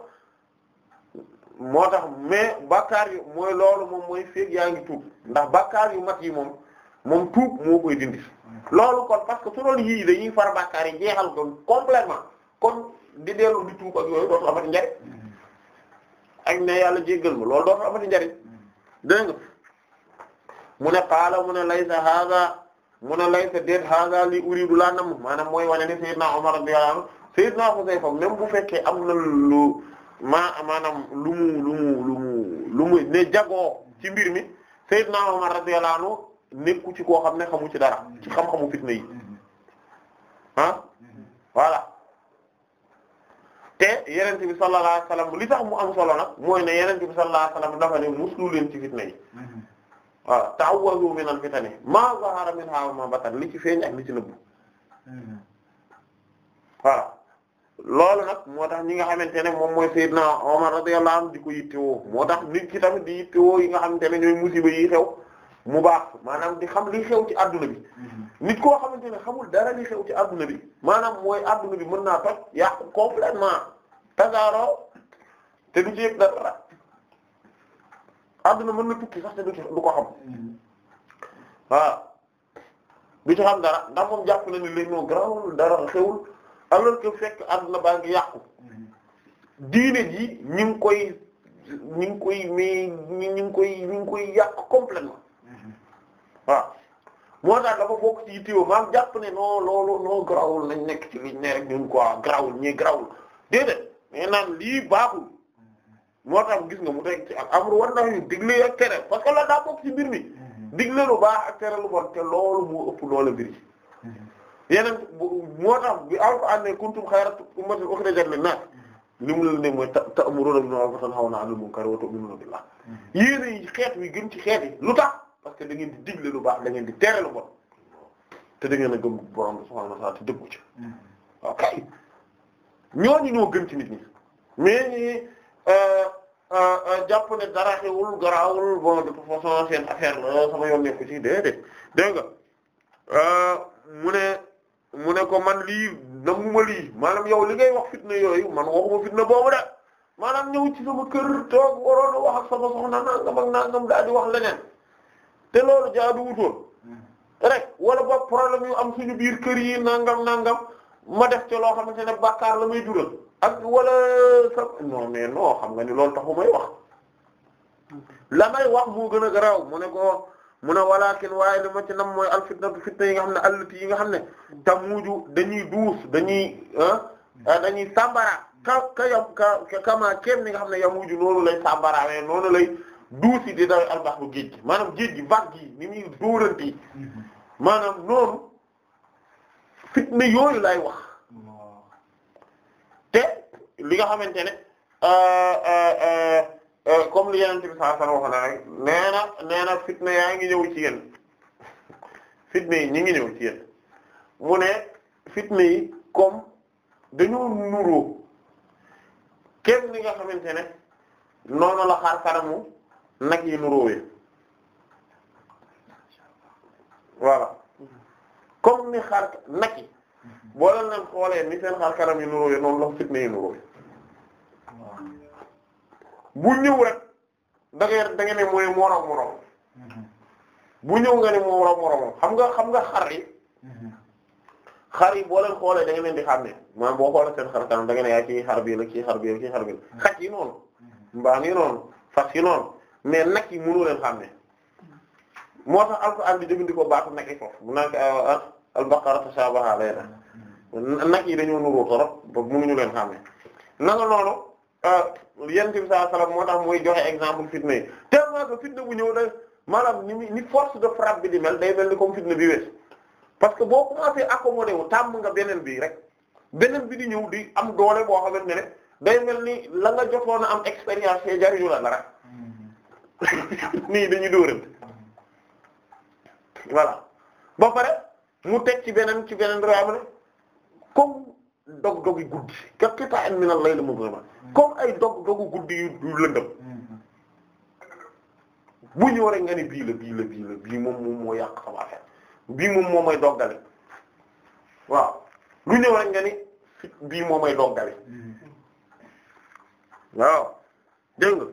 moo tax mais bakaar yu mooy loolu moom mooy feeg yaa ngi tuub ndax bakkaar yu mat yi moom moom tuub moo koy dindi loolu kon parce que su doon yii dañuy far bakaar yi jeexal ko complètement kon di dellu di tuub ak yooyu dootul amati njariñ ak ne yàlla jéggal ma loolu dootul amati njariñ dégg nga mu ne qaala mu ne laysa hada mu ne laysa déet hada li uridu laa nam maanaam mooy wane ne Seydina Umar radiyallahu anhu Seydina Hudayfa même bu fekkee am na lu maa maanaam lu mu lu mu lu mu ne jagoo ci mbir mi Seydina Omar radiyallahu anhu nekku ci koo xam ne xamu ci dara ci xam-xamu fitna yi ah voilà te yenente bi sallallahu alayhi wasallam li tax mu am solo nag mooy ne yenente bi sallallahu alayhi wasallam dafa ne muslu leen ci fitna yi voilà ta'awwazu min al-fitani ma zahara minha wa ma batan li ci feeñ ak li ci nëbb voilà loolu nag moo tax ñi nga xamante ne moom mooy Seydina Omar radiyallahu anhu di ko yittewoo moo tax nit ki tamit di yittewoo yi nga xamante ne ñooy musiba yi xew mu baax maanaam di xam li xew ci àdduna bi mhm. nit koo xamante ne xamul dara li xew ci adduna bi maanaam mooy àdduna bi mën naa toj yàqu complètement tasaaroo te du ci yëg dara àdduna mën na tukki sax te du du ko xam mhm. waaw du ci xam dara ndax moom jàpp na ni léegi noo dara xewul alors que fekk àdduna baa ngi yàqu diine ji ñu koy ñu ngi koy mais ñu ngi koy ñu ngi koy yàq complètement waaw moo tax dafa bokk ci tiwo maam jàpp ne noo loolu non grawul nañ nekk ci liñ ne rek ñun ko quoi grawul ñii grawul déedéet mais naan lii baaxul moo tax gis nga mu teg ci am amru war na yu digle ak tere parce que la daa bokk ci mbir mi mm-hmm. digle lu te loolu moo ëpp loolu mbir yi mm-hmm. yeneen moo tax bi alquran ne kuntum xayra ummatin uxrijat linnaas li mu la ne mooy ta'muruna bil ma'ruf wa tanhawna 'anil munkar wa tu'minuna billah yéen a xeet wi gën ci xeet yi lu tax parce que da ngeen di digle lu baax da ngeen di tere lu bon te da ngeen a gëm borom subhaanahu wa ta'aala te dëggu ci ok ñooñu ñoo ci nit ñi mais ñi euh, euh, euh, jàpp ne dara xewul garaawul bon de toute seen affaire la sama yoon nekku ci déedéet dégg nga mu ne mu ne ko man lii nanguma lii maanaam yow li ngay wax fitna yooyu man waxuma fitna boobu de maanaam ñëw ci sama kër toog waroon a wax ak sama soxna nangam ak nangam daal di wax leneen te loolu jaadu wutoon rek wala boog problème yu am suñu biir kër yi nangam nangam ma def ci loo xamante ne bàkkaar la may jural ak wala sa non xam nga ni lool taxu may wax la may wax moo gën a garaaw mu ne ko mu ne walakin waaye li ma ci nam mooy alfitnatu fitna yi nga xam ne allati yi nga xam ne tamuju dañuy duus dañuy ah, ah, dañuy sambara ka ka yam ka kama kéem ni nga xam ne yamuju noonu lay sambarawee noonu lay duusi di daw albaxru géej gi maanaam géej gi vague yi ni muy dóoranti maanaam noonu fitna yooyu lay wax te li nga xamante ne ah, comme li yenente bi saa san wax yaa ngi ñëw ci yéen fitna yi ñi ngi ñëw ci yéen mu ne fitna yi comme dañoo nuroo kenn ni nga xamante ne noonu la xaar kanamu nag yi nuroowee voilà comme ni xaar nag yi boo leen leen xoolee ni seen xaar kanam yi nuroowee noonu la fitna yi nuroowee bu ñëw rek da ngay da ne mooy moo moroom bu ñëw nga ne moo raw moroom xam nga xam nga xar yi xar yi boo leen xoolee da leen di xàmmee maanaam boo xoolee seen xar kanam da ngeen ne yaa kii xar bii la kii xar mm-hmm. xàmmee moo tax alxuraan bi jëfandikoo baatu nag yi mu bu naan ah, ah, al-baqara tashabaha alayna mm-hmm. nag yi dañoo nuroo torop ba mënuñu leen xàmmee naka noonu. Euh, yonent bi sallallahu alayhi wasallam moo tax muy joxe exemple fitna yi tellement que fitna bu ñëw day maanaam ni ni force de frappe bi di mel day mel ni comme fitna bi wees parce que boo commencé accommodé wu tàmm nga beneen bi rek beneen bi di ñëw di am doole boo xamante ne day mel ni la nga jotoon a am expérience yi jariñu la dara mm-hmm. [laughs] nii dañuy dóoral mm-hmm. voilà ba pare mu teg ci beneen ci beneen raam ne comme dog-dogi guddi ka qita'in min al-layl ma comme ay dog-dogu guddi yu lëndëm bu ñëw nga ni bii la bii la bii moom moom moo yàq sama affaire bii moom moo may doggale waaw lu nga ni bii moo may doggale waaw nga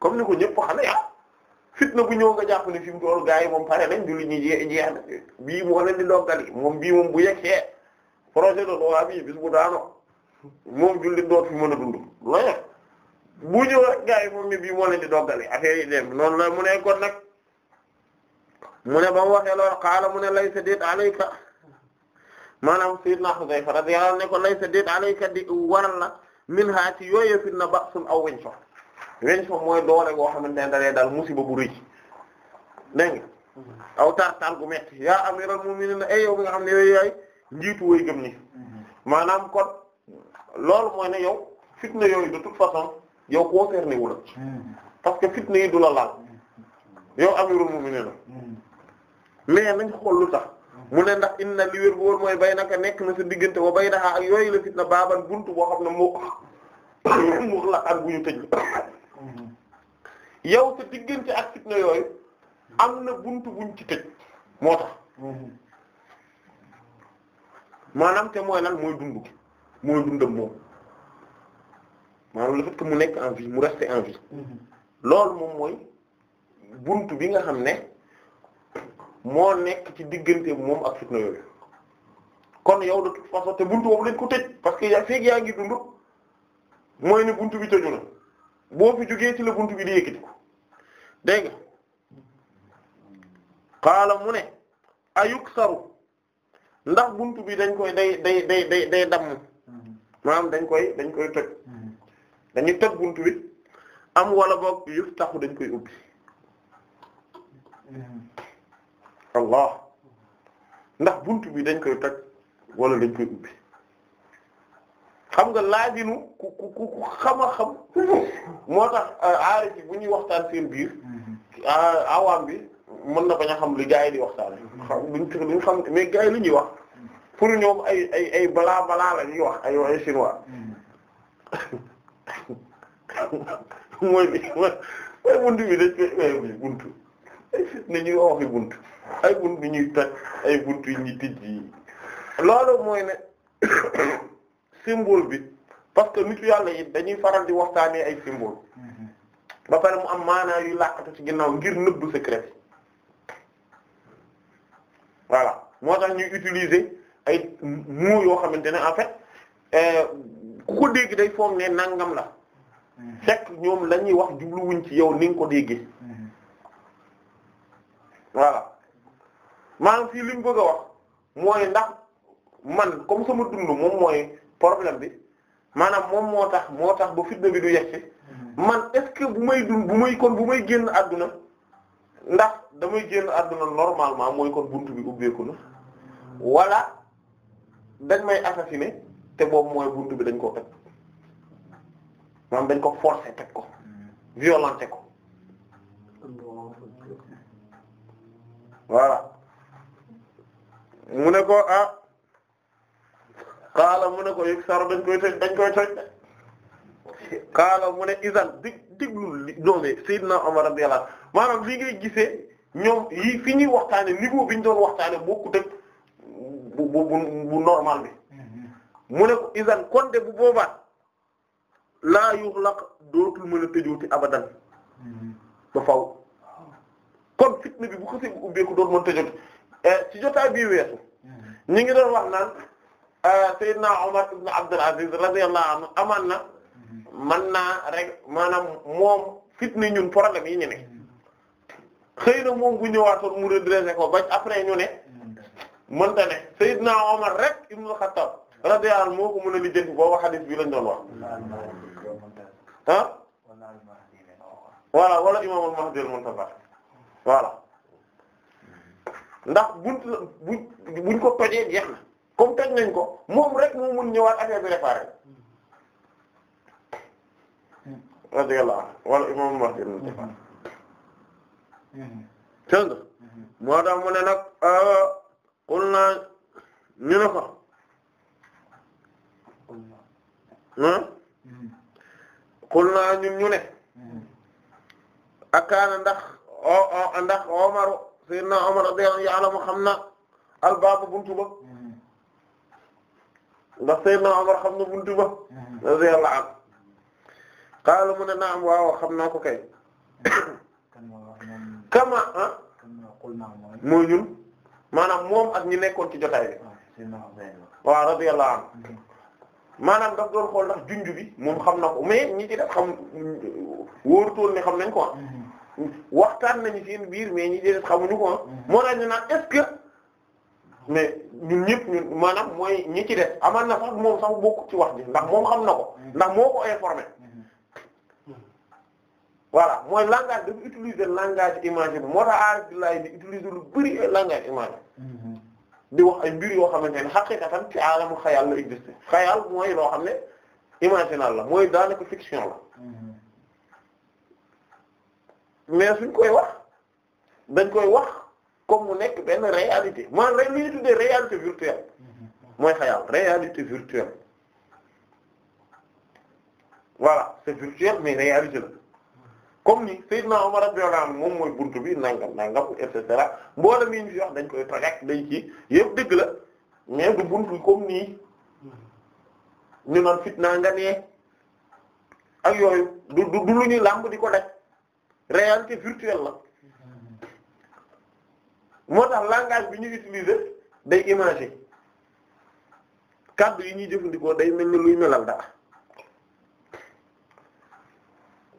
comme ni ko ñëpp xam ah fitna bu ñëw nga jàpp ni fi mu toll gars moom pare nañ du li ñuy jeex bii moo leen di doggali moom bii moom bu yegsee projet de loi bi bis bu daano moom jullit doot fi mën a dund loolu bu ñëw rek gars yi moom ni bii moo leen di doggale affaire yi dem noonu la mu ne kon nag mu ne ba mu waxee loolu xaala mu ne laysa déet alayka maanaam sayyidna Xudayfa radiyallahu anhu ne ko laysa déet alayka di waral la min ha ci yooyee fit na ba sun aw weñ fa weñ fa mooy doole goo xamante ne dalee daal musiba bu rëy dégg nga mm-hmm. aw tar tar gu yaa amiral mu'minin ay yow mi nga xam ne yooyu njiitu woy gëm ñi mm-hmm. maanaam kon loolu mooy ne yow fitna yooyu de toute façon yow concerné wu la mm-hmm. parce que fitna yi du la laal mm-hmm. yow amirul mu'minin la mais nañ xool lu tax mu ne ndax inna na wér wóor mooy bay naka nekk na sa diggante wa bay naxaa ak yooyu la fitna baabal buntu boo xam ne mu [coughs] mu la ak bu ñu tëj yow sa diggante ak fitna yooyu am na buntu buñ ci tëj moo tax maanaam te mooy lan mooy dund gi mooy dundam moom maanaam le fait que mu nekk en vie mu rester en vie mm-hmm. loolu moom mooy buntu bi nga xam ne moo nekk ci diggante moom ak fitna yooyu kon yow de toute façon te buntu boobu lañ ko tëj parce que yaa feeg yaa ngi dund mooy ne buntu bi tëju na boo fi jógee ci la buntu bi di yëkkati ko dégg nga mu ne ayuk saru ndax bunt bi dañ koy day day day day day damm mm-hmm. maanaam dañ koy dañ koy toj mm-hmm. dañuy toj buntu bi am wala boog yëf taxu dañ koy ubbi mm-hmm. allah ndax buntu bi dañ koy toj wala dañ koy xam nga laajinu ku ku ku xam xam [laughs] moo tax euh, aari bu ñuy waxtaan seen biir awaam bi mën na bañ a xam li gaa yi di waxtaan xam luñ luñ xam mais gaa yi lu ñuy wax pour ñoom ay ay ay balaa balaa la ñuy wax ay ay chinois hmm. mooy bi mooy buntu bi dañ koy ay buntu ne waxi buntu ay buntu ñuy toj ay buntu ñuy tijji loolu mooy ne [coughs] symbole bi parce que yu yàlla yi dañuy faral di waxtaanee ay symbole hmm. ba pare mu am maanaa yu làqatu ci ginnaaw ngir nëbbu secret voilà moo tax ñuy utiliser ay mu yoo xamante ne en fait euh, ku ko dégg day foog ne nangam la fekk ñoom la ñuy wax jubluwuñ ci yow ni ko déggee voilà maanaam fii li bëgg a wax mooy ndax man comme sama dund moom mooy problème bi maanaam moom moo tax moo tax ba fitna bi du yegsi man est que bu may dund bu may kon bu may génn àdduna ndax damay génn àdduna normalement mooy kon buntu bi ubbeeku na wala dañ may assassiner te boobu mooy buntu bi dañ koo teg maanaam dañ ko forcer teg ko hmm. violenter ko voilà mu ne ko ah kaala mu ne ko yëg saro dañ koy toj dañ koy toj kaala mu ne isan dig diglul li na Seydina Omar radiyallahu maanaam li ngay gisee ñoom yi fi ñuy waxtaane niveau bi ñu doon waxtaane bokku dëkk bu normal bi mu ne isan kon de bu boobaa laa yuxlaq dootul mën a abadan ba faw kon fitna bi bu ko bu ubbeeku dootul mën a eh, ci jotaay bii weesu ñi ngi doon wax naan eh, Seydina Omar ibn Abdul Aziz radiyallahu amaan na man naa rek maanaam moom fitna ñun problème yi ñu ne xëy na moom bu ñëwaatoon mu redressé ko ba après ñu ne mënta ne Seydina Omar rek Ibnu Xattaab radiyallahu moo ko mën a lijjanti boobu xadis bi lañ doon wax ah voilà wala imaamul Mahdi al-Muntazar ndax buñ buñ buñ ko tojee jeex na comme toj nañ ko moom rek moo mun ñëwaat affaire bi réparé radiyallahu wala imaamul Mahdi al-Muntazar tëng mm-hmm. mm-hmm. mu ne nag euh, qul naa ñu ne ko ah qul naa ñun ñu ne akaana ndax o ndax Omar sayyidina Omar radiyallahu xam na albaabu buntu ba ndax sayyidina Omar xam na buntu ba radiyallahu anhu qaala mu ne naam waaw xam naa ko kay kama ah ñun maanaam moom ak ñi nekkoon ci jotaay bi ah, waaw radiyallahu anhu mm. maanaam daf doon xool ndax junj bi moom xam na ko mais ñi ci def xam wóorutoon ne xam nañ ko mm-hmm. waxtaan nañu seen biir mais ñi ci def xamuñu ko mm-hmm. moo tax ñu naan est-ce que mais ñun ñëpp ñun maanaam mooy ñi ci def amaan na sax moom sax bokk ci wax ji ndax moom xam na ko mm. ndax moo ko informé waa mooy langage dafa utiliser langage image bi moo tax aarabillaahi di utiliser lu bari ay langage image mhm. di wax ay mbir yoo xamante ne xaqiqatan ci alamu xayal la existé xayal mooy loo xam ne imaginal la mooy ko fiction la mhm. mais suñ koy wax dañ koy wax comme mu nekk benn réalité man rek li réalité virtuelle mhm. mooy xayal réalité virtuelle voilà c'est virtuel mais réalité la comme ni Seydina Omar radiyallahu anhu moom mooy buntu bi nangam nangam et cetera mboolem yi ñu wax dañ koy toj ak dañ ci yëpp dëgg la mais du buntu comme nii ñu naan fitna nga nee ak yooyu du du lu ñuy làmb di ko def réalité virtuelle la moo tax langage bi ñu utiliser day imagé kàddu yi ñuy jëfandikoo day mel ni luy melal dara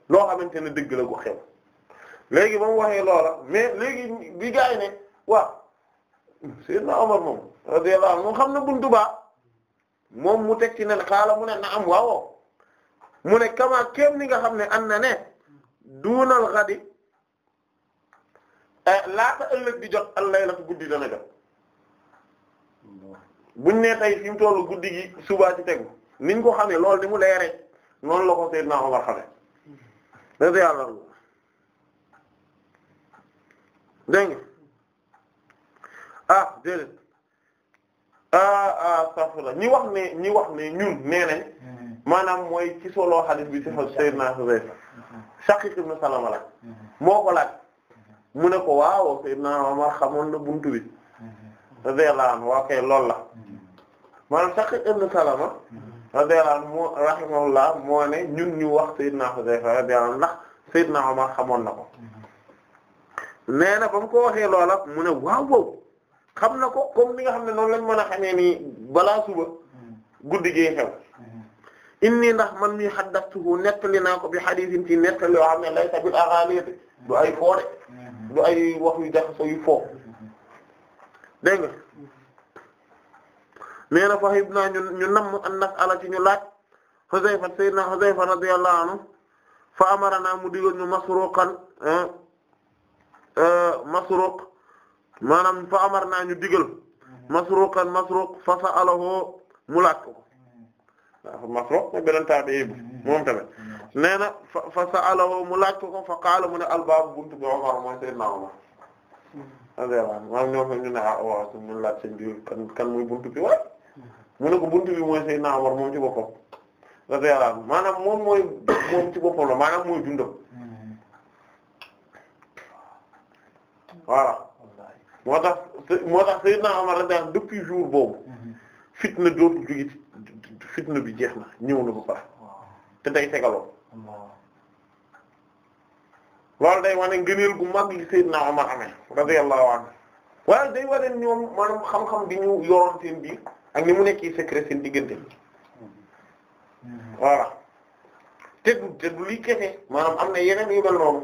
loo xamante ne dëgg la gu xew léegi ba mu waxee loola mais léegi bi gaa yi ne waaw Seydina Omar moom radiyallahu anhu moom xam na buntu moom mu teg ci ne xaala mu ne na am waawoo mu ne kama kéem ni nga xam ne am na ne duunal xadi eh, laata ëllëg di jot al laylatu guddi dana jot buñ ne tey fi mu tollu guddi gi subaa ci tegu niñ ko xamee loolu ni mu leere noonu la ko Seydina Omar xamee radiyallahu anhu dégg nga ah déedéet ah ah safula ñi wax ne ñi wax ne ñun nee mm-hmm. maanaam mooy ci solo hadith bi ci sayyidina Hudayfa mm-hmm. Shaqiq ibn Salama la mm-hmm. moo ko laaj mu ne ko waaw sayyidina Umar xamoon na buntu bi radiyallahu anhu waaw kay loolu la maanaam Shaqiq ibn Salama radiyallahu anhu rahimahullah moo ne ñun ñu wax Seydina Xudayfa radiyallahu anhu ndax Seydina Omar xamoon na ko nee na ba mu ko waxee loola mu ne waaw boobu xam na ko kom ni nga xam ne noonu lañ mën a xamee nii balaa suba guddi gi xew nii ndax man mi haddathtuhu nettali naa ko bi hadithin ci nettali yoo xam ne lay tabil aralite du ay foore du ay wax yu jaxasoo yu foo dégg nga nee na fahib naa ñu ñu namm an nas'ala ci ñu laaj Hudayfa sayyidina Hudayfa radiyallahu anhu fa amarana mu digal ñu masruqan eh, eh, masruq maanaam fa amarna ñu digal masruqan masruq fa sa'alahu mu laaj ko waaw masruq ma beneen tabi'i bu mu laaj ko fa qaala mu ne albaabu buntu bi Umar mooy sayyidina Umar radiyallahu ñoo xam ñu ne ah waaw suñu laaj muy buntu waay mu ne ko buntu bi mooy Seydina Omar moom moom mooy ci boppam la maanaam mooy dundam voilà moo tax moo tax Seydina Omar radiyallahu depuis jour boobu fitna dootu jóge fitna bi jeex na ñëw na ba pare te day tegaloo loolu day wane ngëneel gu mag li Seydina Omar amee radiyallahu anhu waaye day wane ñoom maanaam xam-xam bi ñu yoroon seen biir ak ni mu nekk secret seen diggante mm-hmm. voilà te du ke du lii kese maanaam am na yeneen yu mel noonu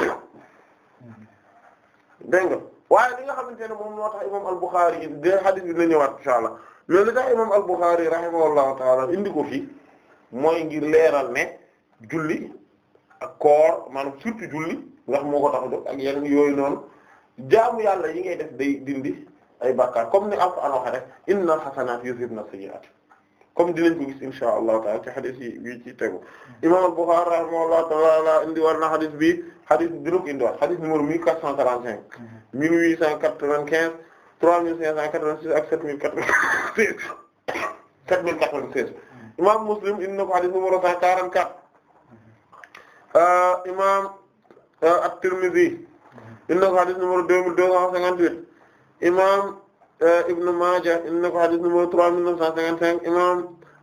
mm-hmm. dégg nga waaye li nga xamante ne moom moo tax imam al-Bukhari de hadith bi la ñëwaat insha allah mais li tax imam al-Bukhari rahimahullahu taala indi ko fii mooy ngir leeral ne julli ak koor maanaam surtout julli ndax moo ko tax a ak yeneen yooyu noonu jaamu yàlla yi ngay def day dindi ay bàkkaar comme ni Alxuraan waxe rek innal xasanaati yuzhibna sayyi'aat comme dinañ ko gis insha allahu taala ci xadis yi tegu imam al-Bukhari rahimahullahu taala indi war xadis bi xadis dina ko indi waat xadis numéro 1445 1895 3586 ak 7096 7096 imam Muslim indi na ko xadis numéro 144 imam at-Tirmidhi indi na ko xadis numéro 2258 imaam eh, Ibn Maaja indi na ko xadis numéro trois mille neuf cent cinquante cinq imaam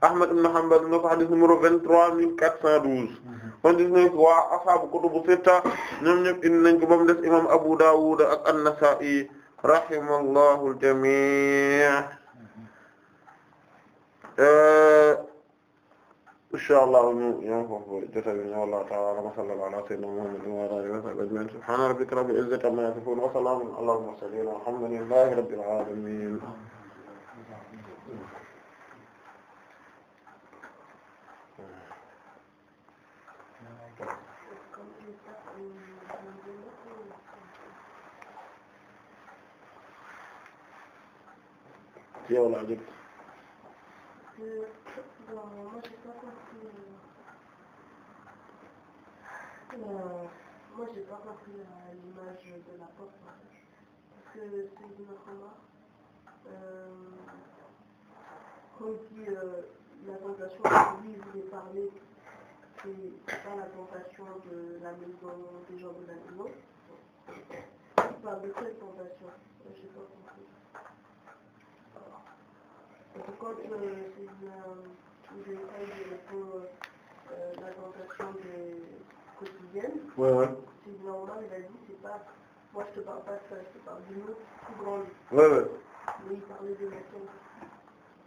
Ahmad ibn Hanbal indi na ko xadis numéro vingt trois mille quatre cent douze. kon gis nañ ko waa ashaabu kutubu sitta ñoom ñëpp indi nañ ko ba mu des imaam Abu Dawud ak An-Nasa'i rahimallahu al-jamii' eh, insha allah ñu ñoom foofu jotabi ñu wallahu ta'ala wa sallallahu ala sayyidina muhammadin wa ala alihi wa sahbihi ajma'in subhana rabbika rabbil izzati amma yasifun wa salamun ala al mursalin walhamdulillahi rabbil alamin ci yow laa jël moi j'ai pas compris l'image de la porte parce que Seydina Omar quand il dit la tentation lui il parler c'est pas la tentation de la maison des gens de la de quelle tentation euh, j'ai pas compris parce que quand Seydina Omar il dit la tentation des quotidienne.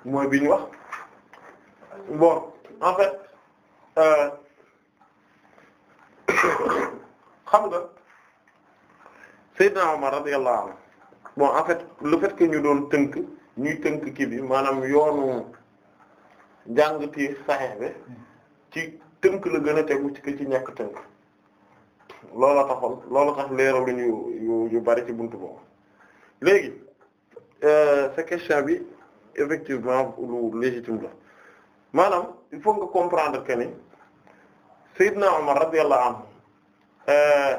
mooy bi ñu wax. bon en fait euh, [coughs] xam nga Seydina Omar radiyallahu anhu bon en fait le fait ñu doon tënk ñuy tënk kii bi maanaam yoonu jàng ci Sahih bi ci tënk la gën a tegu ci ki ci ñàkk tënk loola taxoon loola tax leeral ñu yu yu bari ci buntu boobu léegi euh, sa bi effectivement lu légitime la maanaam il faut nga comprendre que ni Seydina Omar radiyallahu anhu euh,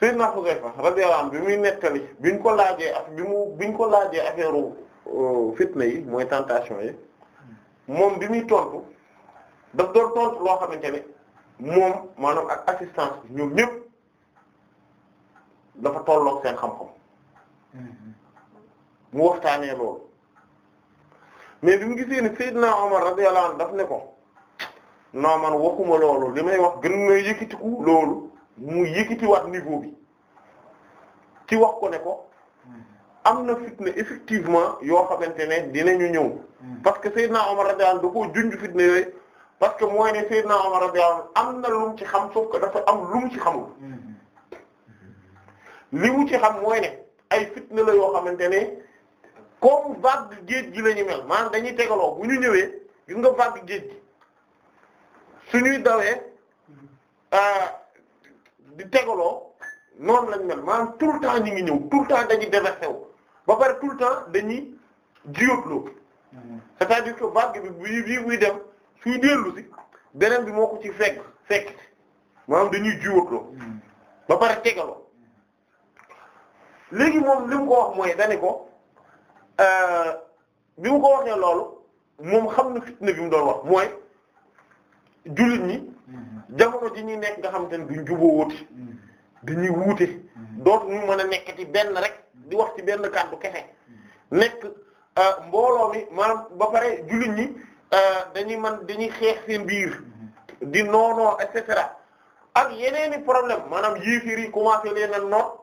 Seydina Xuzayfa radiyallahu anhu bi muy nettali biñ ko laajee af bi mu biñ ko laajee affaire Euh, fitna yi mooy tantation yi moom bi muy tontu daf doon tontu loo xamante ne moom maanaam ak assistance bi ñoom ñëpp dafa tolloog seen xam-xam mu waxtaanee loolu mais bi mu gisee ni Seydina Omar radiyallahu anhu daf ne ko non man waxuma loolu li may wax gën na yëkkatiku loolu mu yëkkatiwaat niveau bi ci wax ko ne ko am na fitna effectivement yoo xamante ne dina dinañu ñëw hmm. parce que Seydina Omar radiyallahu anhu da koo junj fitna yooyu parce que mooy ne Seydina Omar a anhu am na lu ci xam sauf que dafa am lu mu ci xamul hmm. li mu ci xam mooy ne ay fitna la yoo xamante ne comme vague géej gi la ñu mel maanaam dañuy tegaloo bu ñu ñëwee gis nga vague géej gi ñuy dawee hmm. euh, di tegaloo noonu lañ mel maanaam tout le temps ñu ngi ñëw tout le temps dañuy déverser wu ba pare tout le temps dañuy jiyotloo c'est-à-dire que vague bi bii bii buy dem suy dellu si beneen bi moo ko ci fekk fekk maanaam dañuy jiyotloo ba pare tegaloo léegi moom li mu ko wax mooy dane ko euh, bi mu ko waxee loolu moom xam na fitna bi mu doon wax mooy jullit ñi jamono ji ñuy nekk nga xamante ne duñ juboo wuute mm-hmm. dañuy wuute mm-hmm. dootuñu mën a nekkati benn rek di wax ci benn kàddu kese nekk euh, mbooloo mi maanaam ba pare jullit ñi euh, dañuy man dañuy xeex seen biir di noonoo et cetera ak yeneeni problème maanaam yéefir yi commencé leen a noot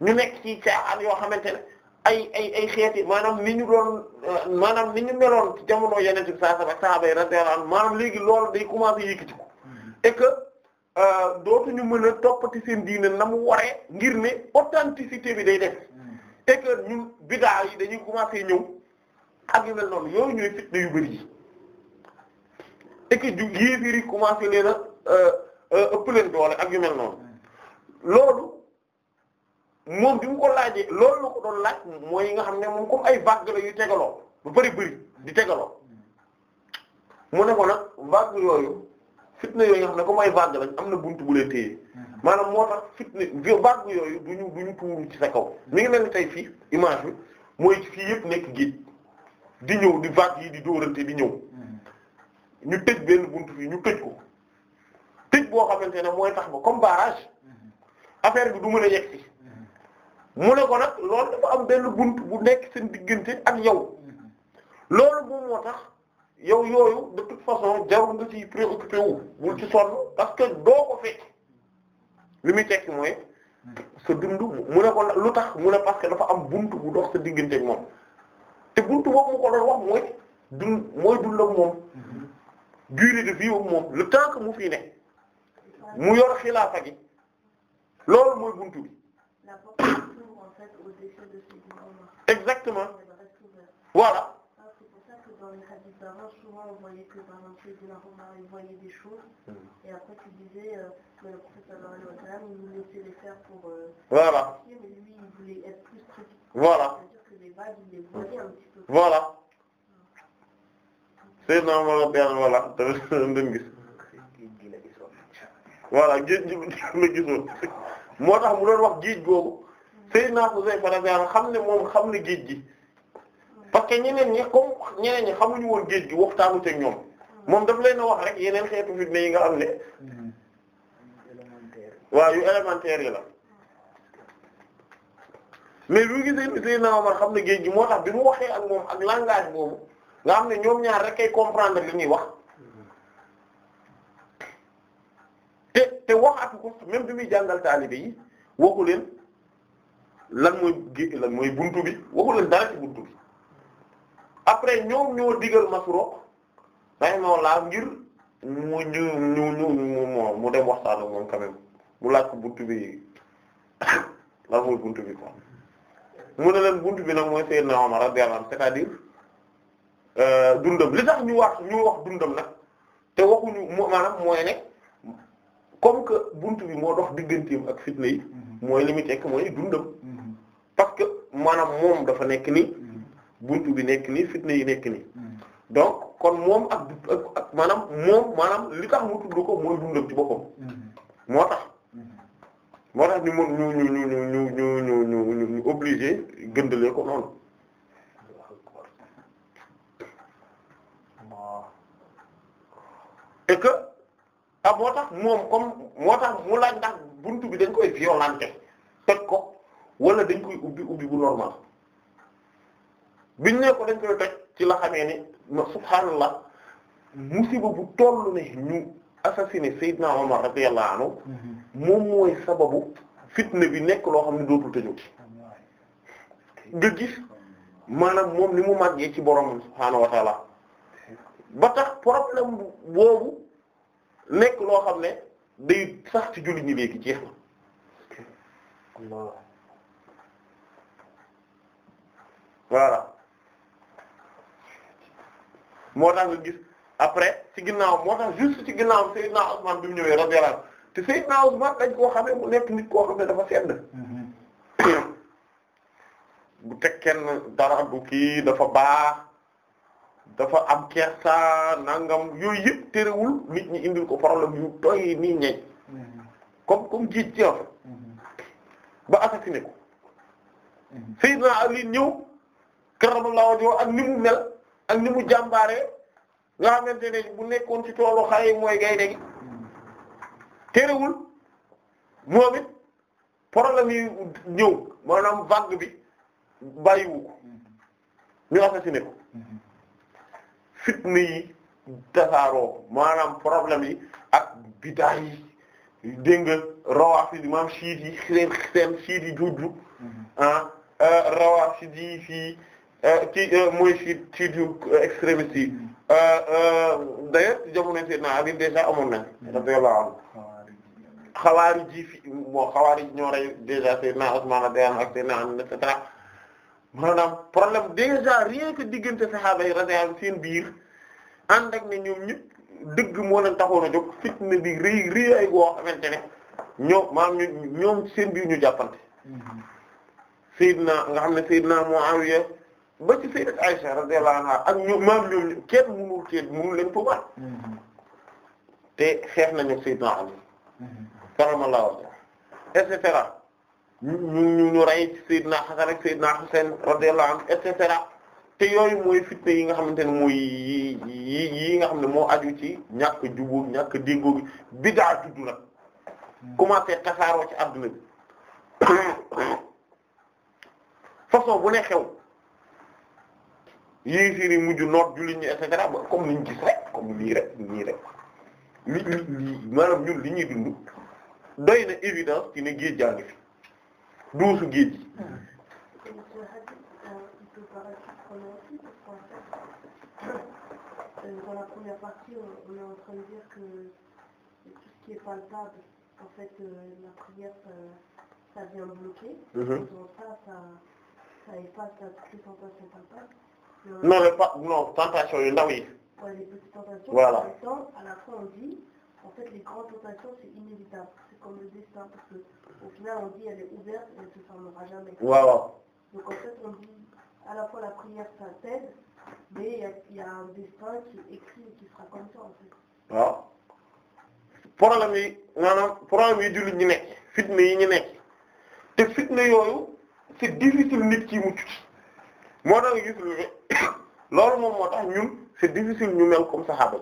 ñu nekk ci caaxaan yoo xamante ne ay ay ay xeeti maanaam ni ñu doon euh, maanaam ni ñu meloon ci jamono yeneen ci saa saba saaba yi radiyallahu anhu maanaam léegi loolu day commencé yëkkati ko et que dootuñu mën a toppati seen diine na mu ngir ne authenticité bi day def et que ñun biddaa yi dañuy commencé ñëw ak yu mel noonu yooyu ñooy fitna yu bari yi et que ju yi commencé leen a euh, euh, ëpp doole ak yu mel noonu loolu moom bi mu ko laajee loolu la ko doon laaj mooy yi nga xam ne moom comme ay vagues la yu tegaloo bu bari bari di tegaloo mu ne ko nag vagues yooyu fitna yooyu nga xam ne comme ay vagues lañ am na buntu bu leen téye maanaam moo tax fitne bi barbu yooyu du ñu du ñu tuuru ci sa kaw mi ngi mel ni tey fii image bi mooy fii yëpp nekk gi di ñëw di vague yi di dóorante di ñëw ñu tëj benn bunt fii ñu tëj ko tëj boo xamante ne mooy tax ba comme barrage affaire bi du mën a yegg si mu ne ko nag loolu dafa am benn bunt bu nekk seen diggante ak yow loolu moom moo tax yow yooyu de toute façon jarul nga ci préoccupé wu ci sonn parce que doo ko fekk li mu tekki mooy sa dund mu ne ko lu tax mu ne parce que dafa am buntu bu dox sa diggante ak moom te buntu boobu mu ko doon wax mooy dund mooy dund ak moom mhm. durée de vie ak moom le temps que mu fii ne mu yor xilaafa gi loolu mooy buntu bi. exactement voilà. Ah, parents, euh, souvent, on voyait que par exemple, de la Romain, ils voyaient des choses. Mm. Et après, tu disais, euh, que le prophète sallallahu alayhi wa sallam, il nous laissait les faire pour. Euh, voilà. Mais lui, il voulait être plus précis. Voilà. C'est-à-dire que les vagues, il les voyait un petit peu. Voilà. Sëñ bi naan wala benn voilà tamit dinañ gis. voilà géej gi la [laughs] gisoon moo tax mu doon wax géej googu. Seydina Xuzayfa radiyallahu anhu xam ne moom xam ne géej gi parce que ñeneen ñi comme ñeneen ñi xamuñu woon géej gi waxtaanu ak ñoom moom daf leen a wax rek yeneen xeetu fitna yi nga xam ne waaw yu élémentaire yi la mais lu gisee Seydina Omar xam ne géej gi moo tax bi mu waxee ak moom ak langage boobu nga xam ne ñoom ñaar rek kay comprendre li ñuy wax te te waxaatu ko même bi muy jàngal taalibe yi waxu leen lan mooy lan mooy buntu bi waxu leen dara ci buntu bi. après ñoom ñoo digal Masruq rahimahullah ngir mu ñu ñu ñu mu mu dem waxtaan moom quand mu laaj ko buntu bi [coughs] lan mooy bi quoi mu ne leen buntu bi nag mooy Seydina Omar radiyallahu anhu c'est-à-dire euh, dundam li tax ñu wax ñu wax dundam nag te waxuñu maanaam mooy ne comme que buntu bi moo dox digganteem ak fitna yi mhm. mooy li mu tekk mooy dundam mhm. parce que moom dafa nekk nii. buntu bi nekk nii fitna yi nekk nii hmm. donc kon moom ak maanaam moom maanaam li tax mu tudd ko ci boppam hmm. moo tax hmm. moo tax ñu mën ñu ñu ñu ñu ñu ñu ñu ñu ko noonu et que ah moo tax moom comme moo tax mu laaj ndax buntu bi dañ koy violenter teg ko wala dañ koy ubbi ubbi bu normal biñ ne ko dañ koy toj ci la xamee ni ma subhaanallah musiba bu toll ne ñu assassiné Seydina Omar radiyallahu anhu mhm. moom mooy sababu fitna bi nekk loo xam ne dootul tëjuti nga gis maanaam moom ni mu màggee ci borom subhaanahu wa taala ba tax problème boobu nekk loo xam ne day sax ci jullit ñi léegi jeex na voilà moo tax nga gis après ci ginnaaw moo tax juste ci ginnaaw Seydina Ousmane bi mu ñëwee radiyallahu te Seydina Ousmane dañ koo xamee mu nekk nit koo xam ne dafa sedd mm-hmm. bu teg kenn dara du kii dafa baax dafa am kersa nangam yooyu yëpp terewul nit ñi indil ko problème yu doy nii ñeñ kom mm-hmm. comme jiij ci en fait mm-hmm. ba assassiné ko Seydina Ali ñëw karamallahu wajhu ak ni mu mel ak ni mu jàmbaaree nga xamante ne bu nekkoon ci toolu xare yi mooy gaynde gi terewul moom it problème yi ñëw maanaam vague bi bàyyiwu ko ñu assassiné ko fitna yi tasaaroo maanaam problème yi ak bidaa yi dégg nga rawaafid maanaam siit yi seen seen siit yi jujju mm-hmm. ah euh, rawaafid yi fii kii euh, euh, mooy chiit chiit euh, yu extrémistes yi d'ailleurs jamono Seydina Ali déjà amoon na radiyallahu anhu xawaari ji fi bon xawaari ñoo rey déjà Seydina Usmaan radiyallahu ak Seydina Ali et cetera maanaam problème déjà rien que diggante sahaaba yi radiyallahu seen biir ànd ak ne ñoom ñëpp dëgg moo leen taxoon a jóg fitna bi rëy rëy ay goo xamante ne ñoom maam ñoom seen biir ñu jàppante mm-hmm. Seydina nga xam ne Seydina Muawiya ba ci sayyidat Aisha radiyallahu anha ak ñu maam ñoom kenn mënul kenn mënul leen pouvoir mm-hmm. te xeex nañu sayyidna Ali mm-hmm. karamallahu et cetera ñu ñu ñu rey ci sayyidna Hasan ak sayyidna Husayn radiyallahu anhu et cetera te yooyu mooy fitna yi nga xamante ne mooy yi nga xam ne moo aju ci ñàkk jubóog ñàkk déggoo gi bidaa juddu nag mm-hmm. commencé tasaaroo ci adduna bi [coughs] façon bu ne xew yéefir yi mujj noot jullit ñi et cetera comme niñ gis rek comme lii rek lii rek li li maanaam ñun li ñuy dund doy na évidence ci ne géej jaa ngi fi duusu géej gi euh, dans euh, la première partie, on, en train de dire que tout ce qui est palpable, en fait, non le pas non tentation yu ndaw yi. voilà. en fait les grandes tentations c'est inévitable c'est comme le destin parce que au final on dit elle est ouverte elle ne se fermera jamais. waaw. donc en fait la fois la prière ça t'aide mais il y, a un destin qui est écrit et qui sera comme ça en fait. waaw problème yi maanaam problème yi jullit ñi nekk fitna yi ñu nekk te fitna yooyu c'est difficile nit ki mucc moo tax gis [coughs] loolu moom moo tax ñun c'est difficile ñu mel comme saxaaba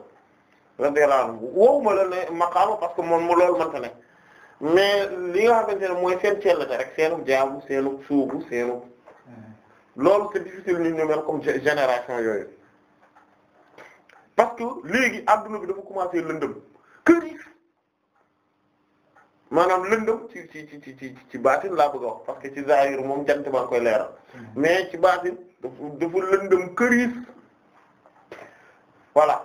radiyallahu wow ma la ne maqaama parce que moom mu loolu mënta mais li nga xamante ne mooy seen sellate rek seenu jaamu seenu suubu seenu loolu c'est difficile ñu ñu mel comme génération yooyu parce que léegi adduna bi dafa commencé lëndëm kër yi maanaam lëndëm ci ci ci ci ci ci baatin laa bëgg a parce que ci zahir moom jant baa koy leeral hmm. mais ci baatin dafa dafa lëndëm këriis voilà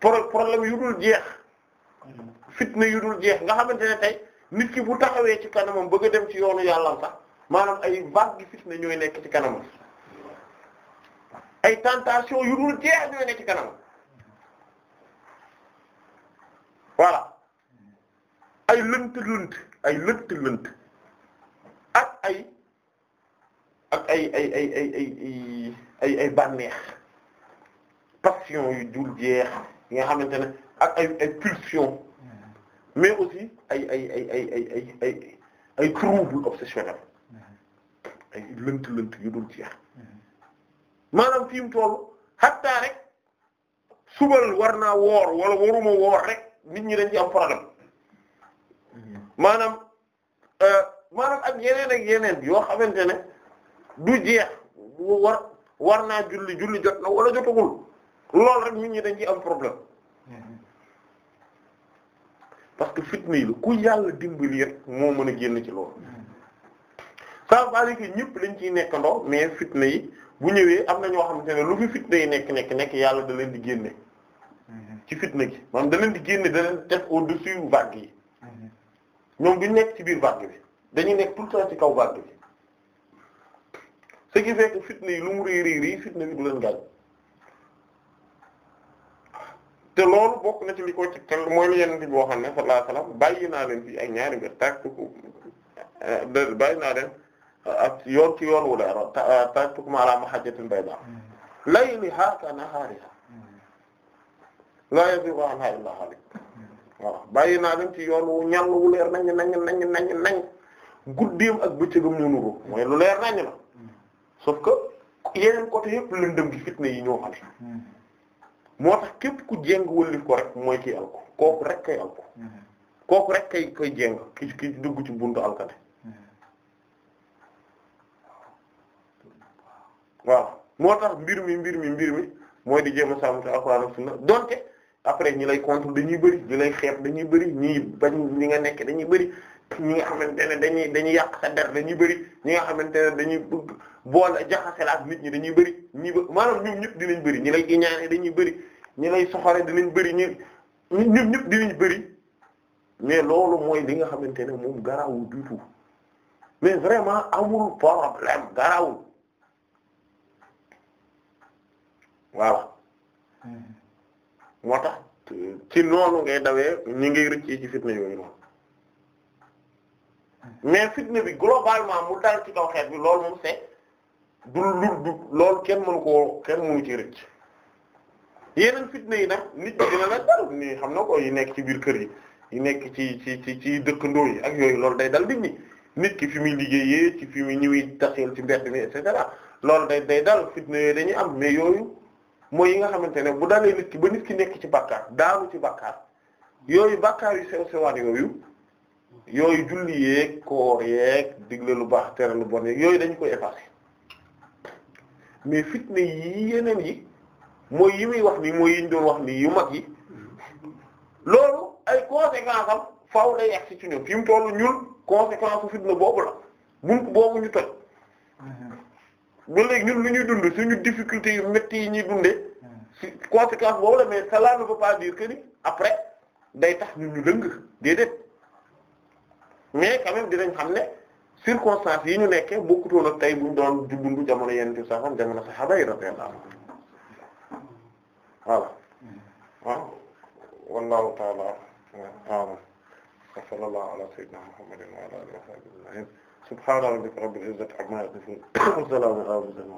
pro problème yu jeex fitna yu dul jeex nga xamante ne tey nit ki bu taxawee ci kanamam bëgg a dem ci yoonu yàllam sax maanaam ay vague fitna ñooy nekk ci kanamam ay tentation yu jeex ñooy nekk ci kanamam voilà ay lënt lënt ay lënt lënt ak ay ak ay ay ay ay ay ay ay bànneex passion yu dul jeex yi nga xamante ne ak ay ay pulsion mais aussi ay ay ay ay ay ay ay ay trouble obsessionnel ay lënt lënt yu dul jeex maanaam fi mu toll xattaa rek subal war naa woor wala waruma woor rek nit ñi dañ ci am problème maanaam maanaam ak yeneen ak yeneen yoo xamante ne du jeex war war naa julli julli jot na wala jotagul loolu rek nit ñi dañ ci am problème parce que fitna yi la ku yàlla dimbali rek moo mën a génn ci loolu ça veut pas dire que ñëpp lañ ciy nekkandoo mais fitna yi bu ñëwee am na ñoo xamante ne lu fi fitna yi nekk nekk nekk yàlla da leen di génne ci fitna gi maanaam da leen di génne da leen def au-dessus vague yi mhm. ñoom du nekk ci biir vague bi dañuy nekk tout le ci kaw vague bi ce qui fait que fitna lu mu rëy rëy rëy fitna gaañ te loolu bokk na ci li ko ci tel mooy li yeneen bi boo xam ne sallallahu alayhi naa leen fii ak ñaari mbir tactiku euh, bàyyi naa leen ak yoon ci yoon wu leer tactiku euh, ma ala mahajjatin bayda layliha ka nahariha la yazighu anha illa bàyyi naa leen ci yoon wu ñàll wu leer nañ nañ nañ nañ nañ guddeem ak bëccëgam ñu nuru mooy lu leer nañ la sauf que yeneen côté yëpp lëndëm gi fitna yi ñoo xam hmm. moo tax képp ku jéng li ko rek mooy kiy alko kooku rek kay alko hmm. kooku rek kay koy jéng ki ki dugg ci buntu alkane hmm. waaw moo tax mbir mi mbir mi mbir mi mooy di jéem a sàmm ci alxuraan ak après ñi lay contre dañuy bëri ñi lay xeeb dañuy bëri ñi bañ ñi nga nekk dañuy bëri ñi nga xamante ne dañuy dañuy yàq sa der dañuy bëri ñi nga xamante ne dañuy bëgg boole jaxasel ak nit ñi dañuy bëri ñi ba maanaam ñëpp dinañ bëri ñi lay iñaane dañuy bëri ñi lay soxore dinañ bëri ñu ñun ñëpp dinañ bëri mais loolu mooy li nga xamante ne moom garawul du tout mais vraiment amul problème garawul voilà hmm. moo tax ci noonu ngay dawee ñi ngay rëccee ci fitna yooyu noonu mais fitna bi globalement mu dal ci kaw xeet bi loolu moom c'est du lool kenn mënu koo kenn mënu ci rëcc yeneen fitna yi nag nit ñi dina la dal xam na yi nekk ci biir kër yi yi nekk ci ci ci ci dëkkandoo ak yooyu loolu day dal nit ñi nit ki fi muy liggéeyee ci fi muy ñëwi taseel ci mbedd mi et cetera loolu day day dal fitna yooyu dañuy am mais yooyu mooy yi nga xamante ne bu dalee nit ki ba nit ki nekk ci bàkkaar daanu ci bàkkaar yooyu bàkkaar yu sew sewaan yooyu yooyu julli yeeg koor yeeg digle lu baax tere lu bon yooyu dañ koy effacer mais fitna yi yeneen yi mooy yi muy wax nii mooy yi doon wax ni yu mag yi loolu ay conséquences am faaw day yegg ci ci ñun fi mu tollu ñun conséquence su fitna boobu la bunt boobu ñu toj ba léegi ñun lu ñuy dund suñu difficulté yu métti yi ñuy dundee si conséquence boobu la mais cela ne veut pas dire après day tax ñun ñu dëng déedéet. mais quand même dinañ xam ne circonstances yi ñu nekkee bokkutoon ak tey buñ doon dund jamono yenn ci sax am jamono saxaaba yi radiyallahu voilà waaw wallahu ta'ala a'lam wa sallallahu ala sayyidina muhammadin wa ala alihi wa sahbihi ajma'in subhana rabbika rabbil izzati amma yasifun wa salamun ala al mursalin